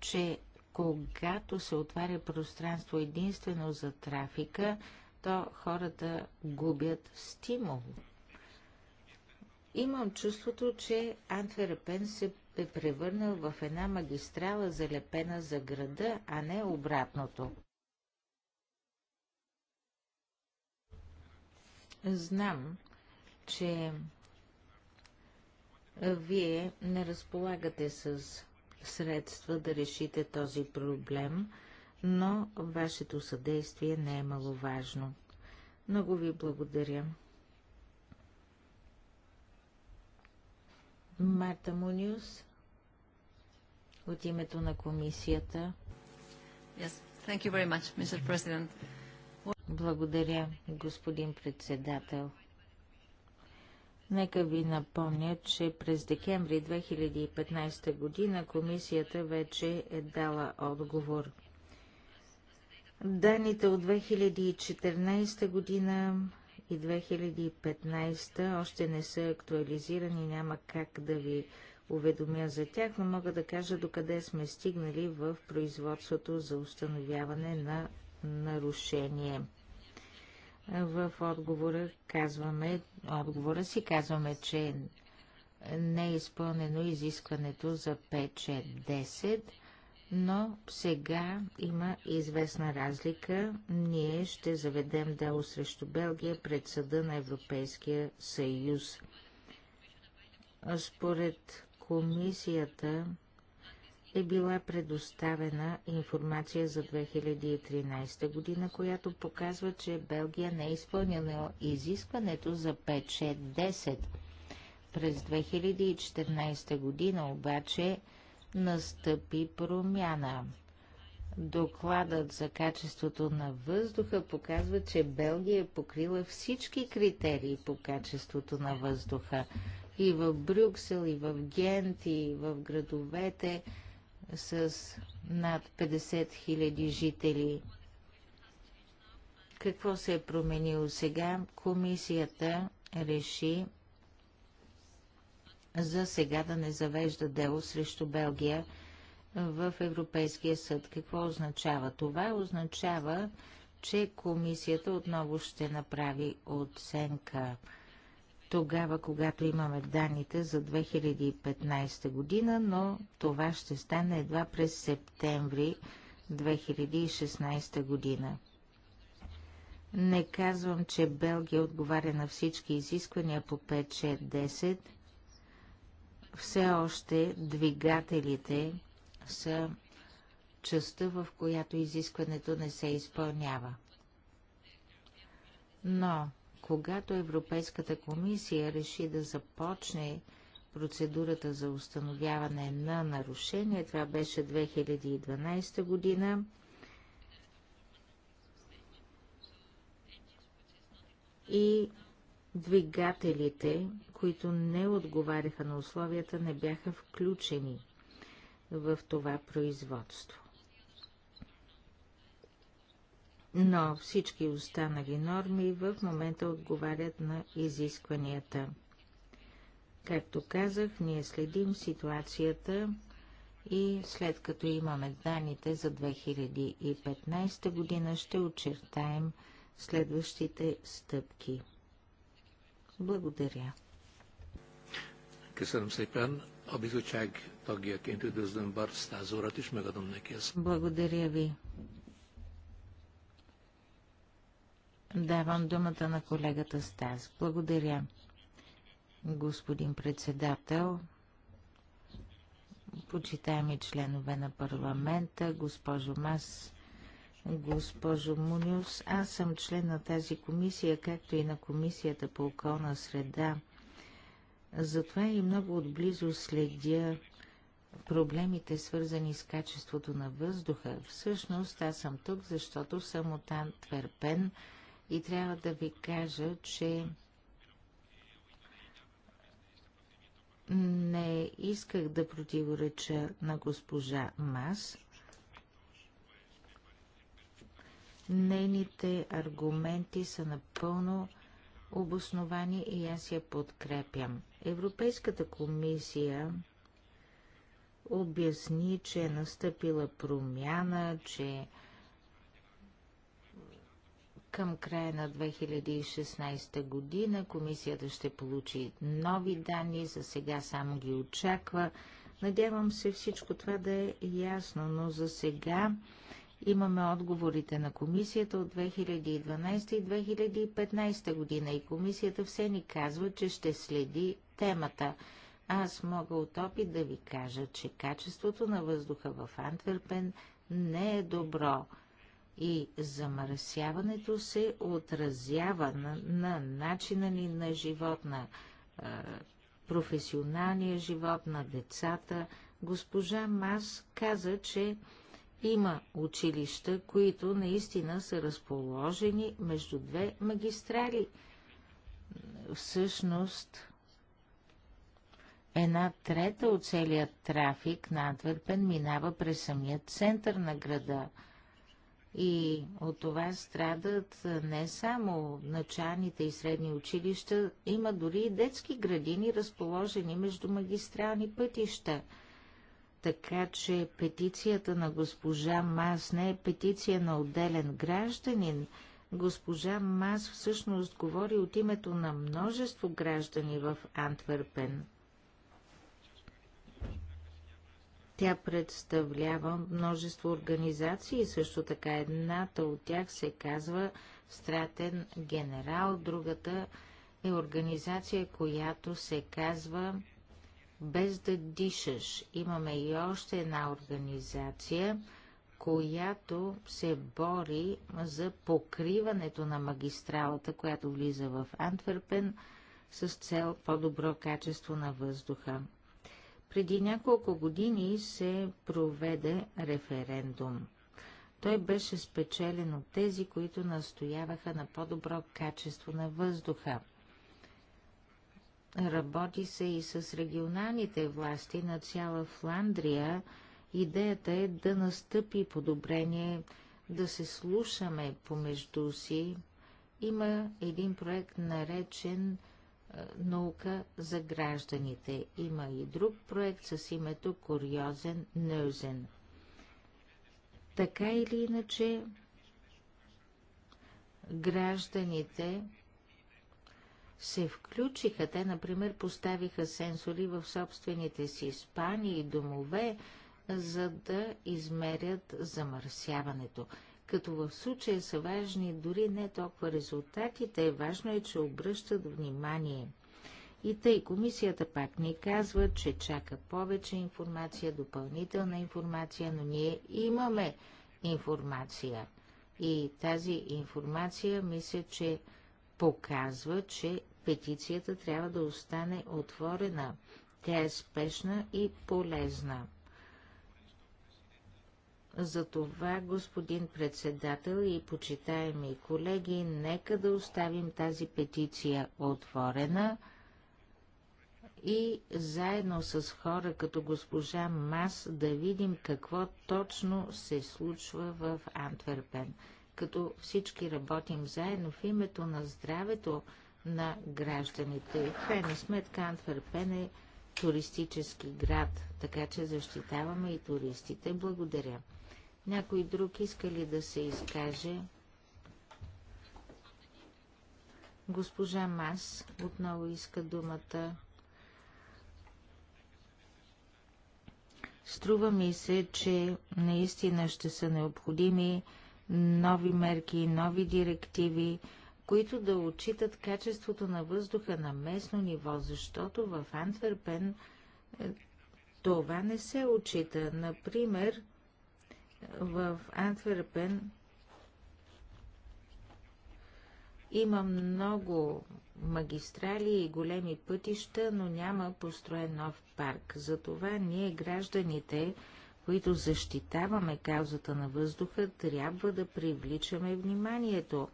че когато се отваря пространство единствено за трафика, то хората губят стимул. Имам чувството, че Антверпен се е превърнал в една магистрала залепена за града, а не обратното. Знам, че вие не разполагате с средства да решите този проблем, но вашето съдействие не е маловажно. Много ви благодаря. Марта Муниус от името на комисията. Yes, thank you very much, Mr. President. Благодаря, господин председател. Нека ви напомня, че през декември 2015 година комисията вече е дала отговор. Даните от 2014 година и 2015 още не са актуализирани, няма как да ви уведомя за тях, но мога да кажа докъде сме стигнали в производството за установяване на нарушение в отговора казваме, отговора си казваме, че не е изпълнено изискването за 5-10, но сега има известна разлика. Ние ще заведем дело срещу Белгия пред съда на Европейския съюз. Според комисията е била предоставена информация за 2013 година, която показва, че Белгия не е изпълнила изискването за 5-6-10. През 2014 година обаче настъпи промяна. Докладът за качеството на въздуха показва, че Белгия е покрила всички критерии по качеството на въздуха. И в Брюксел, и в Гент, и в градовете – с над 50 000 жители. Какво се е променило сега? Комисията реши за сега да не завежда дело срещу Белгия в Европейския съд. Какво означава това? Означава, че комисията отново ще направи оценка тогава, когато имаме данните за 2015 година, но това ще стане едва през септември 2016 година. Не казвам, че Белгия отговаря на всички изисквания по 5-6-10. Все още двигателите са частта, в която изискването не се изпълнява. Но когато Европейската комисия реши да започне процедурата за установяване на нарушение, това беше 2012 година, и двигателите, които не отговаряха на условията, не бяха включени в това производство. но всички останали норми в момента отговарят на изискванията. Както казах, ние следим ситуацията и след като имаме данните за 2015 година, ще очертаем следващите стъпки. Благодаря. Köszönöm szépen. A bizottság tagjaként üdvözlöm Barstázórat, és megadom neki ezt. Благодаря ви. Давам думата на колегата Стас. Благодаря, господин председател, почитаеми членове на парламента, госпожо Мас, госпожо Муниус. Аз съм член на тази комисия, както и на комисията по околна среда. Затова и много отблизо следя проблемите, свързани с качеството на въздуха. Всъщност аз съм тук, защото съм от Антверпен, и трябва да ви кажа, че не исках да противореча на госпожа Мас. Нейните аргументи са напълно обосновани и аз я подкрепям. Европейската комисия обясни, че е настъпила промяна, че към края на 2016 година комисията ще получи нови данни, за сега само ги очаква. Надявам се всичко това да е ясно, но за сега имаме отговорите на комисията от 2012 и 2015 година и комисията все ни казва, че ще следи темата. Аз мога от опит да ви кажа, че качеството на въздуха в Антверпен не е добро и замърсяването се отразява на, на начина ни на живот, на а, професионалния живот, на децата. Госпожа Мас каза, че има училища, които наистина са разположени между две магистрали. Всъщност, една трета от целият трафик на Антверпен минава през самия център на града – и от това страдат не само началните и средни училища, има дори и детски градини, разположени между магистрални пътища. Така че петицията на госпожа Мас не е петиция на отделен гражданин. Госпожа Мас всъщност говори от името на множество граждани в Антверпен. Тя представлява множество организации, също така едната от тях се казва Стратен генерал, другата е организация, която се казва Без да дишаш. Имаме и още една организация, която се бори за покриването на магистралата, която влиза в Антверпен с цел по-добро качество на въздуха. Преди няколко години се проведе референдум. Той беше спечелен от тези, които настояваха на по-добро качество на въздуха. Работи се и с регионалните власти на цяла Фландрия. Идеята е да настъпи подобрение, да се слушаме помежду си. Има един проект наречен наука за гражданите. Има и друг проект с името Куриозен Нюзен. Така или иначе, гражданите се включиха. Те, например, поставиха сенсори в собствените си спани и домове, за да измерят замърсяването като в случая са важни дори не толкова резултатите, важно е, че обръщат внимание. И тъй комисията пак ни казва, че чака повече информация, допълнителна информация, но ние имаме информация. И тази информация мисля, че показва, че петицията трябва да остане отворена. Тя е спешна и полезна. Затова, господин председател и почитаеми колеги, нека да оставим тази петиция отворена и заедно с хора като госпожа Мас да видим какво точно се случва в Антверпен. Като всички работим заедно в името на здравето на гражданите. В крайна сметка Антверпен е туристически град, така че защитаваме и туристите. Благодаря. Някой друг иска ли да се изкаже? Госпожа Мас отново иска думата. Струва ми се, че наистина ще са необходими нови мерки, нови директиви, които да отчитат качеството на въздуха на местно ниво, защото в Антверпен е, това не се отчита. Например, в Антверпен има много магистрали и големи пътища, но няма построен нов парк. Затова ние, гражданите, които защитаваме каузата на въздуха, трябва да привличаме вниманието.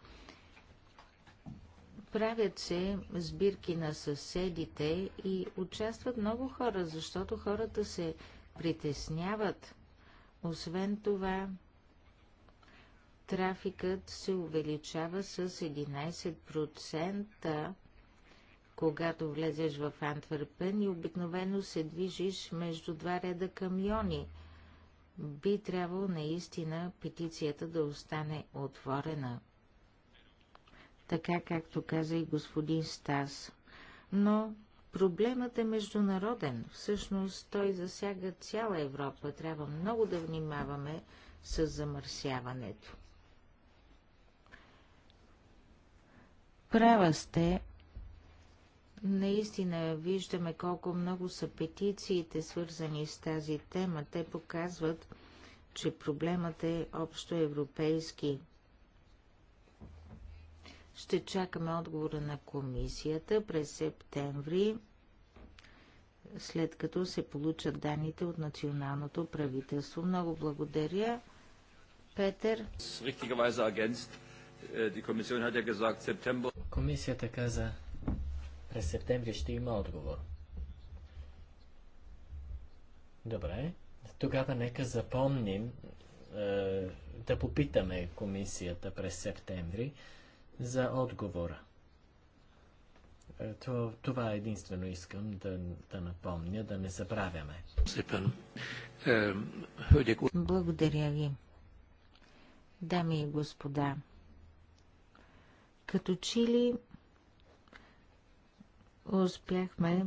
Правят се сбирки на съседите и участват много хора, защото хората се притесняват освен това, трафикът се увеличава с 11%, когато влезеш в Антверпен и обикновено се движиш между два реда камиони. Би трябвало наистина петицията да остане отворена. Така както каза и господин Стас. Но Проблемът е международен. Всъщност той засяга цяла Европа. Трябва много да внимаваме с замърсяването. Права сте. Наистина виждаме колко много са петициите, свързани с тази тема. Те показват, че проблемът е общо европейски. Ще чакаме отговора на комисията през септември, след като се получат данните от националното правителство. Много благодаря. Петър. Е, комисията каза, през септември ще има отговор. Добре. Тогава нека запомним е, да попитаме комисията през септември за отговора. Е, това единствено искам да, да напомня, да не забравяме. Е, Благодаря ви. Дами и господа, като че ли успяхме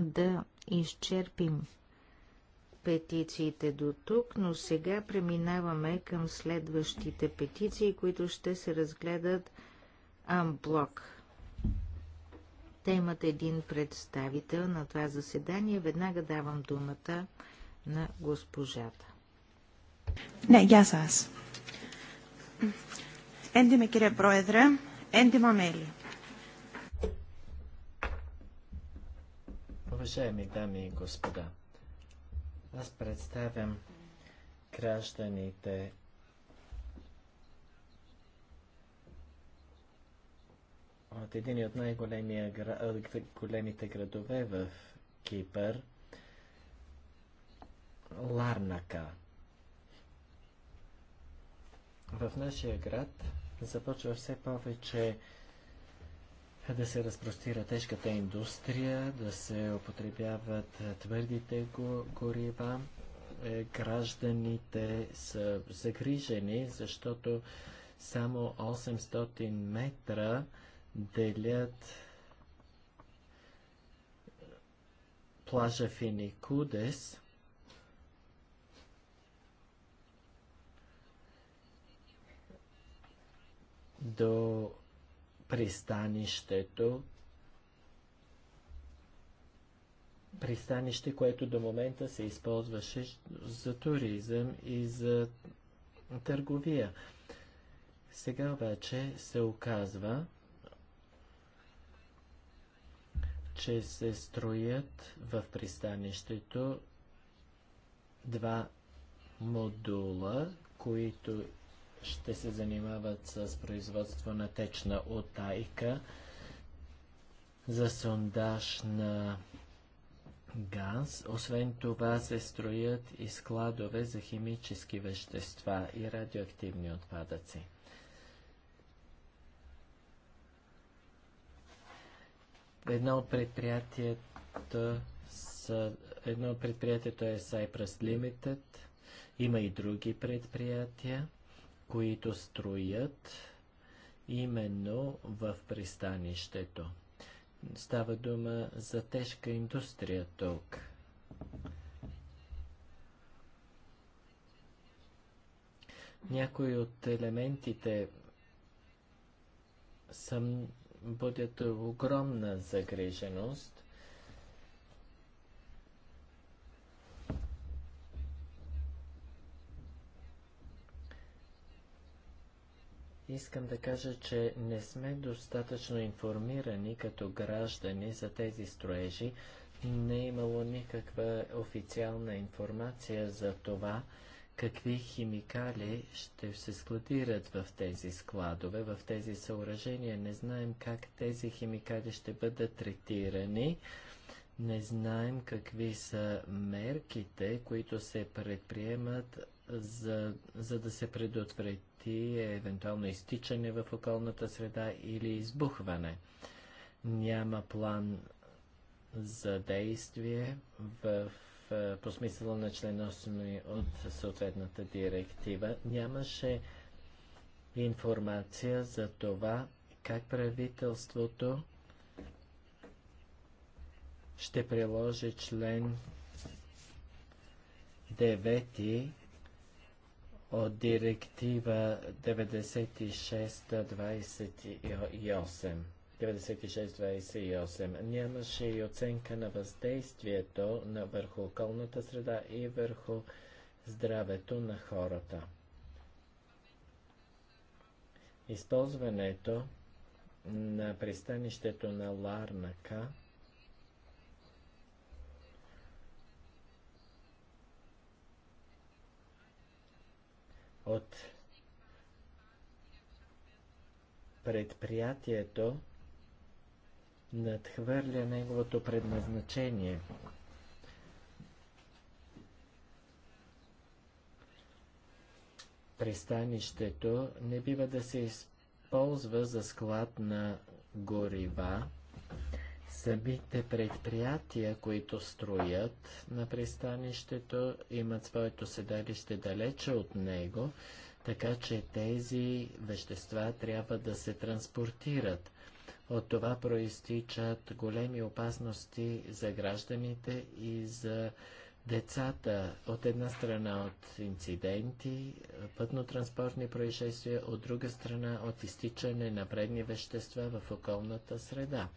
да изчерпим петициите до тук, но сега преминаваме към следващите петиции, които ще се разгледат амблок. Те имат е един представител на това заседание. Веднага давам думата на госпожата. Не, я аз. Έντιμε κύριε Πρόεδρε, έντιμα мели. Уважаеми дами и господа, аз представям гражданите от един от най-големите градове в Кипър, Ларнака. В нашия град започва все повече да се разпростира тежката индустрия, да се употребяват твърдите горива. Е, гражданите са загрижени, защото само 800 метра делят плажа Финикудес до пристанището, пристанище, което до момента се използваше за туризъм и за търговия. Сега обаче се оказва, че се строят в пристанището два модула, които ще се занимават с производство на течна отайка, за сондаж на газ. Освен това се строят и складове за химически вещества и радиоактивни отпадъци. Едно от предприятията са, едно от предприятието е Cypress Limited. Има и други предприятия които строят именно в пристанището. Става дума за тежка индустрия тук. Някои от елементите съм, будят огромна загриженост. искам да кажа, че не сме достатъчно информирани като граждани за тези строежи. Не е имало никаква официална информация за това, какви химикали ще се складират в тези складове, в тези съоръжения. Не знаем как тези химикали ще бъдат третирани. Не знаем какви са мерките, които се предприемат за, за да се предотврати евентуално изтичане в околната среда или избухване. Няма план за действие в, в по смисъла на член 8 от съответната директива. Нямаше информация за това как правителството ще приложи член 9 от директива 9628. 9628. Нямаше и оценка на въздействието на върху околната среда и върху здравето на хората. Използването на пристанището на Ларнака – от предприятието надхвърля неговото предназначение. Пристанището не бива да се използва за склад на горива самите предприятия, които строят на пристанището, имат своето седалище далече от него, така че тези вещества трябва да се транспортират. От това проистичат големи опасности за гражданите и за децата. От една страна от инциденти, пътно-транспортни происшествия, от друга страна от изтичане на предни вещества в околната среда.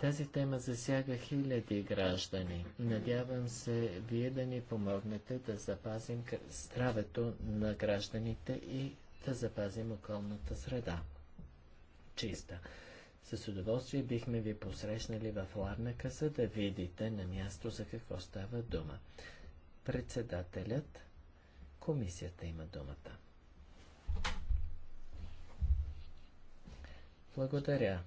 Тази тема засяга хиляди граждани. Надявам се вие да ни помогнете да запазим здравето на гражданите и да запазим околната среда. Чиста. С удоволствие бихме ви посрещнали в Ларнака, за да видите на място за какво става дума. Председателят, комисията има думата. Благодаря.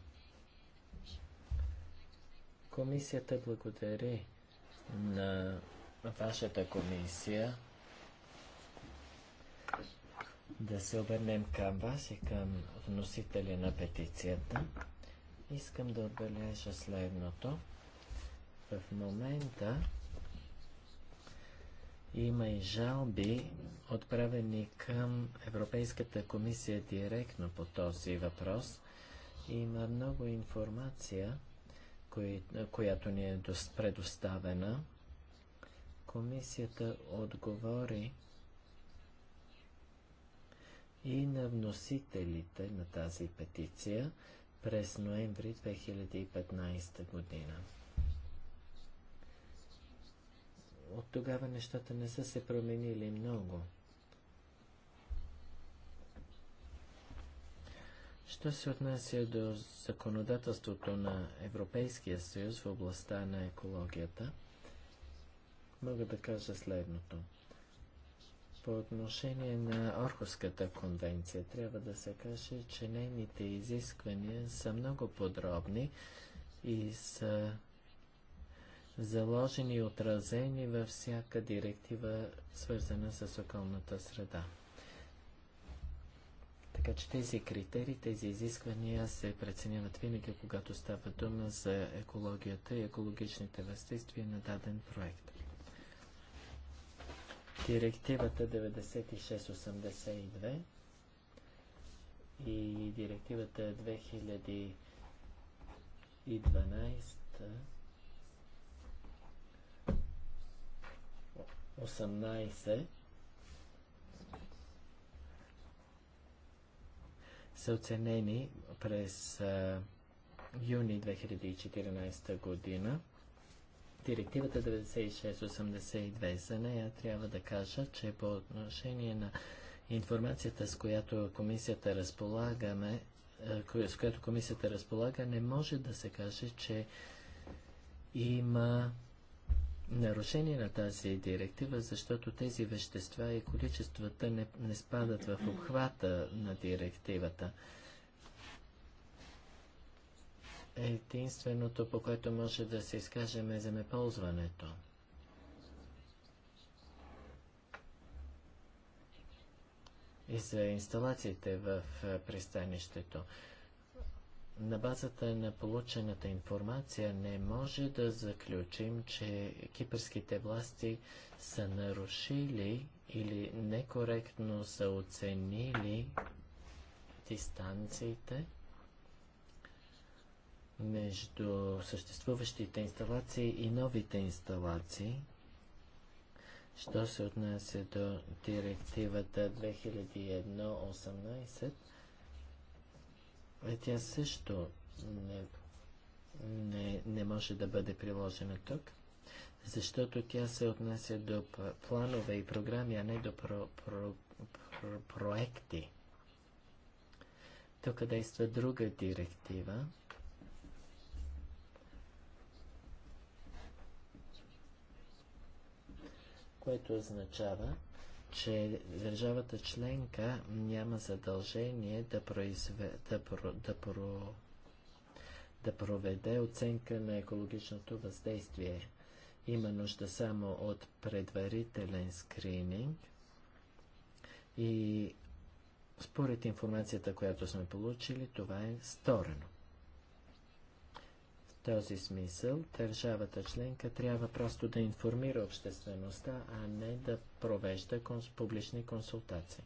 Комисията благодари на вашата комисия да се обърнем към вас и към вносители на петицията. Искам да отбележа следното. В момента има и жалби, отправени към Европейската комисия директно по този въпрос. Има много информация, която ни е предоставена, комисията отговори и на вносителите на тази петиция през ноември 2015 година. От тогава нещата не са се променили много – Що се отнася до законодателството на Европейския съюз в областта на екологията, мога да кажа следното. По отношение на Орховската конвенция, трябва да се каже, че нейните изисквания са много подробни и са заложени и отразени във всяка директива, свързана с околната среда. Така че тези критерии, тези изисквания се преценяват винаги, когато става дума за екологията и екологичните въздействия на даден проект. Директивата 9682 и директивата 2012 18 са оценени през а, юни 2014 година. Директивата 9682 за нея трябва да кажа, че по отношение на информацията, с която комисията разполагаме, с която комисията разполага, не може да се каже, че има нарушение на тази директива, защото тези вещества и количествата не, не спадат в обхвата на директивата. Единственото, по което може да се изкажем е земеползването. И за инсталациите в пристанището на базата на получената информация не може да заключим, че кипърските власти са нарушили или некоректно са оценили дистанциите между съществуващите инсталации и новите инсталации. Що се отнася до директивата 2001-18, е, тя също не, не, не може да бъде приложена тук, защото тя се отнася до планове и програми, а не до про, про, про, проекти. Тук действа друга директива. което означава, че държавата членка няма задължение да, произве, да, про, да, про, да проведе оценка на екологичното въздействие. Има нужда само от предварителен скрининг и според информацията, която сме получили, това е сторено този смисъл държавата членка трябва просто да информира обществеността, а не да провежда конс... публични консултации.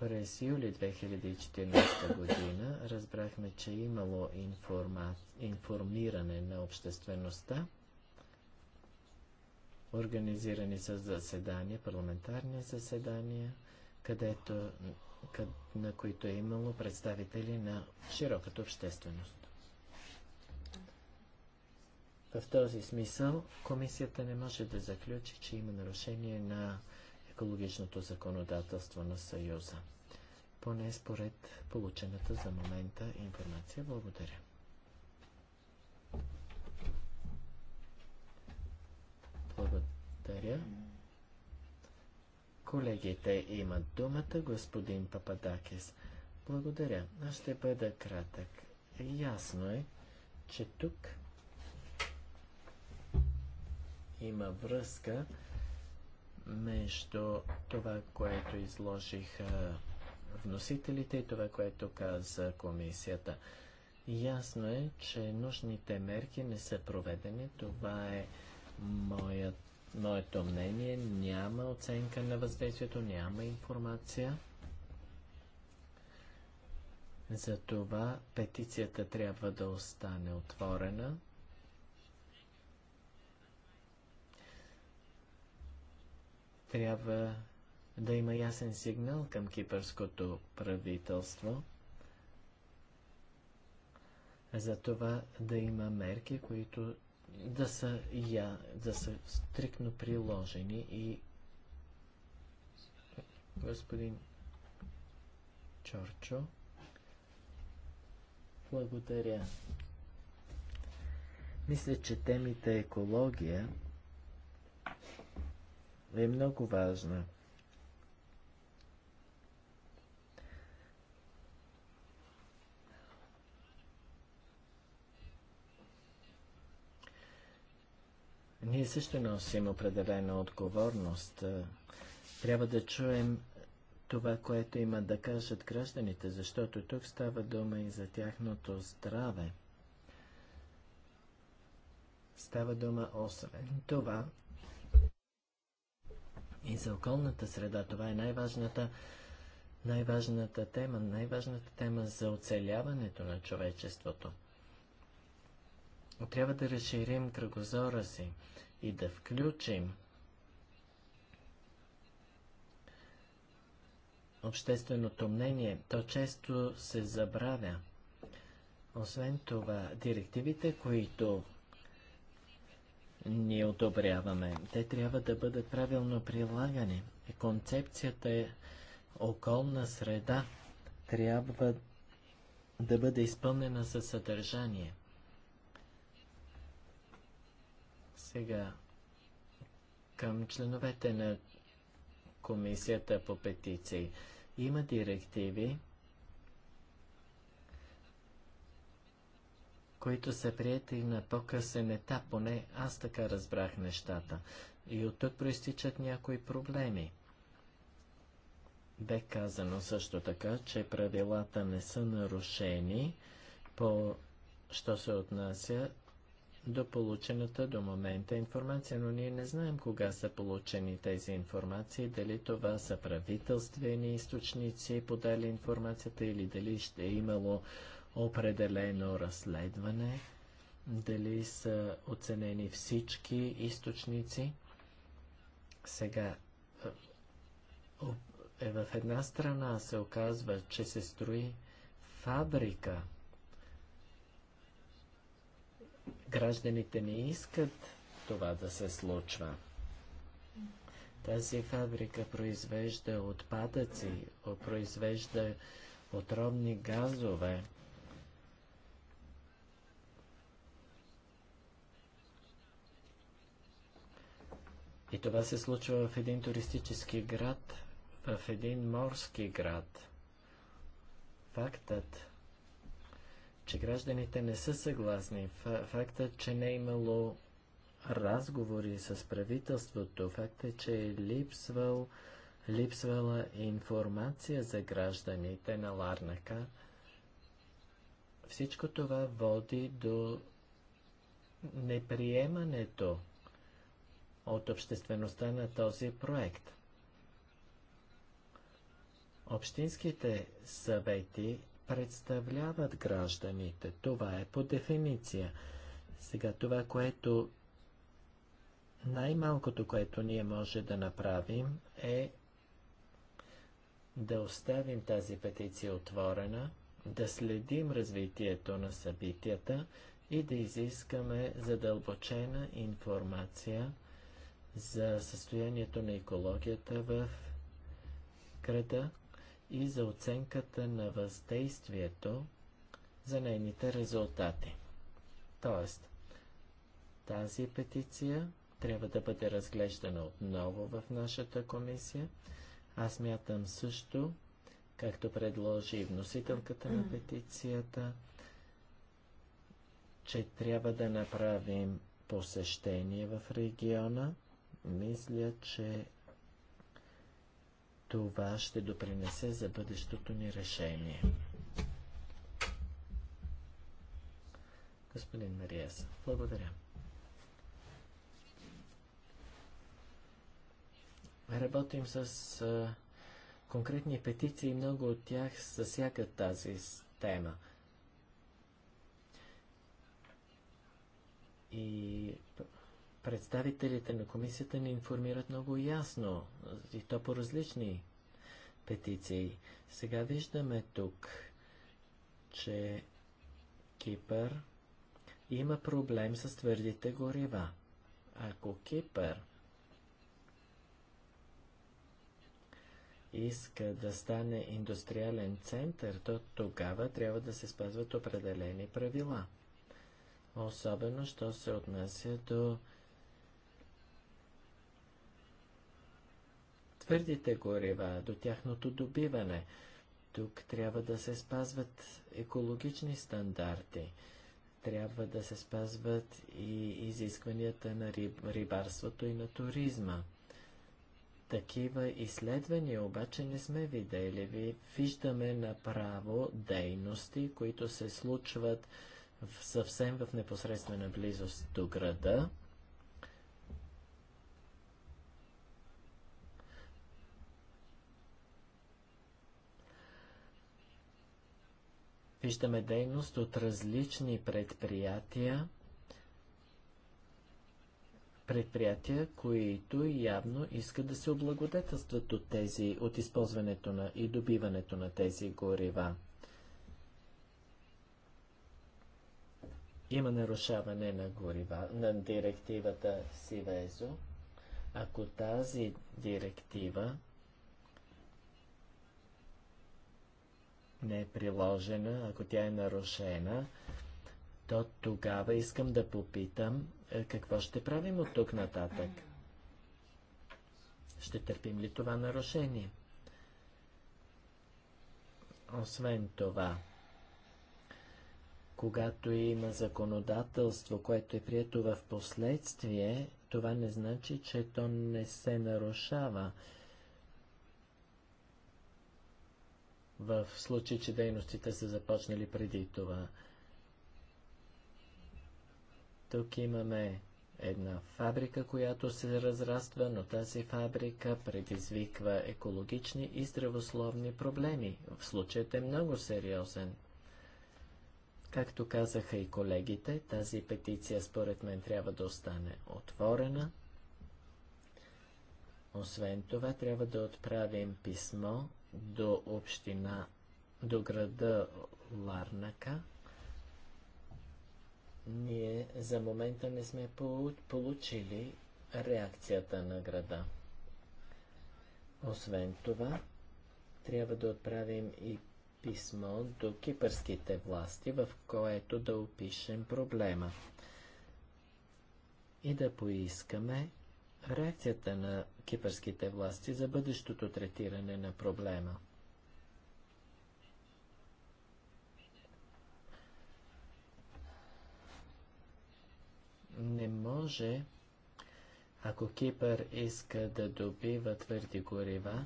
През юли 2014 година разбрахме, че е имало информа... информиране на обществеността. Организирани са заседания, парламентарни заседания, където, къд... на които е имало представители на широката общественост. В този смисъл комисията не може да заключи, че има нарушение на екологичното законодателство на Съюза. Поне според получената за момента информация. Благодаря. Благодаря. Колегите имат думата, господин Пападакис. Благодаря. Аз ще бъда кратък. Ясно е, че тук има връзка между това, което изложиха вносителите и това, което каза комисията. Ясно е, че нужните мерки не са проведени. Това е моят, моето мнение. Няма оценка на въздействието, няма информация. Затова петицията трябва да остане отворена. трябва да има ясен сигнал към кипърското правителство за това да има мерки, които да са, я, да са стрикно приложени и господин Чорчо. Благодаря. Мисля, че темите екология е много важна. Ние също носим определена отговорност. Трябва да чуем това, което има да кажат гражданите, защото тук става дума и за тяхното здраве. Става дума освен това и за околната среда. Това е най-важната най-важната тема, най-важната тема за оцеляването на човечеството. Трябва да разширим кръгозора си и да включим общественото мнение. То често се забравя. Освен това, директивите, които ние одобряваме. Те трябва да бъдат правилно прилагани. Концепцията е околна среда трябва да бъде изпълнена със съдържание. Сега към членовете на Комисията по петиции. Има директиви, които са приети на по-късен етап, поне аз така разбрах нещата. И от тук проистичат някои проблеми. Бе казано също така, че правилата не са нарушени по що се отнася до получената до момента информация, но ние не знаем кога са получени тези информации, дали това са правителствени източници подали информацията или дали ще е имало определено разследване, дали са оценени всички източници. Сега е, е в една страна се оказва, че се строи фабрика. Гражданите не искат това да се случва. Тази фабрика произвежда отпадъци, произвежда отровни газове. И това се случва в един туристически град, в един морски град. Фактът, че гражданите не са съгласни, фактът, че не е имало разговори с правителството, фактът, е, че е липсвал, липсвала информация за гражданите на Ларнака, всичко това води до неприемането от обществеността на този проект. Общинските съвети представляват гражданите. Това е по дефиниция. Сега това, което най-малкото, което ние може да направим е да оставим тази петиция отворена, да следим развитието на събитията и да изискаме задълбочена информация за състоянието на екологията в града и за оценката на въздействието за нейните резултати. Тоест, тази петиция трябва да бъде разглеждана отново в нашата комисия. Аз мятам също, както предложи и вносителката на петицията, че трябва да направим посещение в региона – мисля, че това ще допринесе за бъдещото ни решение. Господин Мариас, благодаря. Работим с а, конкретни петиции, много от тях засягат тази тема. И представителите на комисията ни информират много ясно, и то по различни петиции. Сега виждаме тук, че Кипър има проблем с твърдите горива. Ако Кипър иска да стане индустриален център, то тогава трябва да се спазват определени правила. Особено, що се отнася до твърдите горива, до тяхното добиване. Тук трябва да се спазват екологични стандарти. Трябва да се спазват и изискванията на риб, рибарството и на туризма. Такива изследвания обаче не сме видели. Ви виждаме направо дейности, които се случват в съвсем в непосредствена близост до града виждаме дейност от различни предприятия, предприятия, които явно искат да се облагодетелстват от, тези, от използването на и добиването на тези горива. Има нарушаване на, горива, на директивата Сивезо. Ако тази директива не е приложена, ако тя е нарушена, то тогава искам да попитам е, какво ще правим от тук нататък. Ще търпим ли това нарушение? Освен това, когато има законодателство, което е прието в последствие, това не значи, че то не се нарушава. в случай, че дейностите са започнали преди това. Тук имаме една фабрика, която се разраства, но тази фабрика предизвиква екологични и здравословни проблеми. В случаят е много сериозен. Както казаха и колегите, тази петиция според мен трябва да остане отворена. Освен това, трябва да отправим писмо до община, до града Ларнака. Ние за момента не сме получили реакцията на града. Освен това, трябва да отправим и писмо до кипърските власти, в което да опишем проблема и да поискаме реакцията на кипърските власти за бъдещото третиране на проблема. Не може, ако Кипър иска да добива твърди горива,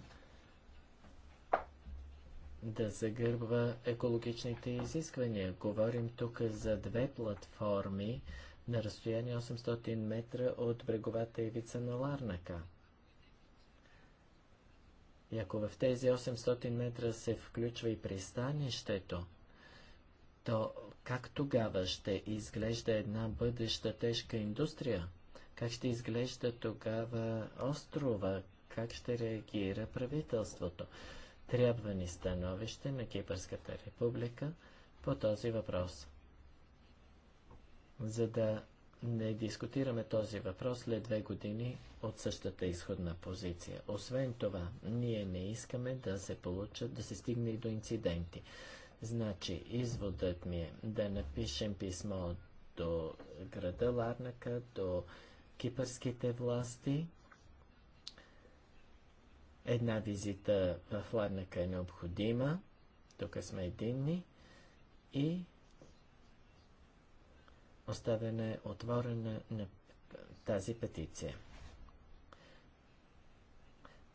да загърбва екологичните изисквания. Говорим тук за две платформи, на разстояние 800 метра от бреговата ивица на Ларнака. И ако в тези 800 метра се включва и пристанището, то как тогава ще изглежда една бъдеща тежка индустрия? Как ще изглежда тогава острова? Как ще реагира правителството? Трябва ни становище на Кипърската република по този въпрос за да не дискутираме този въпрос след две години от същата изходна позиция. Освен това, ние не искаме да се получат, да се стигне и до инциденти. Значи, изводът ми е да напишем писмо до града Ларнака, до кипърските власти. Една визита в Ларнака е необходима. Тук сме единни. И оставяне отворена на тази петиция.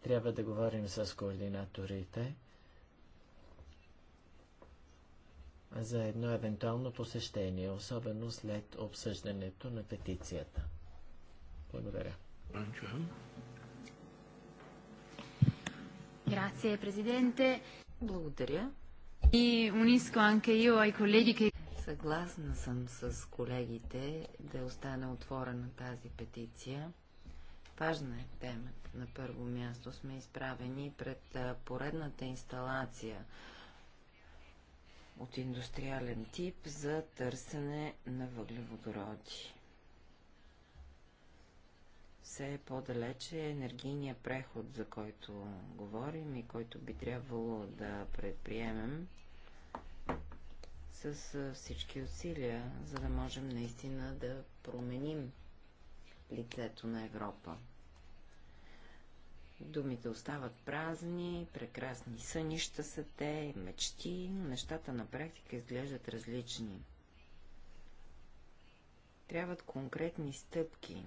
Трябва да говорим с координаторите за едно евентуално посещение, особено след обсъждането на петицията. Благодаря. Grazie Presidente. Благодаря. И униско anche io ai colleghi che Съгласна съм с колегите да остане отворена тази петиция. Важна е темата. На първо място сме изправени пред поредната инсталация от индустриален тип за търсене на въглеводороди. Все е по-далече енергийният преход, за който говорим и който би трябвало да предприемем, с всички усилия, за да можем наистина да променим лицето на Европа. Думите остават празни, прекрасни сънища са те, мечти, но нещата на практика изглеждат различни. Трябват конкретни стъпки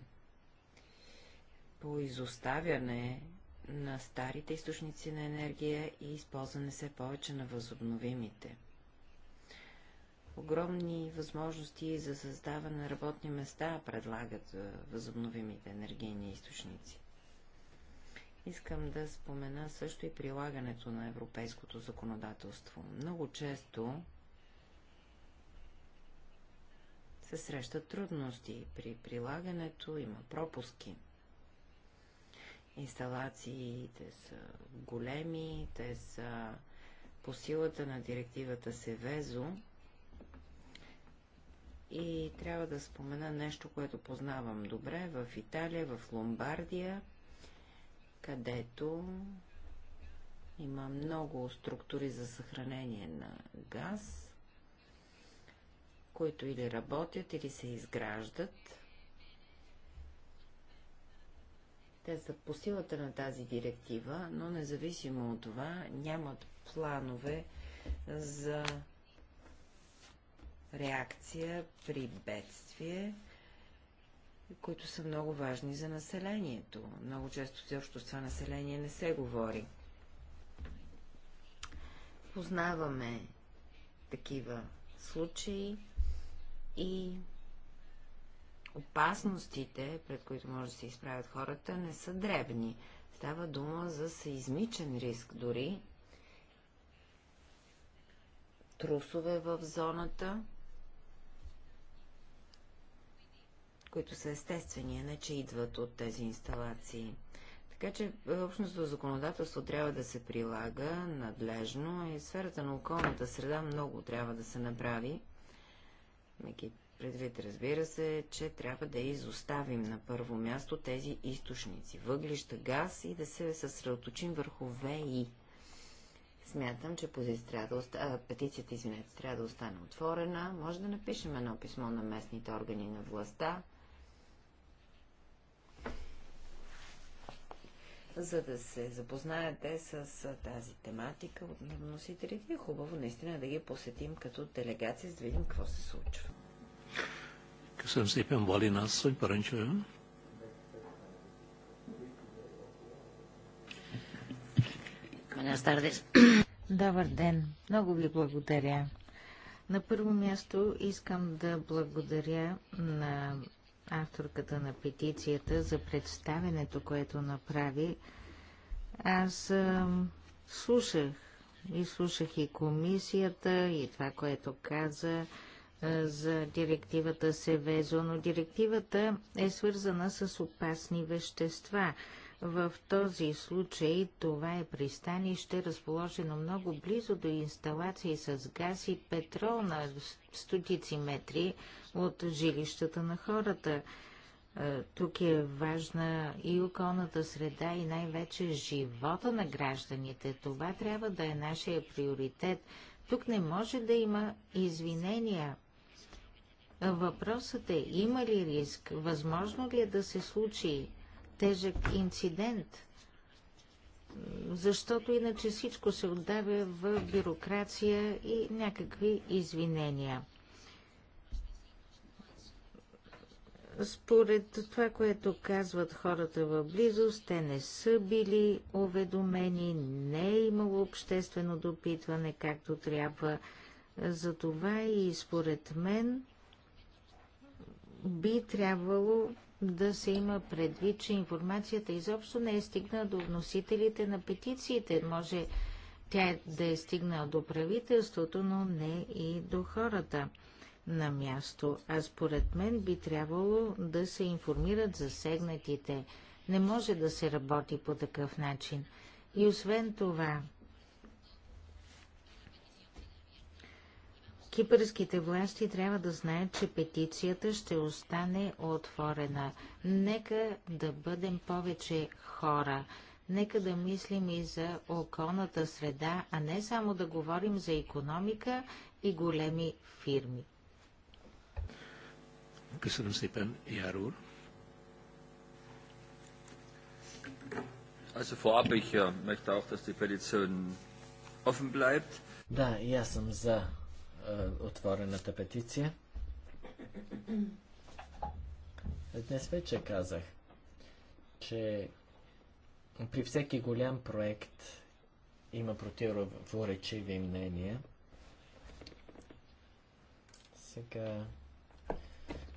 по изоставяне на старите източници на енергия и използване все повече на възобновимите огромни възможности за създаване на работни места предлагат възобновимите енергийни източници. Искам да спомена също и прилагането на европейското законодателство. Много често се срещат трудности при прилагането, има пропуски. Инсталациите са големи, те са по силата на директивата Севезо, и трябва да спомена нещо, което познавам добре в Италия, в Ломбардия, където има много структури за съхранение на газ, които или работят, или се изграждат. Те са по силата на тази директива, но независимо от това нямат планове за реакция при бедствие, които са много важни за населението. Много често все с това население не се говори. Познаваме такива случаи и опасностите, пред които може да се изправят хората, не са дребни. Става дума за сеизмичен риск дори, трусове в зоната, които са естествени, не че идват от тези инсталации. Така че е, общностното законодателство трябва да се прилага надлежно и сферата на околната среда много трябва да се направи. Меки предвид, разбира се, че трябва да изоставим на първо място тези източници – въглища, газ и да се съсредоточим върху ВИ. Смятам, че да а, петицията, извинете, трябва да остане отворена. Може да напишем едно писмо на местните органи на властта, за да се запознаете с тази тематика от носителите. Е хубаво наистина да ги посетим като делегация, за да видим какво се случва. Köszönöm szépen, Valin asszony, parancsoljon. Добър ден! Много ви благодаря. На първо място искам да благодаря на авторката на петицията за представенето, което направи. Аз а, слушах и слушах и комисията, и това, което каза а, за директивата Севезо, но директивата е свързана с опасни вещества – в този случай това е пристанище, разположено много близо до инсталации с газ и петрол на стотици метри от жилищата на хората. Е, тук е важна и околната среда и най-вече живота на гражданите. Това трябва да е нашия приоритет. Тук не може да има извинения. Въпросът е, има ли риск, възможно ли е да се случи тежък инцидент, защото иначе всичко се отдавя в бюрокрация и някакви извинения. Според това, което казват хората в близост, те не са били уведомени, не е имало обществено допитване както трябва. Затова и според мен би трябвало да се има предвид, че информацията изобщо не е стигнала до вносителите на петициите. Може тя е да е стигнала до правителството, но не и до хората на място. А според мен би трябвало да се информират засегнатите. Не може да се работи по такъв начин. И освен това, Кипърските власти трябва да знаят, че петицията ще остане отворена. Нека да бъдем повече хора. Нека да мислим и за околната среда, а не само да говорим за економика и големи фирми. Köszönöm szépen, Jár úr. Also vorab, ich äh, möchte auch, dass die Petition offen bleibt. Да, и съм за е, отворената петиция. Днес вече казах, че при всеки голям проект има противоречиви мнения. Сега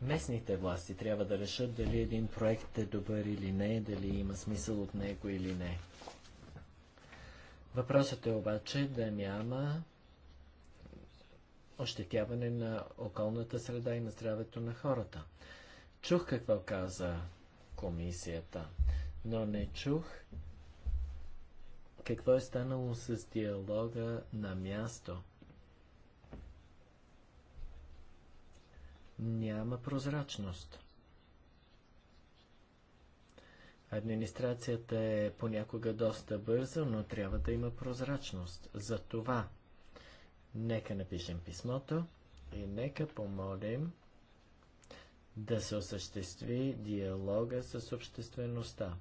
местните власти трябва да решат дали един проект е добър или не, дали има смисъл от него или не. Въпросът е обаче да няма ощетяване на околната среда и на здравето на хората. Чух какво каза комисията, но не чух какво е станало с диалога на място. Няма прозрачност. Администрацията е понякога доста бърза, но трябва да има прозрачност. За това Нека напишем писмото и нека помолим да се осъществи диалога с обществеността.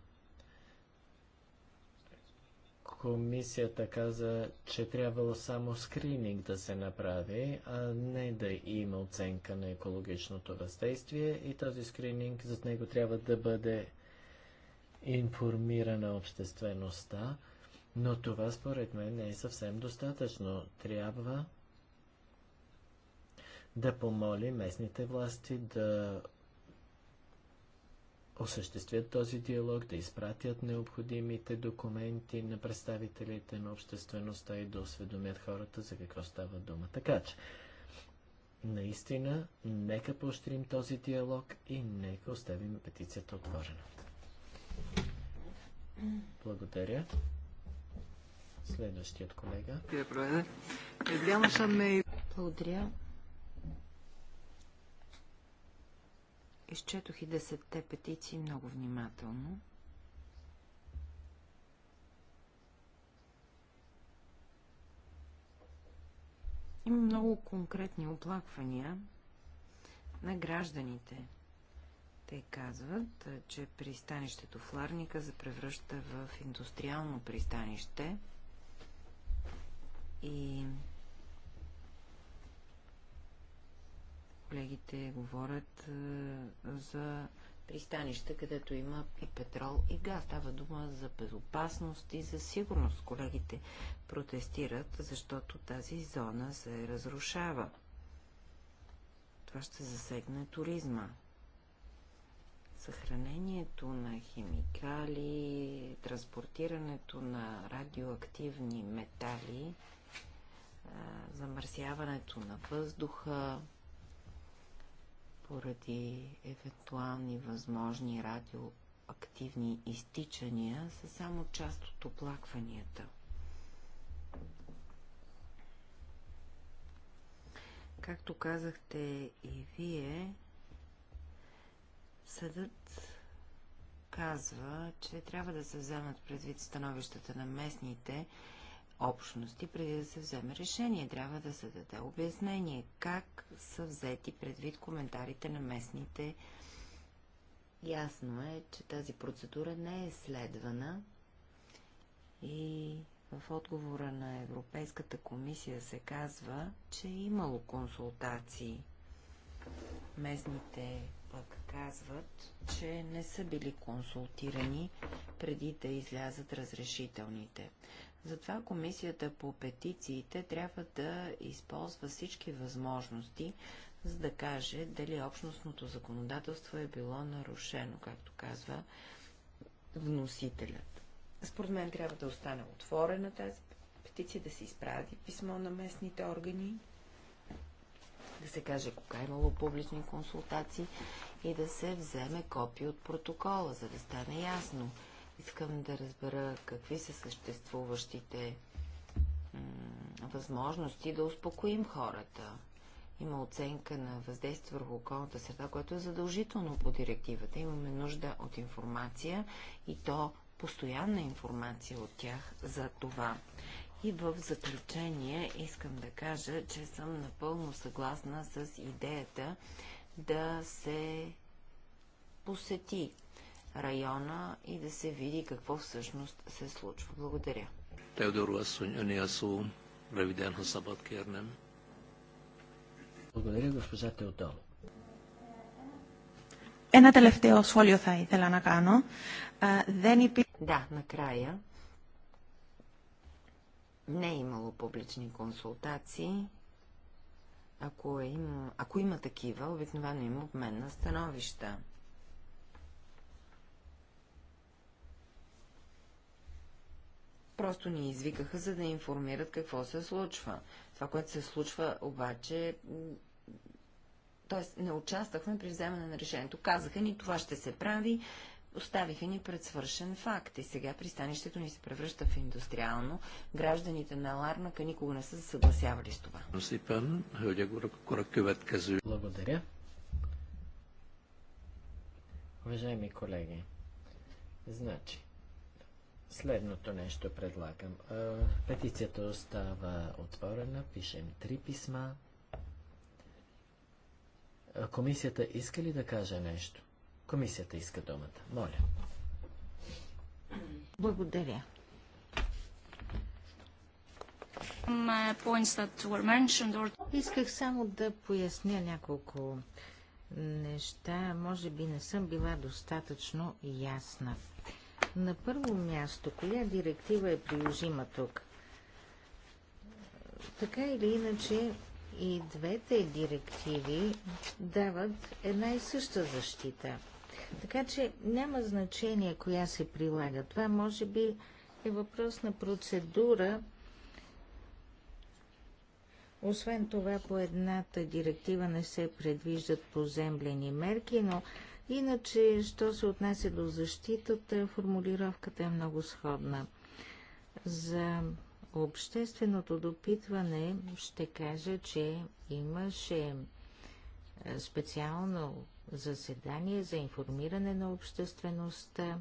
Комисията каза, че трябвало само скрининг да се направи, а не да има оценка на екологичното въздействие и този скрининг, за него трябва да бъде информирана обществеността. Но това според мен не е съвсем достатъчно. Трябва да помоли местните власти да осъществят този диалог, да изпратят необходимите документи на представителите на обществеността и да осведомят хората за какво става дума. Така че, наистина, нека поощрим този диалог и нека оставим петицията отворена. Благодаря. Следващият колега. Благодаря. Изчетох и десетте петиции много внимателно. Има много конкретни оплаквания на гражданите. Те казват, че пристанището в Ларника се превръща в индустриално пристанище – и колегите говорят е, за пристанища, където има и петрол, и газ. Става дума за безопасност и за сигурност. Колегите протестират, защото тази зона се разрушава. Това ще засегне туризма. Съхранението на химикали, транспортирането на радиоактивни метали – замърсяването на въздуха, поради евентуални възможни радиоактивни изтичания, са само част от оплакванията. Както казахте и вие, съдът казва, че трябва да се вземат предвид становищата на местните общности, преди да се вземе решение. Трябва да се даде обяснение как са взети предвид коментарите на местните. Ясно е, че тази процедура не е следвана и в отговора на Европейската комисия се казва, че е имало консултации. Местните пък казват, че не са били консултирани преди да излязат разрешителните. Затова комисията по петициите трябва да използва всички възможности, за да каже дали общностното законодателство е било нарушено, както казва вносителят. Според мен трябва да остане отворена тази петиция, да се изпрати писмо на местните органи, да се каже кога е имало публични консултации и да се вземе копия от протокола, за да стане ясно Искам да разбера какви са съществуващите възможности да успокоим хората. Има оценка на въздействие върху околната среда, което е задължително по директивата. Имаме нужда от информация и то постоянна информация от тях за това. И в заключение искам да кажа, че съм напълно съгласна с идеята да се посети района и да се види какво всъщност се случва. Благодаря. Благодаря, госпожа Теодор. Ένα τελευταίο σχόλιο θα ήθελα να κάνω. Δεν υπήρχε... Да, накрая. Не е имало публични консултации. Ако, е им... Ако има такива, обикновено има обмен на становища. Просто ни извикаха, за да информират какво се случва. Това, което се случва обаче, т.е. не участвахме при вземане на решението. Казаха ни, това ще се прави, оставиха ни пред свършен факт. И сега пристанището ни се превръща в индустриално. Гражданите на Ларнака никога не са се съгласявали с това. Благодаря. Уважаеми колеги, значи, Следното нещо предлагам. Петицията остава отворена. Пишем три писма. Комисията иска ли да каже нещо? Комисията иска думата. Моля. Благодаря. Исках само да поясня няколко неща. Може би не съм била достатъчно ясна. На първо място, коя директива е приложима тук? Така или иначе, и двете директиви дават една и съща защита. Така че няма значение коя се прилага. Това може би е въпрос на процедура. Освен това, по едната директива не се предвиждат поземлени мерки, но Иначе, що се отнесе до защитата, формулировката е много сходна. За общественото допитване ще кажа, че имаше е, специално заседание за информиране на обществеността.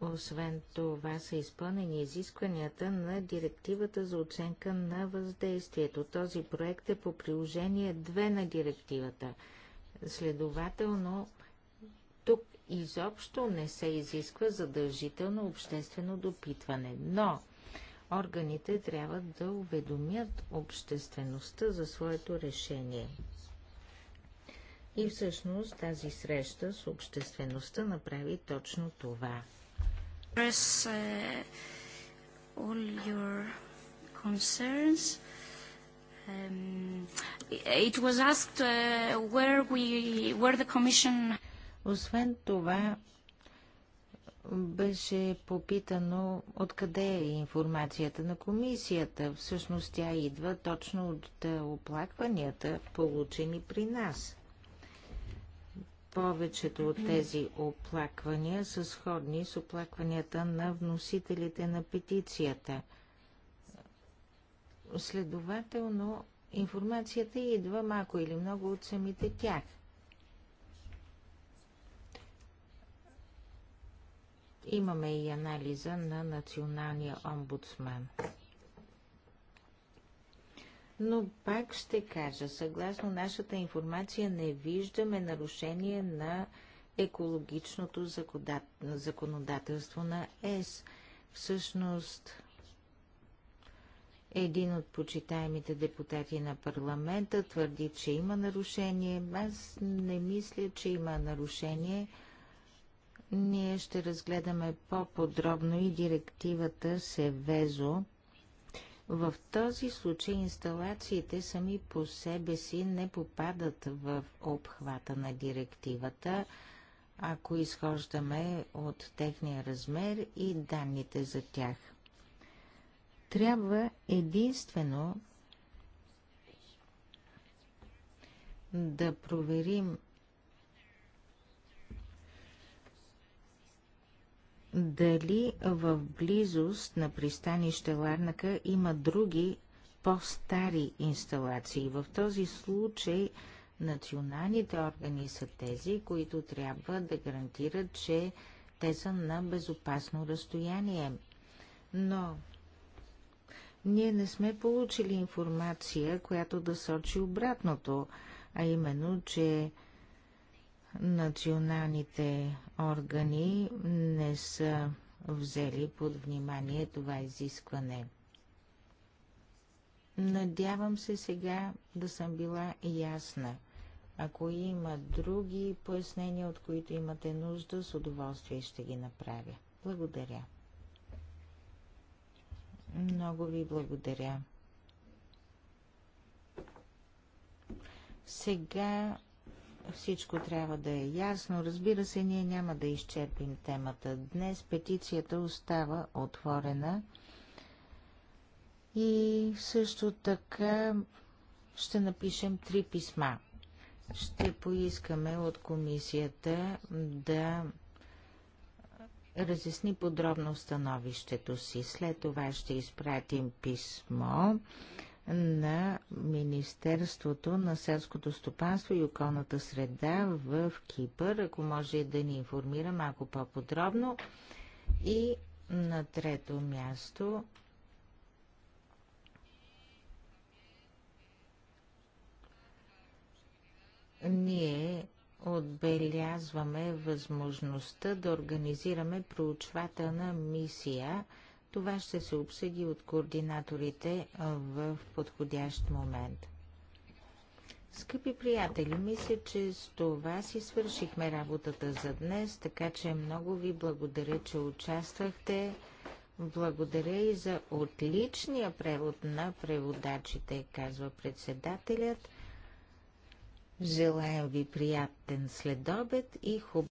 Освен това са изпълнени изискванията на директивата за оценка на въздействието. Този проект е по приложение 2 на директивата. Следователно, тук изобщо не се изисква задължително обществено допитване, но органите трябва да уведомят обществеността за своето решение. И всъщност тази среща с обществеността направи точно това. Е, it was asked uh, where we, where the Commission освен това, беше попитано откъде е информацията на комисията. Всъщност тя идва точно от оплакванията, получени при нас. Повечето от тези оплаквания са сходни с оплакванията на вносителите на петицията. Следователно, информацията идва малко или много от самите тях – Имаме и анализа на националния омбудсман. Но пак ще кажа, съгласно нашата информация, не виждаме нарушение на екологичното законодателство на ЕС. Всъщност, един от почитаемите депутати на парламента твърди, че има нарушение. Аз не мисля, че има нарушение. Ние ще разгледаме по-подробно и директивата Севезо. В този случай инсталациите сами по себе си не попадат в обхвата на директивата, ако изхождаме от техния размер и данните за тях. Трябва единствено да проверим дали в близост на пристанище Ларнака има други по-стари инсталации. В този случай националните органи са тези, които трябва да гарантират, че те са на безопасно разстояние. Но ние не сме получили информация, която да сочи обратното, а именно, че националните органи не са взели под внимание това изискване. Надявам се сега да съм била ясна. Ако има други пояснения, от които имате нужда, с удоволствие ще ги направя. Благодаря. Много ви благодаря. Сега всичко трябва да е ясно. Разбира се, ние няма да изчерпим темата днес. Петицията остава отворена. И също така ще напишем три писма. Ще поискаме от комисията да разясни подробно становището си. След това ще изпратим писмо на Министерството на селското стопанство и околната среда в Кипър, ако може да ни информира малко по-подробно. И на трето място ние отбелязваме възможността да организираме проучвателна мисия – това ще се обсъди от координаторите в подходящ момент. Скъпи приятели, мисля, че с това си свършихме работата за днес, така че много ви благодаря, че участвахте. Благодаря и за отличния превод на преводачите, казва председателят. Желаем ви приятен следобед и хубав